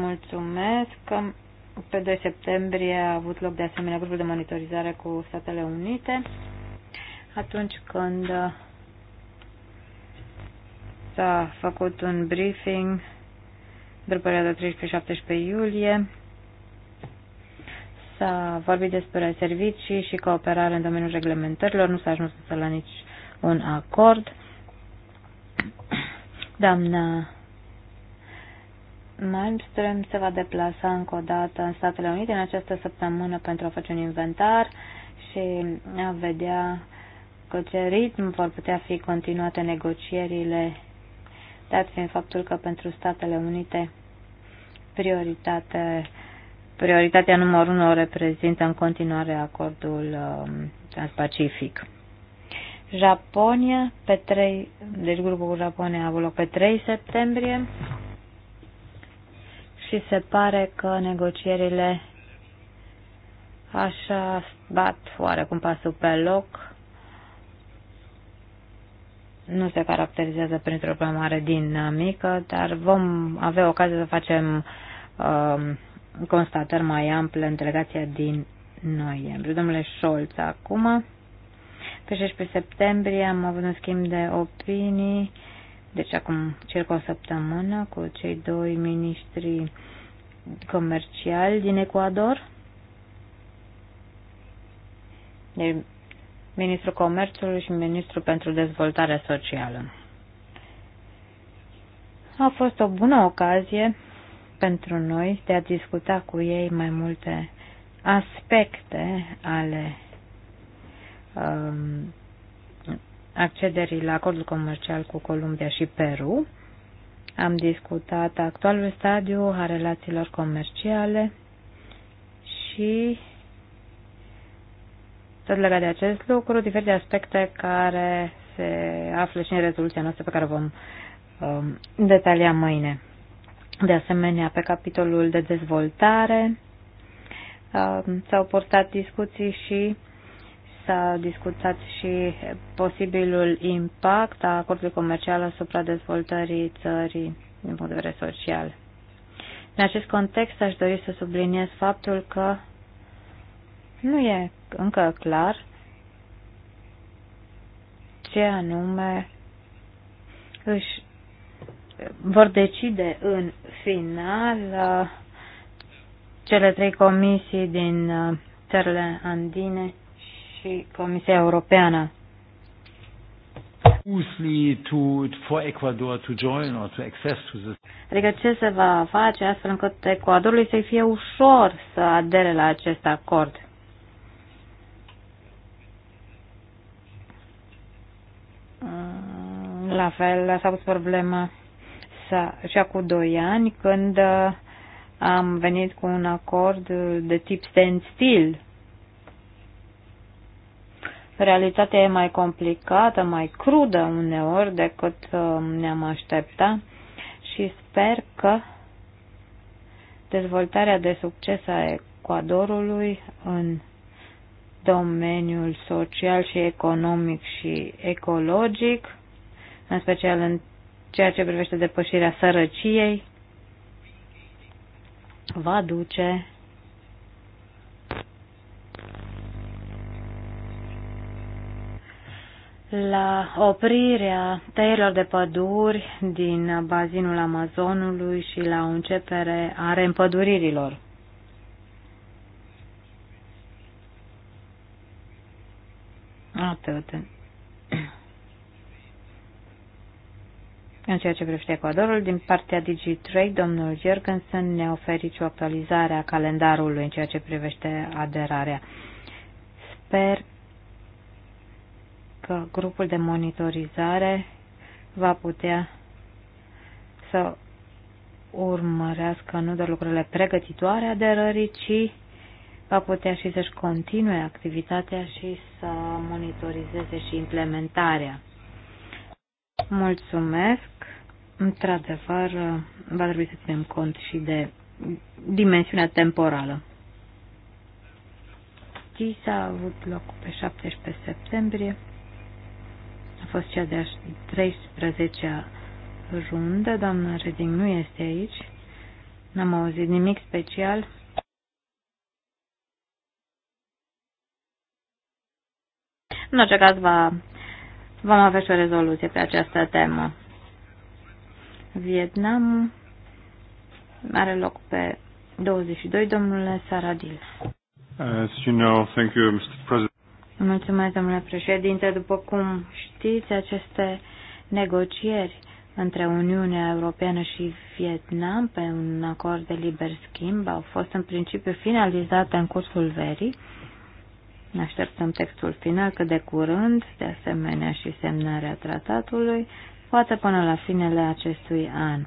Mulțumesc! Pe 2 septembrie a avut loc de asemenea grupul de monitorizare cu Statele Unite, atunci când uh, s-a făcut un briefing de perioada 13-17 iulie, s-a vorbit despre servicii și cooperare în domeniul reglementărilor, nu s-a ajuns la nici un acord. Doamna Malmström se va deplasa încă o dată în Statele Unite în această săptămână pentru a face un inventar și a vedea cu ce ritm vor putea fi continuate negocierile, dat fiind faptul că pentru Statele Unite prioritate, prioritatea numărul 1 reprezintă în continuare acordul um, transpacific. Japonia, pe 3, deci grupul Japonia a avut loc pe 3 septembrie și se pare că negocierile așa bat oarecum pasul pe loc. Nu se caracterizează printr-o mare dinamică, uh, dar vom avea ocazia să facem uh, constatări mai ample în delegația din noiembrie. Domnule Scholz, acum, pe 16 septembrie am avut un schimb de opinii deci acum circa o săptămână, cu cei doi ministri comerciali din Ecuador. De ministrul comerțului și ministrul pentru dezvoltare socială. A fost o bună ocazie pentru noi de a discuta cu ei mai multe aspecte ale um, accederii la acordul comercial cu Columbia și Peru. Am discutat actualul stadiu a relațiilor comerciale și tot legat de acest lucru, diferite aspecte care se află și în rezoluția noastră pe care vom um, detalia mâine. De asemenea, pe capitolul de dezvoltare um, s-au portat discuții și S-a discutat și posibilul impact a acordului comercial asupra dezvoltării țării din punct de vedere social. În acest context aș dori să subliniez faptul că nu e încă clar ce anume își vor decide în final uh, cele trei comisii din uh, țările andine și Comisia Europeană. To, for Ecuador to join or to access to this. Adică ce se va face astfel încât Ecuadorului să fie ușor să adere la acest acord? Mm, la fel s-a pus problema și cu doi ani când uh, am venit cu un acord de tip standstill Realitatea e mai complicată, mai crudă uneori decât uh, ne-am aștepta și sper că dezvoltarea de succes a Ecuadorului în domeniul social și economic și ecologic, în special în ceea ce privește depășirea sărăciei, va duce la oprirea tăierilor de păduri din bazinul Amazonului și la o începere a reîmpăduririlor. Atât. În ceea ce privește Ecuadorul, din partea DigiTrade, domnul Jergensen ne-a oferit și o actualizare a calendarului în ceea ce privește aderarea. Sper că grupul de monitorizare va putea să urmărească nu doar lucrurile pregătitoare a aderării, ci va putea și să-și continue activitatea și să monitorizeze și implementarea. Mulțumesc! Într-adevăr, va trebui să ținem cont și de dimensiunea temporală. Chisa a avut loc pe 17 septembrie fost cea de-a 13-a rundă. Doamna Reding nu este aici. N-am auzit nimic special. În orice caz, va, vom avea și o rezoluție pe această temă. Vietnam are loc pe 22, domnule Saradil. As you know, thank you, Mr. President. Mulțumesc, domnule președinte. După cum știți, aceste negocieri între Uniunea Europeană și Vietnam pe un acord de liber schimb au fost în principiu finalizate în cursul verii. Așteptăm textul final cât de curând, de asemenea și semnarea tratatului, poate până la finele acestui an.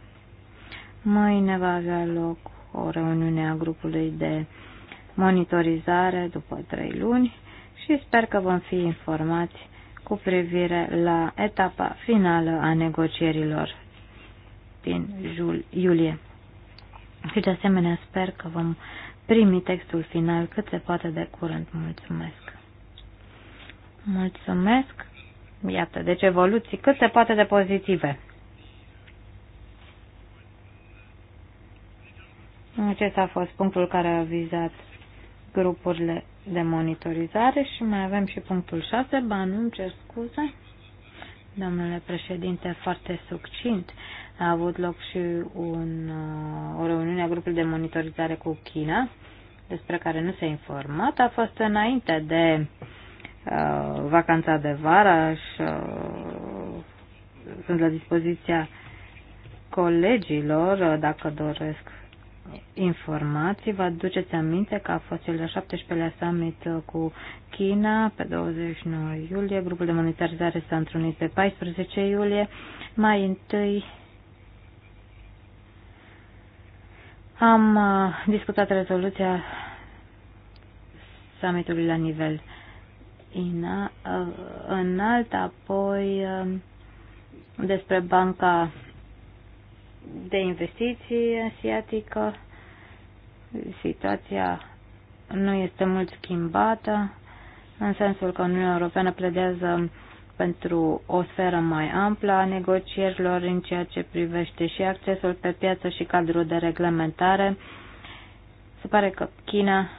Mâine va avea loc o reuniune a grupului de monitorizare după trei luni și sper că vom fi informați cu privire la etapa finală a negocierilor din iulie. Și de asemenea sper că vom primi textul final cât se poate de curând. Mulțumesc! Mulțumesc! Iată, deci evoluții cât se poate de pozitive. Acesta a fost punctul care a vizat grupurile de monitorizare și mai avem și punctul 6, ba nu îmi cer scuze, domnule președinte, foarte succint. A avut loc și un, uh, o reuniune a grupului de monitorizare cu China, despre care nu s-a informat, a fost înainte de uh, vacanța de vară și uh, sunt la dispoziția colegilor uh, dacă doresc informații. Vă aduceți aminte că a fost cel de 17-lea summit uh, cu China pe 29 iulie. Grupul de monetarizare s-a întrunit pe 14 iulie. Mai întâi am uh, discutat rezoluția summitului la nivel uh, înalt, apoi despre Banca de investiții asiatică. Situația nu este mult schimbată, în sensul că Uniunea Europeană pledează pentru o sferă mai amplă a negocierilor în ceea ce privește și accesul pe piață și cadrul de reglementare. Se pare că China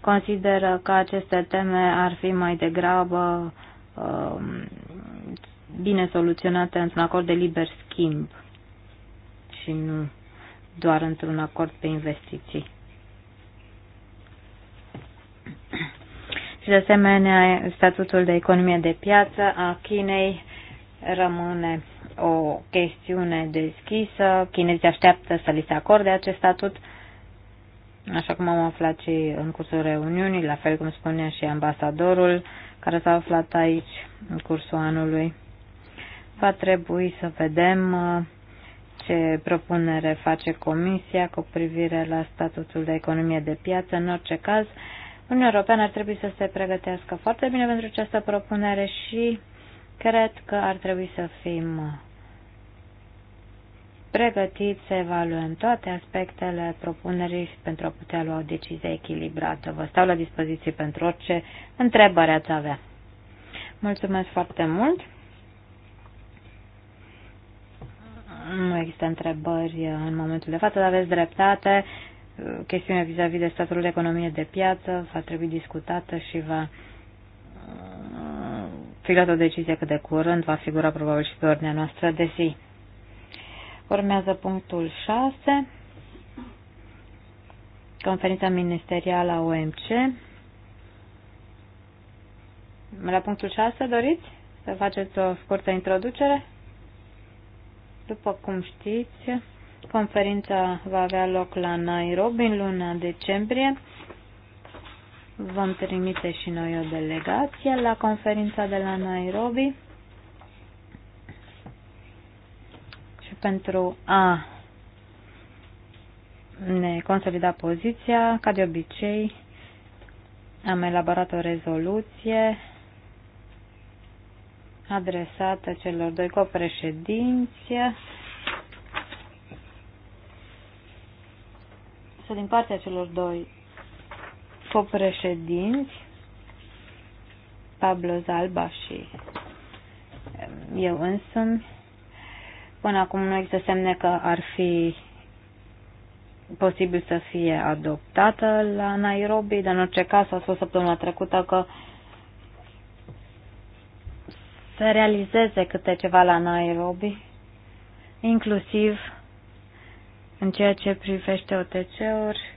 consideră că aceste teme ar fi mai degrabă um, bine soluționate într-un acord de liber schimb și nu doar într-un acord pe investiții. Și de asemenea, statutul de economie de piață a Chinei rămâne o chestiune deschisă. Chinezii așteaptă să li se acorde acest statut, așa cum am aflat și în cursul reuniunii, la fel cum spunea și ambasadorul care s-a aflat aici în cursul anului. Va trebui să vedem uh, ce propunere face Comisia cu privire la statutul de economie de piață. În orice caz, Uniunea Europeană ar trebui să se pregătească foarte bine pentru această propunere și cred că ar trebui să fim uh, pregătiți să evaluăm toate aspectele propunerii pentru a putea lua o decizie echilibrată. Vă stau la dispoziție pentru orice întrebare ați avea. Mulțumesc foarte mult! Nu există întrebări în momentul de față, dar aveți dreptate. Chestiunea vis-a-vis de statul de economie de piață va trebui discutată și va uh, fi luată o decizie cât de curând, va figura probabil și pe ordinea noastră de zi. Urmează punctul 6, conferința ministerială a OMC. La punctul 6 doriți să faceți o scurtă introducere? După cum știți, conferința va avea loc la Nairobi în luna decembrie. Vom trimite și noi o delegație la conferința de la Nairobi. Și pentru a ne consolida poziția, ca de obicei, am elaborat o rezoluție adresată celor doi copreședinți. Să din partea celor doi copreședinți, Pablo Zalba și eh, eu însumi, până acum nu există semne că ar fi posibil să fie adoptată la Nairobi, dar în orice caz a spus săptămâna trecută că uh, să realizeze câte ceva la Nairobi, inclusiv în ceea ce privește OTC-uri,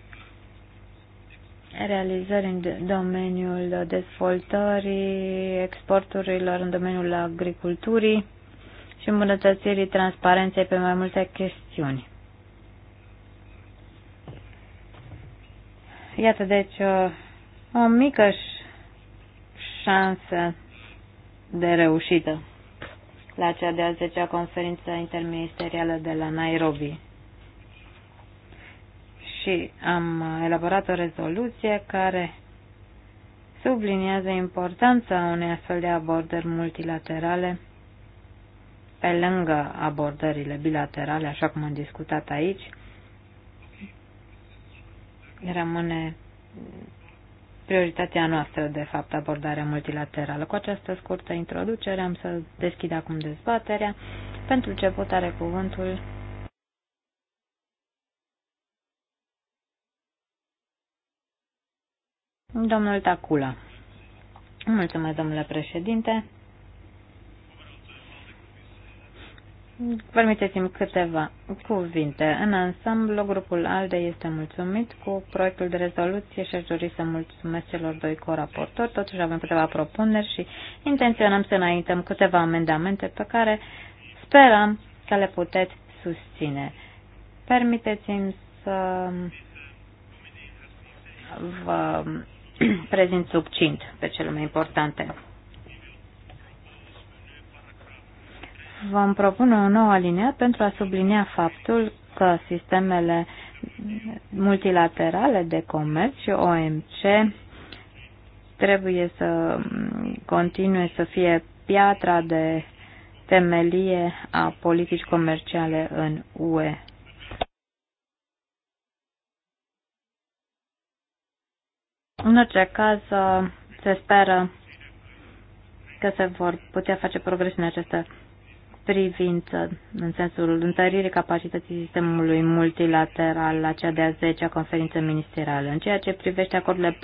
realizări în domeniul dezvoltării, exporturilor în domeniul agriculturii și îmbunătățirii transparenței pe mai multe chestiuni. Iată, deci, o mică șansă de reușită la cea de-a 10-a conferință interministerială de la Nairobi. Și am elaborat o rezoluție care subliniază importanța unei astfel de abordări multilaterale pe lângă abordările bilaterale, așa cum am discutat aici, rămâne prioritatea noastră, de fapt, abordarea multilaterală. Cu această scurtă introducere am să deschid acum dezbaterea. Pentru început are cuvântul domnul Tacula. Mulțumesc, domnule președinte. Permiteți-mi câteva cuvinte. În ansamblu, grupul ALDE este mulțumit cu proiectul de rezoluție și aș dori să mulțumesc celor doi coraportori. Totuși avem câteva propuneri și intenționăm să înaintăm câteva amendamente pe care sperăm că le puteți susține. Permiteți-mi să vă <clears throat> prezint subcint pe cele mai importante. vom propune o nouă linie pentru a sublinia faptul că sistemele multilaterale de comerț și OMC trebuie să continue să fie piatra de temelie a politici comerciale în UE. În orice caz, se speră că se vor putea face progres în această privind uh, în sensul întăririi capacității sistemului multilateral la cea de-a 10-a conferință ministerială. În ceea ce privește acordurile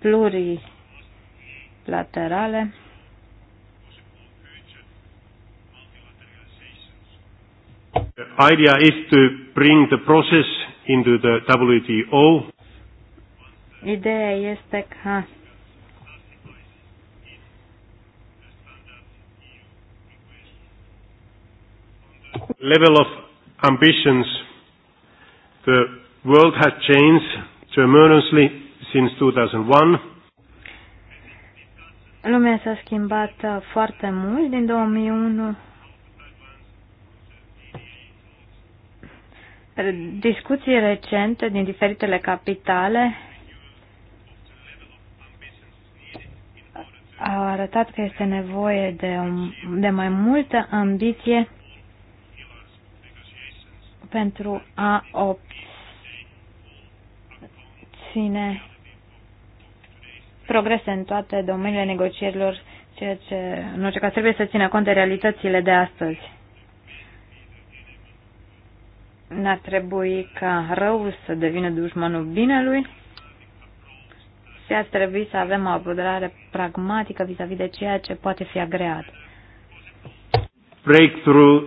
plurilaterale, idea is to bring the process into the WTO. Ideea este ca Level of ambitions. The world has changed tremendously since 2001. Lumea s-a schimbat uh, foarte mult din 2001. Discuții recente din diferitele capitale au arătat că este nevoie de, de mai multă ambiție pentru a obține progrese în toate domeniile negocierilor, ceea ce în orice caz trebuie să țină cont de realitățile de astăzi. N-ar trebui ca rău să devină dușmanul binelui și ar trebui să avem o abordare pragmatică vis-a-vis -vis de ceea ce poate fi agreat. Breakthrough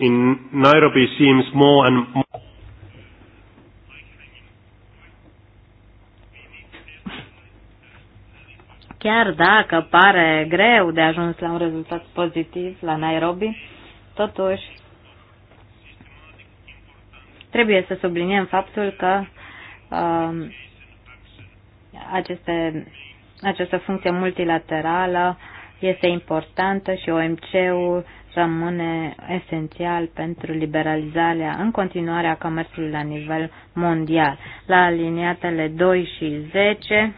in Nairobi seems more and more Chiar dacă pare greu de ajuns la un rezultat pozitiv la Nairobi, totuși trebuie să subliniem faptul că uh, aceste, această funcție multilaterală este importantă și OMC-ul rămâne esențial pentru liberalizarea în continuare a comerțului la nivel mondial. La aliniatele 2 și 10,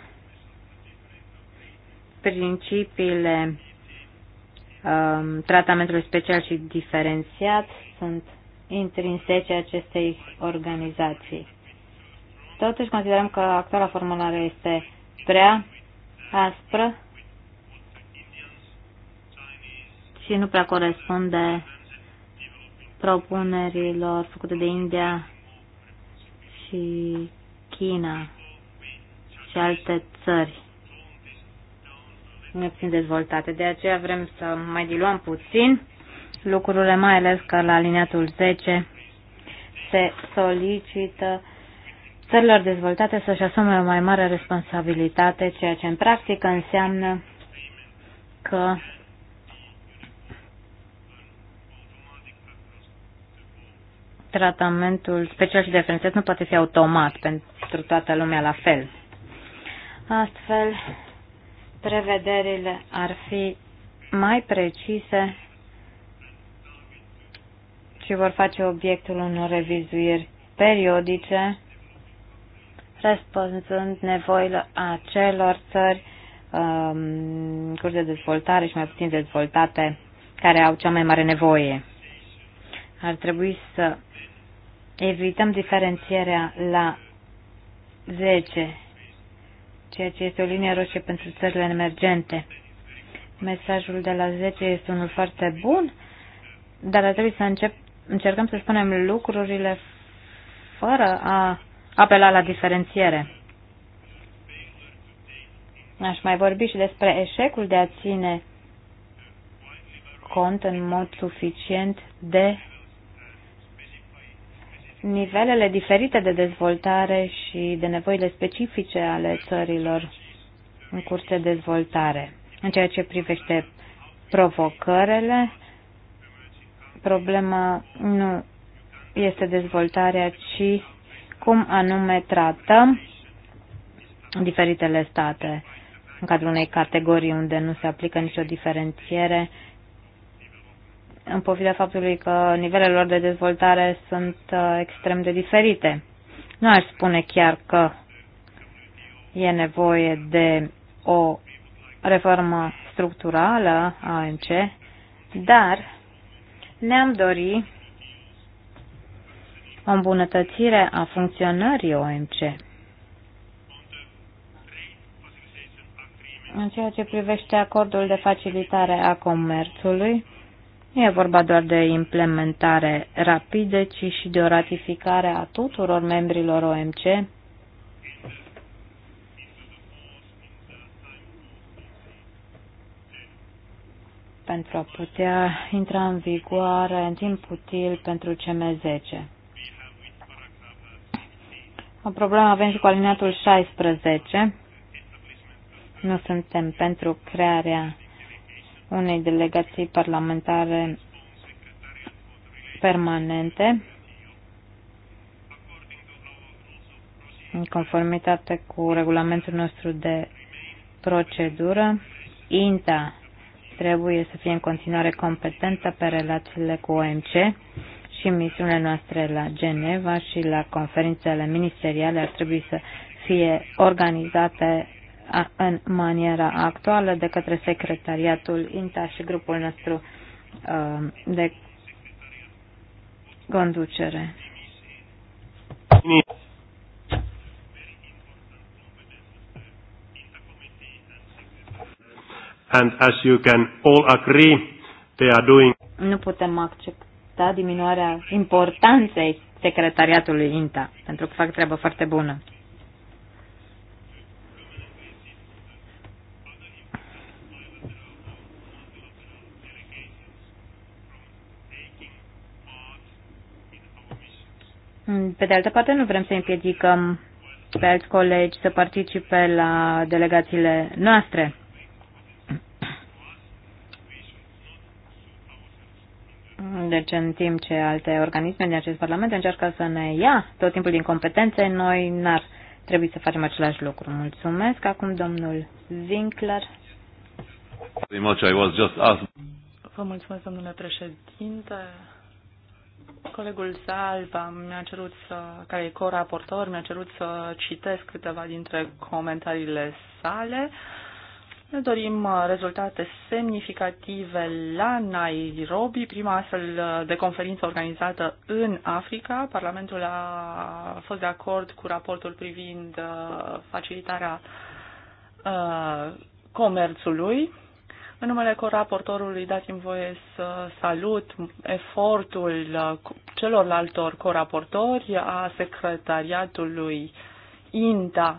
principiile um, tratamentului special și diferențiat sunt intrinsece acestei organizații. Totuși considerăm că actuala formulare este prea aspră și nu prea corespunde propunerilor făcute de India și China și alte țări puțin dezvoltate. De aceea vrem să mai diluăm puțin lucrurile, mai ales că la aliniatul 10 se solicită țărilor dezvoltate să-și asume o mai mare responsabilitate, ceea ce în practică înseamnă că tratamentul special și diferențiat nu poate fi automat pentru toată lumea la fel. Astfel, prevederile ar fi mai precise și vor face obiectul unor revizuiri periodice, răspunzând nevoile acelor țări um, curs de dezvoltare și mai puțin dezvoltate care au cea mai mare nevoie. Ar trebui să evităm diferențierea la 10, ceea ce este o linie roșie pentru țările emergente. Mesajul de la 10 este unul foarte bun, dar ar trebui să încep, încercăm să spunem lucrurile fără a apela la diferențiere. Aș mai vorbi și despre eșecul de a ține cont în mod suficient de nivelele diferite de dezvoltare și de nevoile specifice ale țărilor în curs de dezvoltare. În ceea ce privește provocările, problema nu este dezvoltarea, ci cum anume tratăm diferitele state în cadrul unei categorii unde nu se aplică nicio diferențiere în pofida faptului că nivelele lor de dezvoltare sunt uh, extrem de diferite. Nu aș spune chiar că e nevoie de o reformă structurală a ANC, dar ne-am dorit o îmbunătățire a funcționării OMC. În ceea ce privește acordul de facilitare a comerțului, nu e vorba doar de implementare rapidă, ci și de o ratificare a tuturor membrilor OMC. pentru a putea intra în vigoare în timp util pentru CM10. O problemă avem și cu alineatul 16. Nu suntem pentru crearea unei delegații parlamentare permanente în conformitate cu regulamentul nostru de procedură. INTA trebuie să fie în continuare competentă pe relațiile cu OMC și misiunile noastre la Geneva și la conferințele ministeriale ar trebui să fie organizate în maniera actuală de către secretariatul INTA și grupul nostru de conducere. And as you can all agree, they are doing nu putem accepta diminuarea importanței secretariatului INTA, pentru că fac treabă foarte bună. Mm, pe de altă parte, nu vrem să împiedicăm pe alți colegi să participe la delegațiile noastre. Deci, în timp ce alte organisme din acest Parlament încearcă să ne ia tot timpul din competențe, noi n-ar trebui să facem același lucru. Mulțumesc. Acum, domnul Winkler. Vă mulțumesc, domnule președinte. Colegul Salva mi-a cerut să, care e co-raportor, mi-a cerut să citesc câteva dintre comentariile sale. Ne dorim uh, rezultate semnificative la Nairobi, prima astfel uh, de conferință organizată în Africa. Parlamentul a fost de acord cu raportul privind uh, facilitarea comerțului în numele coraportorului dați-mi voie să salut efortul celorlaltor coraportori a secretariatului INTA.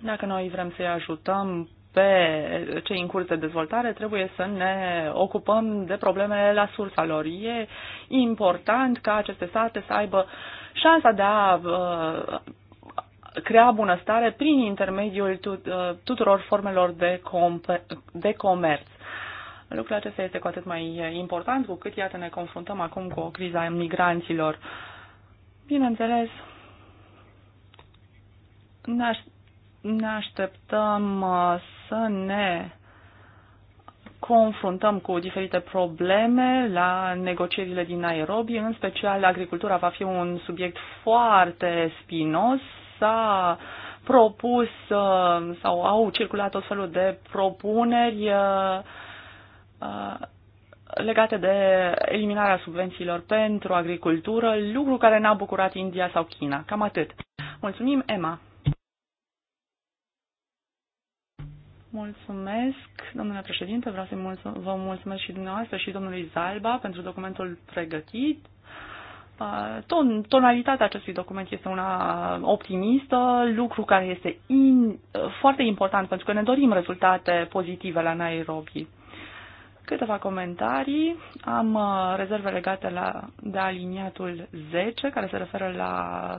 Dacă noi vrem să-i ajutăm pe cei în curs de dezvoltare, trebuie să ne ocupăm de problemele la sursa lor. E important ca aceste state să aibă șansa de a uh, crea bunăstare prin intermediul uh, tuturor formelor de, com- de comerț. Lucrul acesta este cu atât mai uh, important cu cât, iată, ne confruntăm acum cu o criza migranților. Bineînțeles, ne, aș- ne așteptăm uh, să ne confruntăm cu diferite probleme la negocierile din Nairobi, în special agricultura va fi un subiect foarte spinos s-a propus uh, sau au circulat tot felul de propuneri uh, uh, legate de eliminarea subvențiilor pentru agricultură, lucru care n-a bucurat India sau China. Cam atât. Mulțumim, Emma. Mulțumesc, domnule președinte. Vreau să vă mulțumesc și dumneavoastră și domnului Zalba pentru documentul pregătit. Uh, ton, tonalitatea acestui document este una optimistă, lucru care este in, uh, foarte important pentru că ne dorim rezultate pozitive la Nairobi. Câteva comentarii. Am uh, rezerve legate la, de aliniatul 10, care se referă la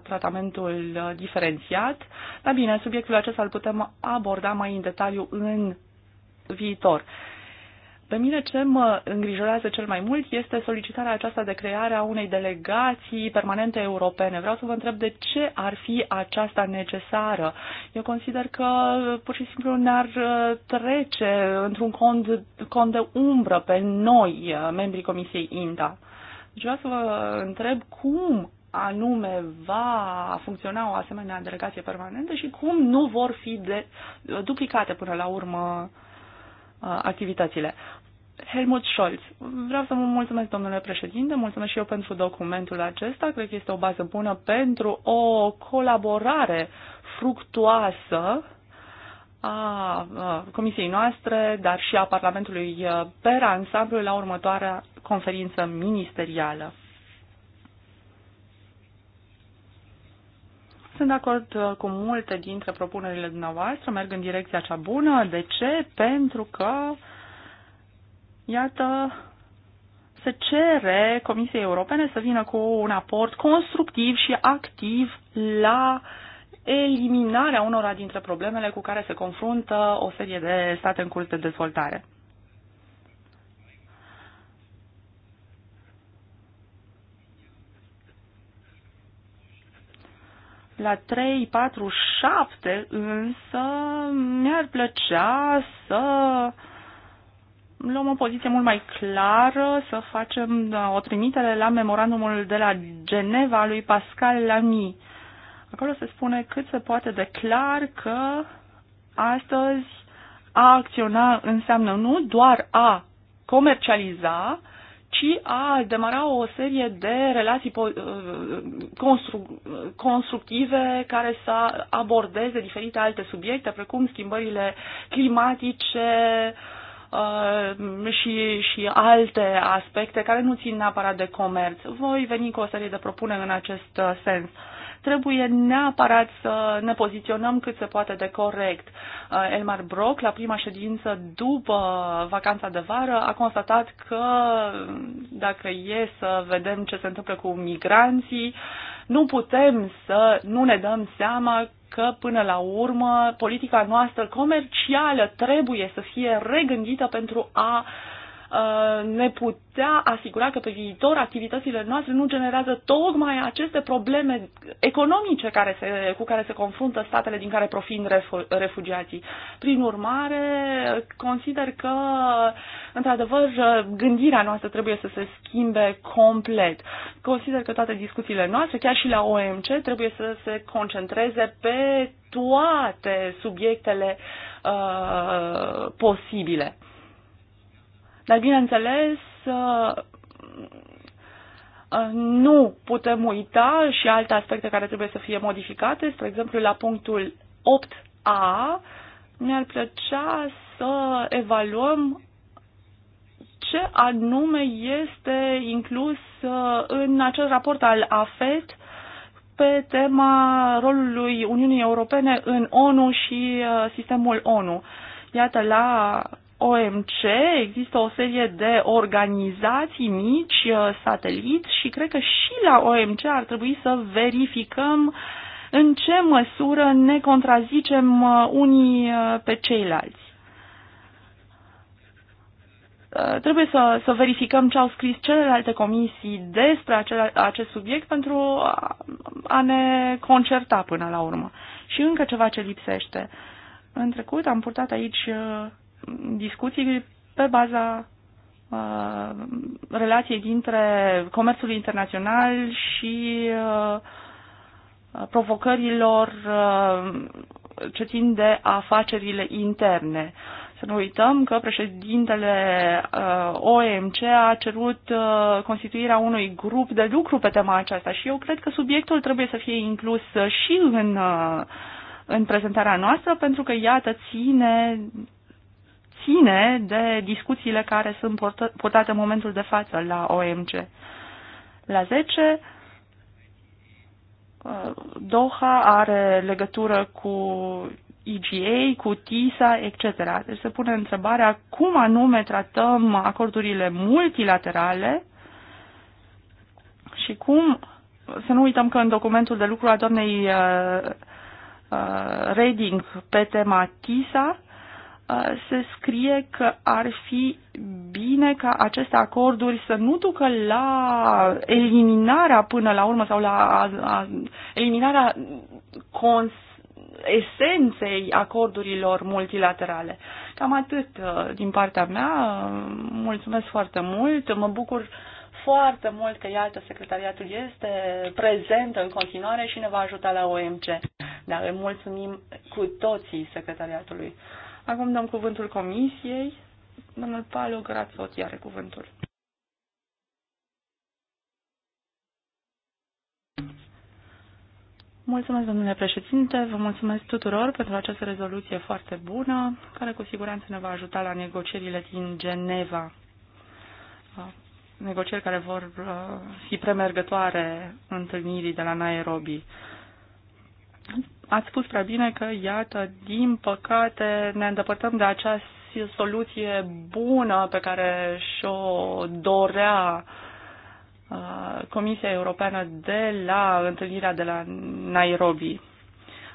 tratamentul diferențiat. Dar bine, subiectul acesta îl putem aborda mai în detaliu în viitor. Uh, pe mine ce mă îngrijorează cel mai mult este solicitarea aceasta de creare a unei delegații permanente europene. Vreau să vă întreb de ce ar fi aceasta necesară. Eu consider că pur și simplu ne-ar uh, trece într-un cont, cont de umbră pe noi, uh, membrii Comisiei INTA. Deci vreau să vă întreb cum anume va funcționa o asemenea delegație permanentă și cum nu vor fi de, duplicate până la urmă uh, activitățile. Helmut Scholz. Vreau să vă mulțumesc, domnule președinte, mulțumesc și eu pentru documentul acesta. Cred că este o bază bună pentru o colaborare fructuoasă a comisiei noastre, dar și a Parlamentului per ansamblu la următoarea conferință ministerială. Sunt de acord uh, cu multe dintre propunerile dumneavoastră, merg în direcția cea bună. De ce? Pentru că Iată, se cere Comisiei Europene să vină cu un aport constructiv și activ la eliminarea unora dintre problemele cu care se confruntă o serie de state în curs de dezvoltare. la 3, 4, 7 însă mi-ar plăcea să uh, luăm o poziție mult mai clară, să facem da, o trimitere la memorandumul de la Geneva lui Pascal Lamy. Acolo se spune cât se poate de clar că astăzi a acționa înseamnă nu doar a comercializa, ci a demara o serie de relații uh, constru- constructive care să abordeze diferite alte subiecte, precum schimbările climatice, uh, Uh, și, și alte aspecte care nu țin neapărat de comerț. Voi veni cu o serie de propuneri în acest uh, sens trebuie neapărat să ne poziționăm cât se poate de corect. Uh, Elmar Brock, la prima ședință după vacanța de vară, a constatat că dacă e să vedem ce se întâmplă cu migranții, nu putem să nu ne dăm seama că, până la urmă, politica noastră comercială trebuie să fie regândită pentru a uh, Uh, ne putea asigura că pe viitor activitățile noastre nu generează tocmai aceste probleme economice care se, cu care se confruntă statele din care profin refugiații. Prin urmare, consider că, într-adevăr, gândirea noastră trebuie să se schimbe complet. Consider că toate discuțiile noastre, chiar și la OMC, trebuie să se concentreze pe toate subiectele uh, posibile. Dar, bineînțeles, uh, uh, nu putem uita și alte aspecte care trebuie să fie modificate. Spre exemplu, la punctul 8a mi-ar plăcea să evaluăm ce anume este inclus uh, în acel raport al AFET pe tema rolului Uniunii Europene în ONU și sistemul ONU. Iată, la OMC există o serie de organizații mici, uh, satelit și cred că și la OMC ar trebui să verificăm în ce măsură ne contrazicem uh, unii uh, pe ceilalți trebuie să, să verificăm ce au scris celelalte comisii despre acel, acest subiect pentru a, a ne concerta până la urmă. Și încă ceva ce lipsește. În trecut am purtat aici discuții pe baza uh, relației dintre comerțul internațional și uh, provocărilor uh, ce țin de afacerile interne. Să nu uităm că președintele uh, OMC a cerut uh, constituirea unui grup de lucru pe tema aceasta și eu cred că subiectul trebuie să fie inclus și în, uh, în prezentarea noastră pentru că, iată, ține ține de discuțiile care sunt purtate în momentul de față la OMC. La 10, uh, Doha are legătură cu EGA, cu TISA, etc. Deci se pune întrebarea cum anume tratăm acordurile multilaterale și cum, să nu uităm că în documentul de lucru a doamnei uh, uh, Reding pe tema TISA Uh, se scrie că ar fi bine ca aceste acorduri să nu ducă la eliminarea până la urmă sau la eliminarea cons- esenței acordurilor multilaterale. Cam atât uh, din partea mea. Mulțumesc foarte mult. Mă bucur foarte mult că, iată, secretariatul este prezent în continuare și ne va ajuta la OMC. Dar mulțumim cu toții secretariatului. Acum dăm cuvântul comisiei. Domnul Palu Grațot are cuvântul. Mulțumesc, domnule președinte, vă mulțumesc tuturor pentru această rezoluție foarte bună, care cu siguranță ne va ajuta la negocierile din Geneva. Ah, negocieri care vor ah, fi premergătoare întâlnirii de la Nairobi. Ați spus prea bine că, iată, din păcate ne îndepărtăm de această soluție bună pe care și-o dorea uh, Comisia Europeană de la întâlnirea de la Nairobi.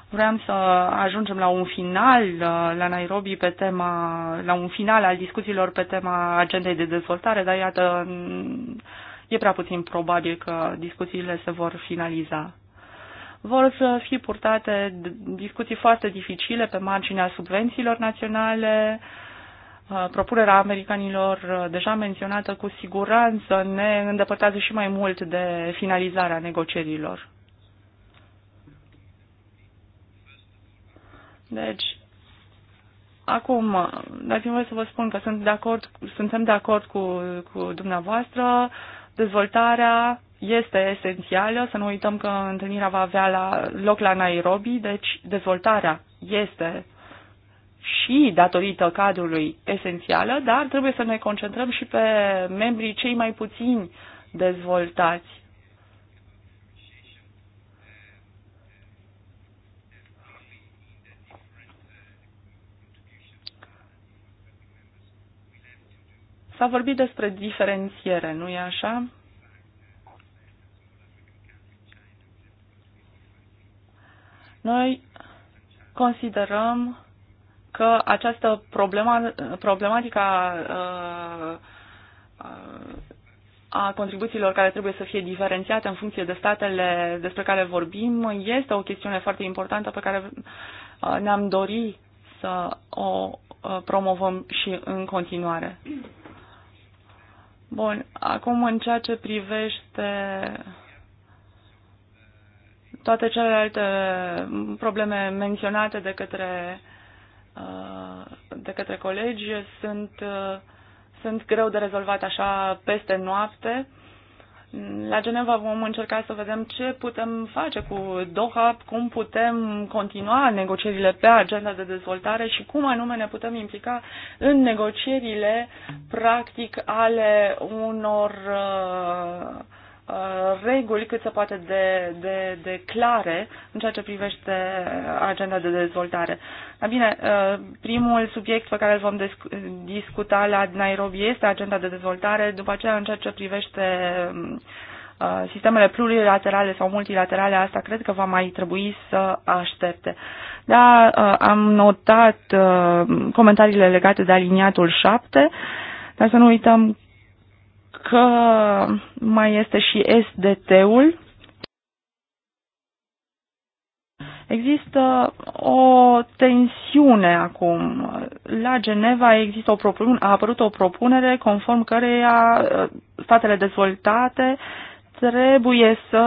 Vreau să ajungem la un final uh, la Nairobi pe tema, la un final al discuțiilor pe tema agendei de dezvoltare, dar iată, e prea puțin probabil că discuțiile se vor finaliza vor fi purtate discuții foarte dificile pe marginea subvențiilor naționale. Uh, propunerea americanilor uh, deja menționată cu siguranță ne îndepărtează și mai mult de finalizarea negocierilor. Deci, acum, dați-mi voi să vă spun că sunt de acord, suntem de acord cu, cu dumneavoastră. Dezvoltarea este esențială. Să nu uităm că întâlnirea va avea la, loc la Nairobi, deci dezvoltarea este și datorită cadrului esențială, dar trebuie să ne concentrăm și pe membrii cei mai puțini dezvoltați. S-a vorbit despre diferențiere, nu e așa? Noi considerăm că această problema, problematică a, uh, uh, a contribuțiilor care trebuie să fie diferențiate în funcție de statele despre care vorbim este o chestiune foarte importantă pe care uh, ne-am dori să o promovăm și în continuare. Bun, acum în ceea ce privește toate celelalte mm, probleme menționate de către, uh, de către colegi sunt, uh, sunt greu de rezolvat așa peste noapte. La Geneva vom încerca să vedem ce putem face cu Doha, cum putem continua negocierile pe agenda de dezvoltare și cum anume ne putem implica în negocierile practic ale unor uh, Uh, reguli cât se poate de, de, de clare în ceea ce privește agenda de dezvoltare. Da, bine, uh, primul subiect pe care îl vom discuta la Nairobi este agenda de dezvoltare, după aceea în ceea ce privește um, uh, sistemele plurilaterale sau multilaterale, asta cred că va mai trebui să aștepte. Da, am notat comentariile legate de aliniatul 7, dar să nu uităm că mai este și SDT-ul. Există o tensiune acum. La Geneva există o propunere a apărut o propunere conform căreia uh, statele dezvoltate trebuie să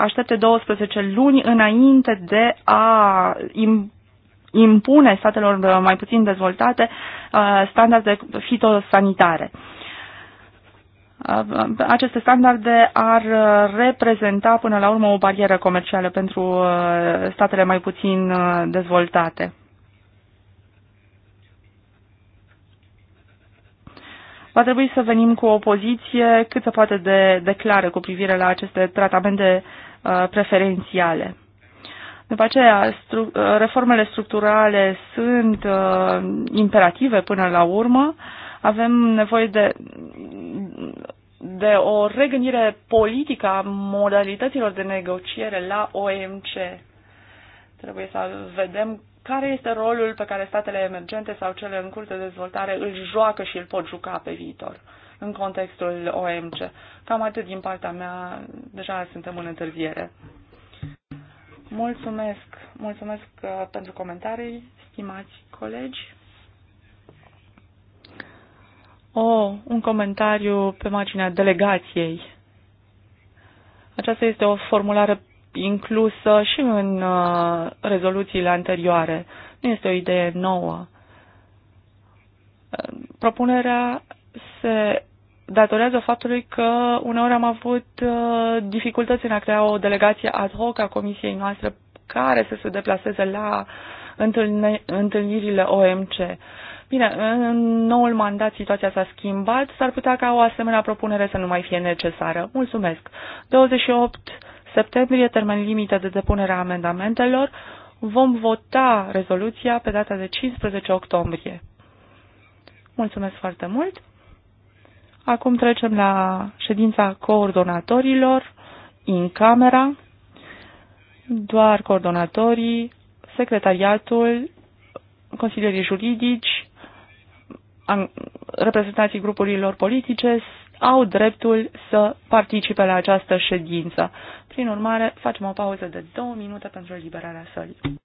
aștepte 12 luni înainte de a impune statelor mai puțin dezvoltate uh, standarde fitosanitare aceste standarde ar reprezenta până la urmă o barieră comercială pentru uh, statele mai puțin uh, dezvoltate. Va trebui să venim cu o poziție cât se poate de, de clară cu privire la aceste tratamente uh, preferențiale. După aceea, stru reformele structurale sunt uh, imperative până la urmă, uh, avem nevoie de, de o regândire politică a modalităților de negociere la OMC. Trebuie să vedem care este rolul pe care statele emergente sau cele în curs de dezvoltare îl joacă și îl pot juca pe viitor în contextul OMC. Cam atât din partea mea, deja suntem în întârziere. Mulțumesc, mulțumesc uh, pentru comentarii, stimați colegi o, un comentariu pe marginea delegației. Aceasta este o formulare inclusă și în uh, rezoluțiile anterioare. Nu este o idee nouă. Uh, propunerea se datorează faptului că uneori am avut uh, dificultăți în a crea o delegație ad hoc a comisiei noastre care să se deplaseze la întâlnirile OMC. Bine, în noul mandat situația s-a schimbat, s-ar putea ca o asemenea propunere să nu mai fie necesară. Mulțumesc. 28 septembrie, termen limită de depunere a amendamentelor, vom vota rezoluția pe data de 15 octombrie. Mulțumesc foarte mult. Acum trecem la ședința coordonatorilor în camera. Doar coordonatorii, secretariatul, consilierii juridici, reprezentanții grupurilor politice au dreptul să participe la această ședință. Prin urmare, facem o pauză de două minute pentru eliberarea sălii.